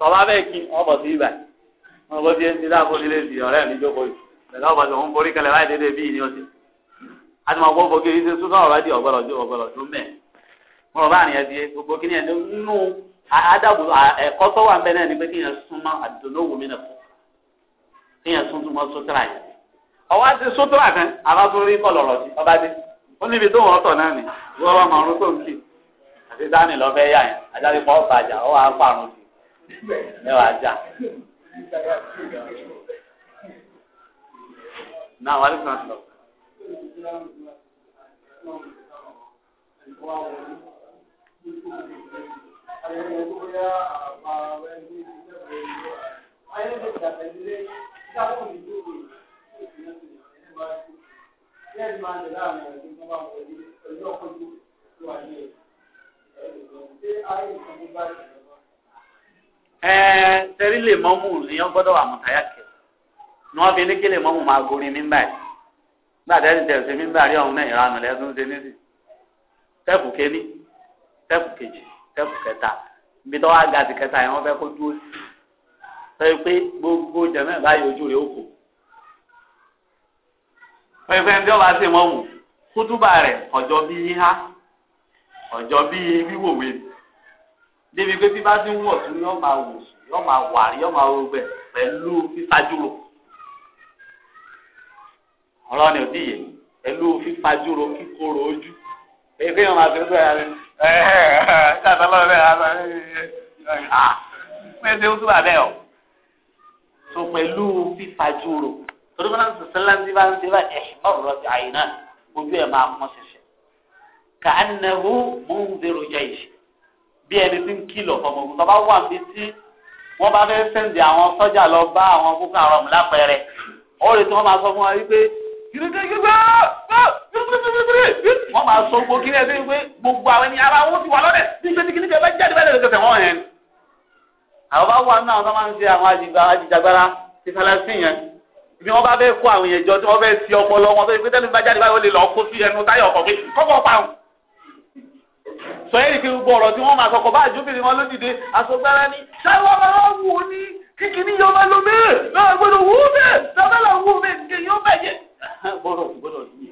tọ́ba bẹ́ẹ̀ kí wọ́n bọ̀ sí ibà wọn kò tiẹ̀ ń tilá fún ilé ìsìn ọ̀rẹ́ mi jókòó yìí lẹ́la ọ̀bà tó ń borí kẹlẹ̀ láì dédé bí ìní oṣù àti màá gbọ́ kí ṣe súnmọ́ ọ̀rọ̀ di ọ̀gbọ́dọ̀ tó ọ̀gbọ́dọ̀ tó mẹ́ wọn bá àrìn ẹdí gbogbo kí ni ẹni nínú adábò ẹ̀kọ́ tó wà bẹ́ẹ̀ náà ni pé kí yẹn súnmọ́ àdùnnówó mi nàfọ́ kí yẹn súnmọ́ sótìrà yẹn ọwọ́ ti sótìrà kan abátúrí kọ̀ lọ̀rọ̀ sí ọba dé ó níbi tó wọ́n tọ̀ mẹ́wàá jà. náà wàá lùkàn sọ. Thank you ẹ̀ẹ́ sẹ́rí lè mọ́mú èèyàn gbọ́dọ̀ wà mọ̀táyà kẹ́ ni wọ́n fi ní kí lè mọ́mú máa gorí mímbà yìí gbàdá ti tẹ̀sí mímbà rí ọ̀hún náà ìranù lẹ́sùn ṣe nísì tẹ́pù kéní tẹ́pù kejì tẹ́pù kẹta ibi tó wá ga ti kẹta yẹn wọ́n fẹ́ kó dúró sí sọ pé gbogbo jẹ̀mẹ́ báyìí ojú rẹ̀ ó kò pẹ̀pẹ́ ń jọba sí mọ́mú kútúbà rẹ̀ ọ̀jọ́ bíi há ọ̀jọ́ bíi wíwòwe ni débi pé bí bá ti ń wọ̀ tún yọ máa wò sùn yọ máa wàrí yọ máa wọ gbẹ pẹ̀lú fífajúro ọlọ́ni ò díye pẹ̀lú fífajúro kíkorò ojú èyí kéèyàn máa fi ń sọ̀rọ̀ rẹ ẹ̀ẹ́dẹ́gbẹ̀rún ṣàtàlọ́ rẹ̀ á pèsè ó túbà bẹ́ẹ̀ o so pẹ̀lú fífajúro torí wọn sọ sẹ́lá ń bá ń ṣe bá ẹ̀ ọ̀rọ̀ ti bí ẹni tí ń kìlọ̀ fọmọ ogun tọ́ba wà bí tí wọ́n bá fẹ́ sẹ́ǹdì àwọn sọ́jà lọ bá àwọn Boko Haram lápẹẹrẹ ó lè tí wọ́n máa sọ fún wa wípé wọ́n máa sọ gbogbo kí ẹni pé gbogbo àwọn ènìyàn ara wọn ti wà lọ́dẹ̀ bí gidigidi bẹ́ẹ̀ bá jáde bẹ́ẹ̀ lè tẹ̀sẹ̀ wọ́n yẹn. àwọn bá wà nínú àwọn tó máa ń ṣe àwọn ajìjàgbara ti fẹlẹ́sì yẹn ibi wọn bá fẹ́ kó àwọn èèyàn jọ tí wọ́n fẹ́ fi ọpọlọ wọn tó yẹ pé tẹ́lifíńbá jáde báyìí lè lọ kó sí ẹnu táyà ọkọ̀ pé kọ́kọ́ pa àwọn. sọ yẹ́ ìpè gbogbo ọ̀rọ̀ tí wọ́n máa sọkọ̀ bá àjọbìnrin wọn lódìde àsọgbẹ́rẹ́ ni ṣáwọ́ máa wù ú ní kíkiri yọ máa lo náà gbọ́dọ̀ wù ú bẹ́ẹ̀ sábẹ́là wù ú bẹ́ẹ̀ nìkẹ́ yóò bẹ̀yẹ. gbọ́dọ̀ gbọ́dọ̀ yìí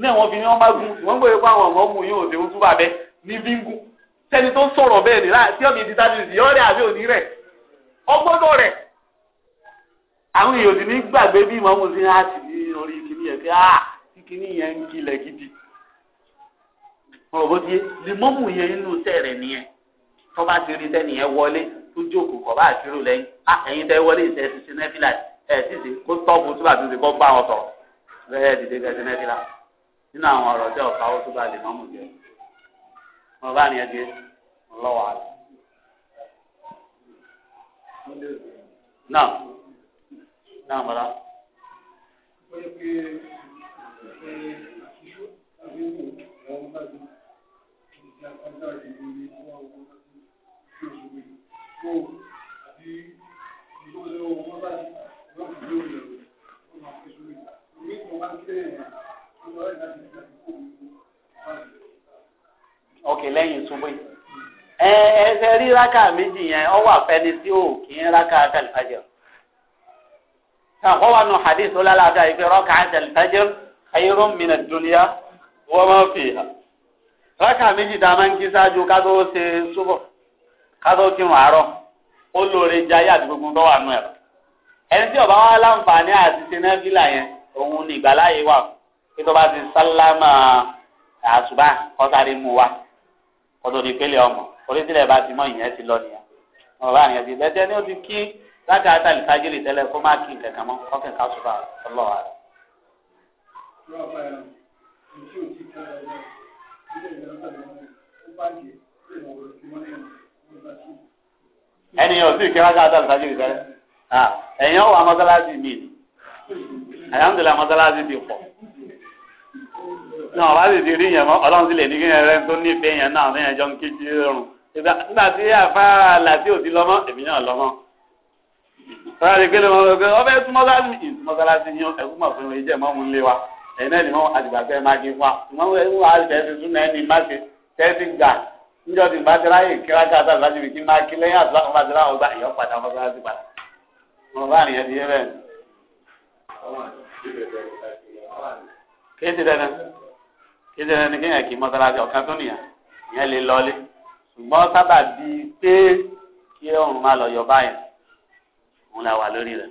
ní wọn bá gun wọn àwọn ọmọ yìí ò dé ojú bàbẹ ní bíngù sẹni tó ni láti ọ̀mì ìdí tábìlì yọ rẹ̀ àbí òní àwọn èèyàn ò ní ah yẹn ń kilẹ̀ wọn ò bó ti yé limọ́mù yẹn inú tẹ̀rẹ̀ nìyẹn tó bá ti rí tẹ́nìyẹn wọlé tó jókòó kọ̀ bá àkírò lẹ́yìn á ẹ̀yin tẹ́ wọlé ìṣe ṣiṣẹ́ nẹ́fìlà ẹ̀ ṣiṣẹ́ kó tọ́pù tó bá ti ṣe kó bá wọn sọ̀rọ̀ bẹ́ẹ̀ dìde ṣiṣẹ́ nẹ́fìlà nínú àwọn ọ̀rọ̀ tẹ́ ọ̀pá ó tó bá limọ́mù jẹ́ wọn bá nìyẹn di lọ́wọ́ àlọ́. náà náà mọ̀lá. Thank you òkè lẹ́yìn súnmọ́ ẹ ẹsẹ̀ rí rákà méjì yẹn ọ wà fẹ́ni tí ò kí ń rákà àtàlìfàjẹ́ sàkọ́wà nù hadith ó lálàáfíà ìfẹ́ rákà àtàlìfàjẹ́ ayé rọ́mìnà dúnìyà wọ́n máa fi hàn rákà méjì tá a máa ń kí ṣáájú ká tó ṣe súbọ̀ ká tó kírun àárọ̀ ó lóore jayé àti gbogbo tó wà nù ẹ̀ ẹni tí ọba wa láǹfààní àti sinẹ́fìlà yẹn òun ni ìgbàláyé wà pé tó bá ti sálámà àṣùbà kọ́sáré mu wa kọ́tò ní pélé ọmọ orísìílẹ̀ bá ti mọ ìyẹn ti lọ nìyẹn ọba àyẹn ti bẹ́tẹ́ ni ó ti kí láti àtàlì fájìlì tẹ́lẹ̀ kó má kí nǹkan mọ́ kọ́kẹ́ ká ṣùgbọ́n ọlọ́wà rẹ̀ ẹni yẹn ò sì kí rákà àtàlù sájú ìtẹ́lẹ̀ ah. ẹ̀yìn ọ̀wà mọ́sálásí mi ni àyàmùdùlá mọ́sálásí ti pọ̀ náà wàá sì ti rí yẹn mọ́ ọlọ́run sì lè ní kí yẹn rẹ́ tó nífẹ̀ẹ́ yẹn náà ní ẹjọ́ ń kéjì rọrùn nígbà tí àfáà làtí ò ti lọ́mọ́ èmi náà lọ́mọ́ rárá ìgbélé wọn lọ pé ọbẹ̀ tún mọ́sálásí ìtúmọ́sálásí yín ẹ̀kú mọ̀ fún mi jẹ́ mọ́mú ńlé wa ẹ̀yin náà ni wọ́n àdìgbàsẹ́ máa di wá wọ́n wọ́n á jẹ́ ti súnmọ́ ẹni má ṣe tẹ́sí gbà níjọ́ tí bá ti ráyè kíra ká sáà láti fi kí máa kí lẹ́yìn àti láti láti láwọn gbà ìyọ́ padà wọ́n bá ti padà wọ́n bá nìyẹn ti yé bẹ́ẹ̀. kéde dandan kéde dandan kéèyàn kì í mọ́sálásí ọ̀kan tó nìyà ìyẹn lè lọlé ṣùgbọ́n sábà di pé kí ọ̀run má lọ yọ báyìí òun là wà lórí rẹ̀.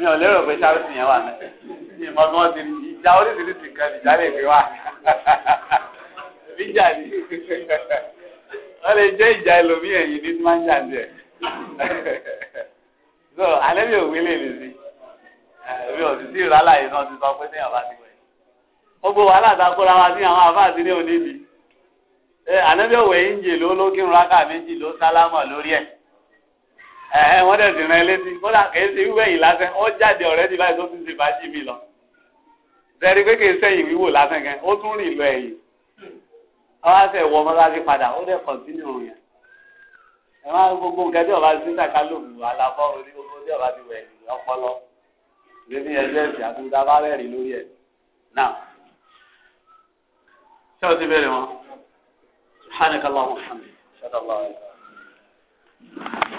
mi ò lérò pé sáwùsì yẹn wà ní ìmọ̀ bí wọ́n ti ní ìjà oríṣiríṣi nǹkan ìjà lè gbé wá ìjà ni wọ́n lè jẹ́ ìjà ẹlòmíì ẹ̀yìn ní tí máa ń jà ní ẹ̀ so alẹ́ mi ò wí lè lè sí mi ò sì sí ìrọ̀lá yìí náà ti sọ pé téèyàn bá ti wẹ̀ gbogbo wàhálà tá a kóra wa sí àwọn àbá àti ní òní bi ànábẹ́ òwe ń jè ló lókè ńlá méjì ló sálámọ̀ lórí ẹ̀. ẹ̀hẹ́ wọ́n dẹ̀ sì rán ẹ létí kódà kìí ṣe wíwẹ̀ yìí lásán ó jáde ọ̀rẹ́ ti báyìí tó mi lọ. sẹ́ni pé kìí sẹ́yìn wíwò lásán gan ó tún rìn lọ ẹ̀yìn. ọba wọ ọmọ láti padà ó dẹ̀ kọ̀ntínú òun yẹn. ẹ gbogbo nǹkan tí ọba ti ṣàkà lòlù àlàfọ́ orí gbogbo tí ọba ti wẹ̀ ọpọlọ. lórí ẹgbẹ́ ẹ̀sìn àtúntà bá rẹ̀